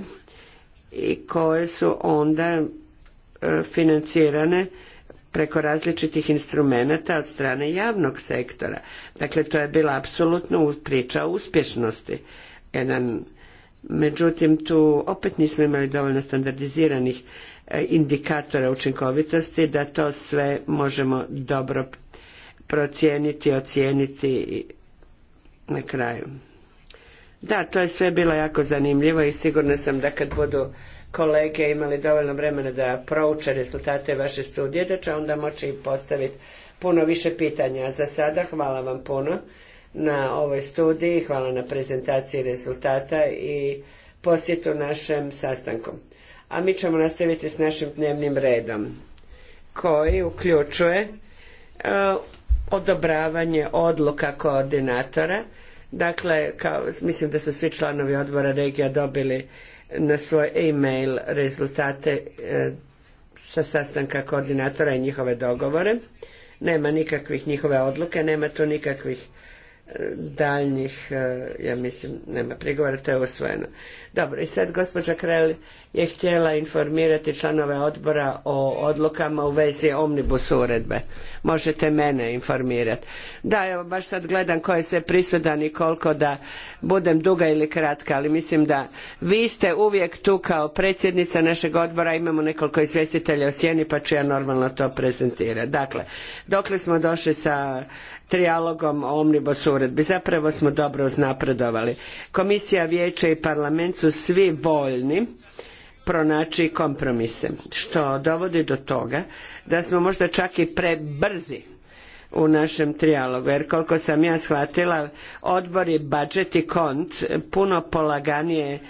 i koje su onda e, financirane preko različitih instrumenata od strane javnog sektora. Dakle, to je bila apsolutno priča uspješnosti. Jedan, međutim, tu opet nismo imali dovoljno standardiziranih e, indikatora učinkovitosti da to sve možemo dobro procijeniti, ocijeniti na kraju. Da, to je sve bilo jako zanimljivo i sigurna sam da kad budu kolege imali dovoljno vremena da prouče rezultate vaše studije, da će onda moći postaviti puno više pitanja. Za sada hvala vam puno na ovoj studiji, hvala na prezentaciji rezultata i posjetu našem sastanku. A mi ćemo nastaviti s našim dnevnim redom koji uključuje e, odobravanje odluka koordinatora Dakle, kao, mislim da su svi članovi odbora regija dobili na svoj e-mail rezultate e, sa sastanka koordinatora i njihove dogovore. Nema nikakvih njihove odluke, nema tu nikakvih e, daljnjih, e, ja mislim, nema prigovora, to je usvojeno. Dobro, i sad gospođa Krel je htjela informirati članove odbora o odlukama u vezi omnibus uredbe. Možete mene informirati. Da, evo, baš sad gledam ko je sve prisudan i koliko da budem duga ili kratka, ali mislim da vi ste uvijek tu kao predsjednica našeg odbora, imamo nekoliko izvjestitelja o sjeni, pa ću ja normalno to prezentirati. Dakle, dokle smo došli sa trijalogom o omnibus uredbi? Zapravo smo dobro uznapredovali. Komisija, vijeće i parlament su svi voljni pronaći kompromise, što dovodi do toga da smo možda čak i prebrzi u našem trijalogu, jer koliko sam ja shvatila, odbor i budžet i kont puno polaganije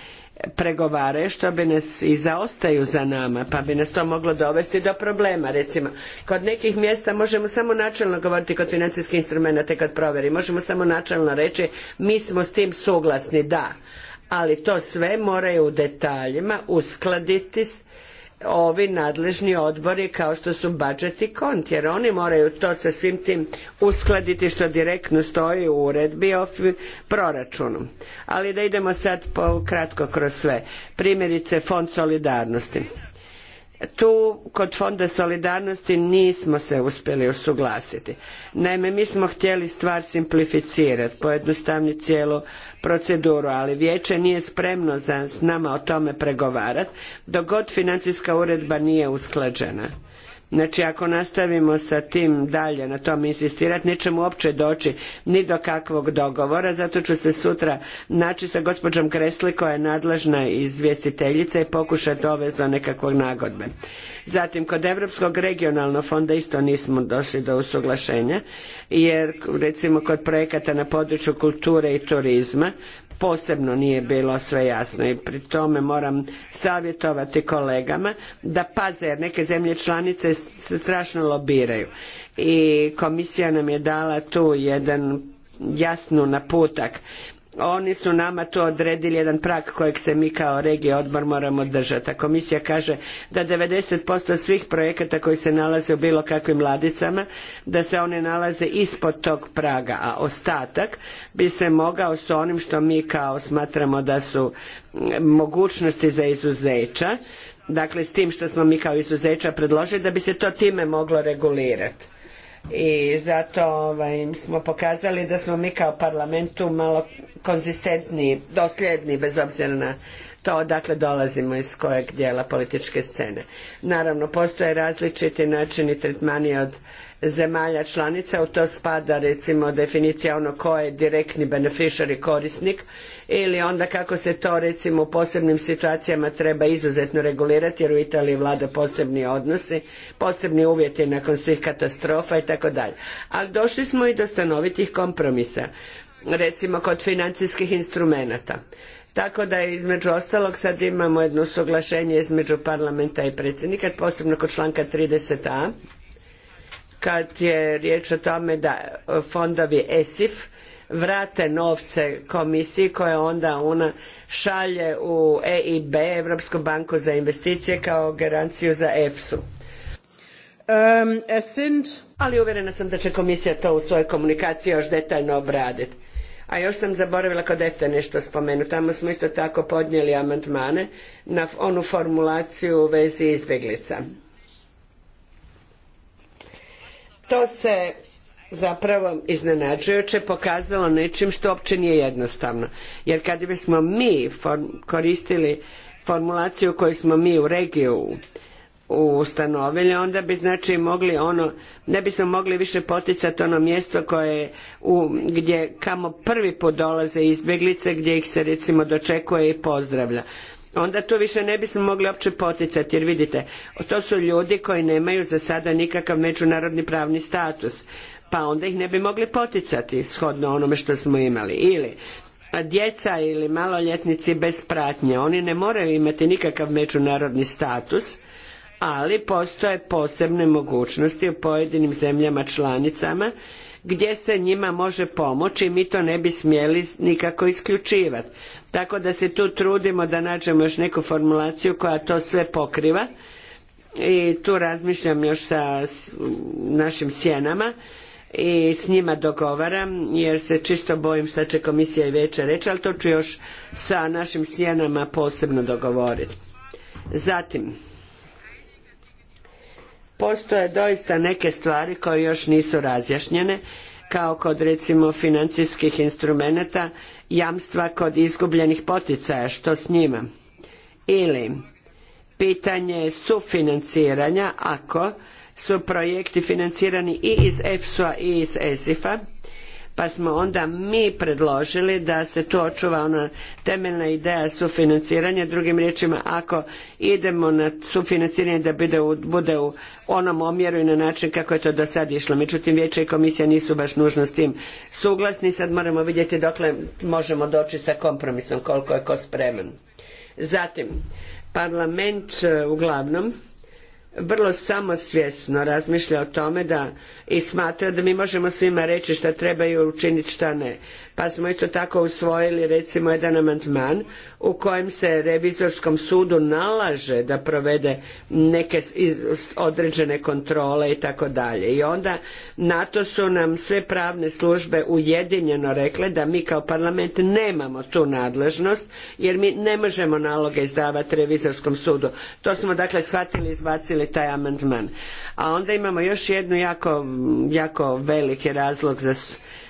pregovare što bi nas i zaostaju za nama pa bi nas to moglo dovesti do problema recimo kod nekih mjesta možemo samo načelno govoriti kod financijskih instrumenata kod proveri. možemo samo načelno reći mi smo s tim suglasni da ali to sve moraju u detaljima uskladiti ovi nadležni odbori kao što su budžet i jer oni moraju to sa svim tim uskladiti što direktno stoji u uredbi o proračunu. Ali da idemo sad kratko kroz sve. Primjerice Fond solidarnosti tu kod Fonda solidarnosti nismo se uspjeli usuglasiti. Naime, mi smo htjeli stvar simplificirati, pojednostavniti cijelu proceduru, ali vijeće nije spremno za s nama o tome pregovarati dok god financijska uredba nije usklađena Znači ako nastavimo sa tim dalje na tom insistirati nećemo uopće doći ni do kakvog dogovora, zato ću se sutra naći sa gospođom Kresli koja je nadležna izvjestiteljica i pokušati dovesti do nekakvog nagodbe. Zatim kod Europskog regionalnog fonda isto nismo došli do usuglašenja jer recimo kod projekata na području kulture i turizma posebno nije bilo sve jasno i pri tome moram savjetovati kolegama da paze jer neke zemlje članice se strašno lobiraju i komisija nam je dala tu jedan jasnu naputak oni su nama tu odredili jedan prag kojeg se mi kao regija odbor moramo držati. A komisija kaže da 90% svih projekata koji se nalaze u bilo kakvim ladicama, da se oni nalaze ispod tog praga, a ostatak bi se mogao s onim što mi kao smatramo da su mogućnosti za izuzeća, dakle s tim što smo mi kao izuzeća predložili da bi se to time moglo regulirati i zato im ovaj, smo pokazali da smo mi kao parlamentu malo konzistentni, dosljedni bez obzira na to odakle dolazimo iz kojeg dijela političke scene. Naravno, postoje različiti načini tretmani od zemalja članica, u to spada recimo definicija ono ko je direktni beneficiary korisnik ili onda kako se to recimo u posebnim situacijama treba izuzetno regulirati jer u Italiji vlada posebni odnosi, posebni uvjeti nakon svih katastrofa i tako dalje. Ali došli smo i do stanovitih kompromisa, recimo kod financijskih instrumenata. Tako da između ostalog sad imamo jedno suglašenje između parlamenta i predsjednika, posebno kod članka 30a, kad je riječ o tome da fondovi ESIF vrate novce komisiji koje onda ona šalje u EIB, Europsku banku za investicije kao garanciju za EFSU. Um, sind... Ali uvjerena sam da će komisija to u svojoj komunikaciji još detaljno obraditi. A još sam zaboravila kod EFTA nešto spomenuti. Tamo smo isto tako podnijeli amandmane na onu formulaciju u vezi izbjeglica. To se zapravo iznenađujuće pokazalo nečim što uopće nije jednostavno. Jer kad bismo mi koristili formulaciju koju smo mi u regiju ustanovili, onda bi znači mogli ono, ne bismo mogli više poticati ono mjesto koje gdje kamo prvi put dolaze izbjeglice, gdje ih se recimo dočekuje i pozdravlja onda tu više ne bismo mogli uopće poticati jer vidite to su ljudi koji nemaju za sada nikakav međunarodni pravni status pa onda ih ne bi mogli poticati shodno onome što smo imali. Ili djeca ili maloljetnici bez pratnje, oni ne moraju imati nikakav međunarodni status, ali postoje posebne mogućnosti u pojedinim zemljama članicama gdje se njima može pomoći i mi to ne bi smjeli nikako isključivati. Tako da se tu trudimo da nađemo još neku formulaciju koja to sve pokriva i tu razmišljam još sa našim sjenama i s njima dogovaram jer se čisto bojim šta će komisija i veće reći, ali to ću još sa našim sjenama posebno dogovoriti. Zatim, postoje doista neke stvari koje još nisu razjašnjene, kao kod recimo financijskih instrumenata, jamstva kod izgubljenih poticaja, što s njima? Ili pitanje sufinanciranja ako su projekti financirani i iz efsu i iz esif pa smo onda mi predložili da se tu očuva ona temeljna ideja sufinanciranja, drugim riječima ako idemo na sufinanciranje da bude u, onom omjeru i na način kako je to do sad išlo. Međutim, vijeće i komisija nisu baš nužno s tim suglasni, sad moramo vidjeti dokle možemo doći sa kompromisom, koliko je ko spreman. Zatim, parlament e, uglavnom vrlo samosvjesno razmišlja o tome da i smatra da mi možemo svima reći šta trebaju učiniti šta ne. Pa smo isto tako usvojili recimo jedan amandman u kojem se revizorskom sudu nalaže da provede neke određene kontrole i tako dalje. I onda na to su nam sve pravne službe ujedinjeno rekle da mi kao parlament nemamo tu nadležnost jer mi ne možemo naloge izdavati revizorskom sudu. To smo dakle shvatili i izbacili taj amandman. A onda imamo još jednu jako jako veliki razlog za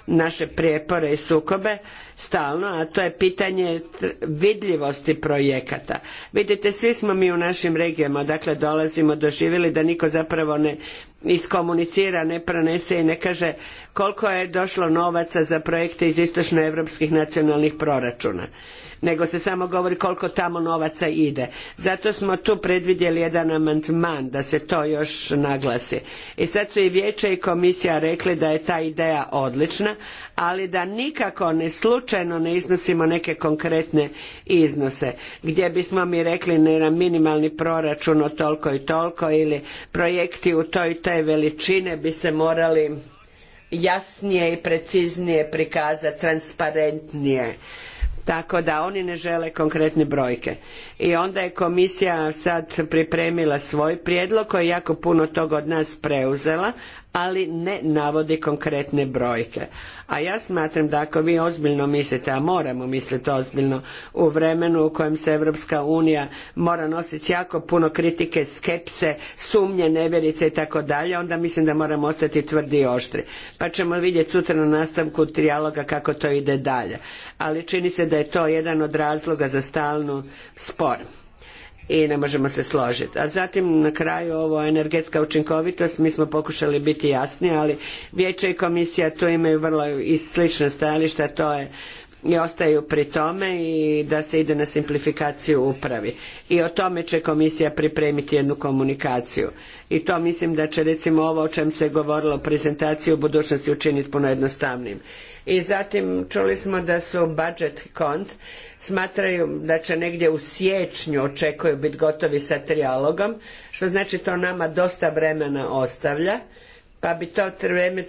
naše prijepore i sukobe stalno, a to je pitanje vidljivosti projekata. Vidite, svi smo mi u našim regijama, dakle dolazimo, doživjeli da niko zapravo ne iskomunicira, ne pronese i ne kaže koliko je došlo novaca za projekte iz europskih nacionalnih proračuna nego se samo govori koliko tamo novaca ide. Zato smo tu predvidjeli jedan amandman da se to još naglasi. I sad su i vijeće i komisija rekli da je ta ideja odlična, ali da nikako ne slučajno ne iznosimo neke konkretne iznose gdje bismo mi rekli ne na minimalni proračun od toliko i toliko ili projekti u toj i toj veličine bi se morali jasnije i preciznije prikazati, transparentnije tako da oni ne žele konkretne brojke. I onda je komisija sad pripremila svoj prijedlog koji je jako puno toga od nas preuzela, ali ne navodi konkretne brojke. A ja smatram da ako vi ozbiljno mislite, a moramo misliti ozbiljno, u vremenu u kojem se Europska unija mora nositi jako puno kritike, skepse, sumnje, nevjerice i tako dalje, onda mislim da moramo ostati tvrdi i oštri. Pa ćemo vidjeti sutra na nastavku trijaloga kako to ide dalje. Ali čini se da je to jedan od razloga za stalnu spor i ne možemo se složiti. A zatim na kraju ovo energetska učinkovitost, mi smo pokušali biti jasni, ali vijeće i komisija tu imaju vrlo i slična stajališta, to je i ostaju pri tome i da se ide na simplifikaciju upravi. I o tome će komisija pripremiti jednu komunikaciju. I to mislim da će recimo ovo o čem se govorilo o prezentaciji u budućnosti učiniti puno jednostavnijim i zatim čuli smo da su budget kont smatraju da će negdje u siječnju očekuju biti gotovi sa trijalogom što znači to nama dosta vremena ostavlja pa bi to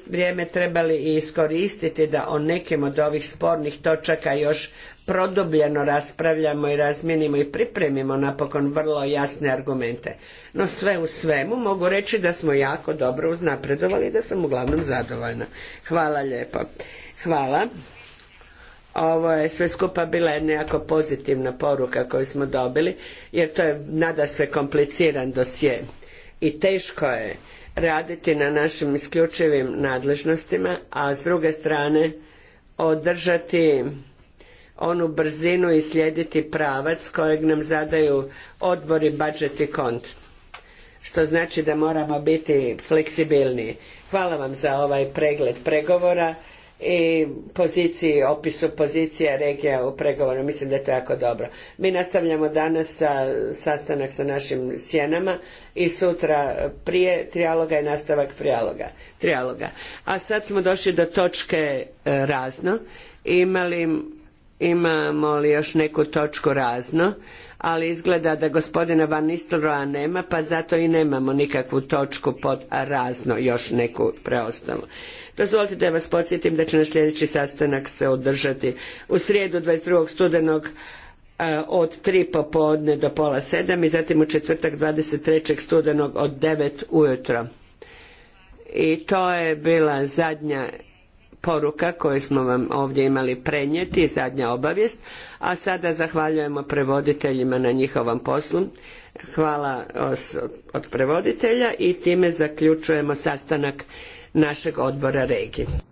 vrijeme, trebali i iskoristiti da o nekim od ovih spornih točaka još produbljeno raspravljamo i razminimo i pripremimo napokon vrlo jasne argumente. No sve u svemu mogu reći da smo jako dobro uznapredovali i da sam uglavnom zadovoljna. Hvala lijepo. Hvala. Ovo je sve skupa bila jedna jako pozitivna poruka koju smo dobili, jer to je nada sve kompliciran dosje i teško je raditi na našim isključivim nadležnostima, a s druge strane održati onu brzinu i slijediti pravac kojeg nam zadaju odbori budžeti i kont. Što znači da moramo biti fleksibilniji. Hvala vam za ovaj pregled pregovora i poziciji, opisu pozicija regija u pregovoru. Mislim da je to jako dobro. Mi nastavljamo danas sa, sastanak sa našim sjenama i sutra prije trijaloga i nastavak trijaloga. A sad smo došli do točke e, razno. Imali, imamo li još neku točku razno? ali izgleda da gospodina Van Nistelrooya nema, pa zato i nemamo nikakvu točku pod razno još neku preostalu. Dozvolite da vas podsjetim da će na sljedeći sastanak se održati u srijedu 22. studenog eh, od tri popodne do pola sedam i zatim u četvrtak 23. studenog od devet ujutro. I to je bila zadnja poruka koju smo vam ovdje imali prenijeti, zadnja obavijest, a sada zahvaljujemo prevoditeljima na njihovom poslu. Hvala od prevoditelja i time zaključujemo sastanak našeg odbora regije.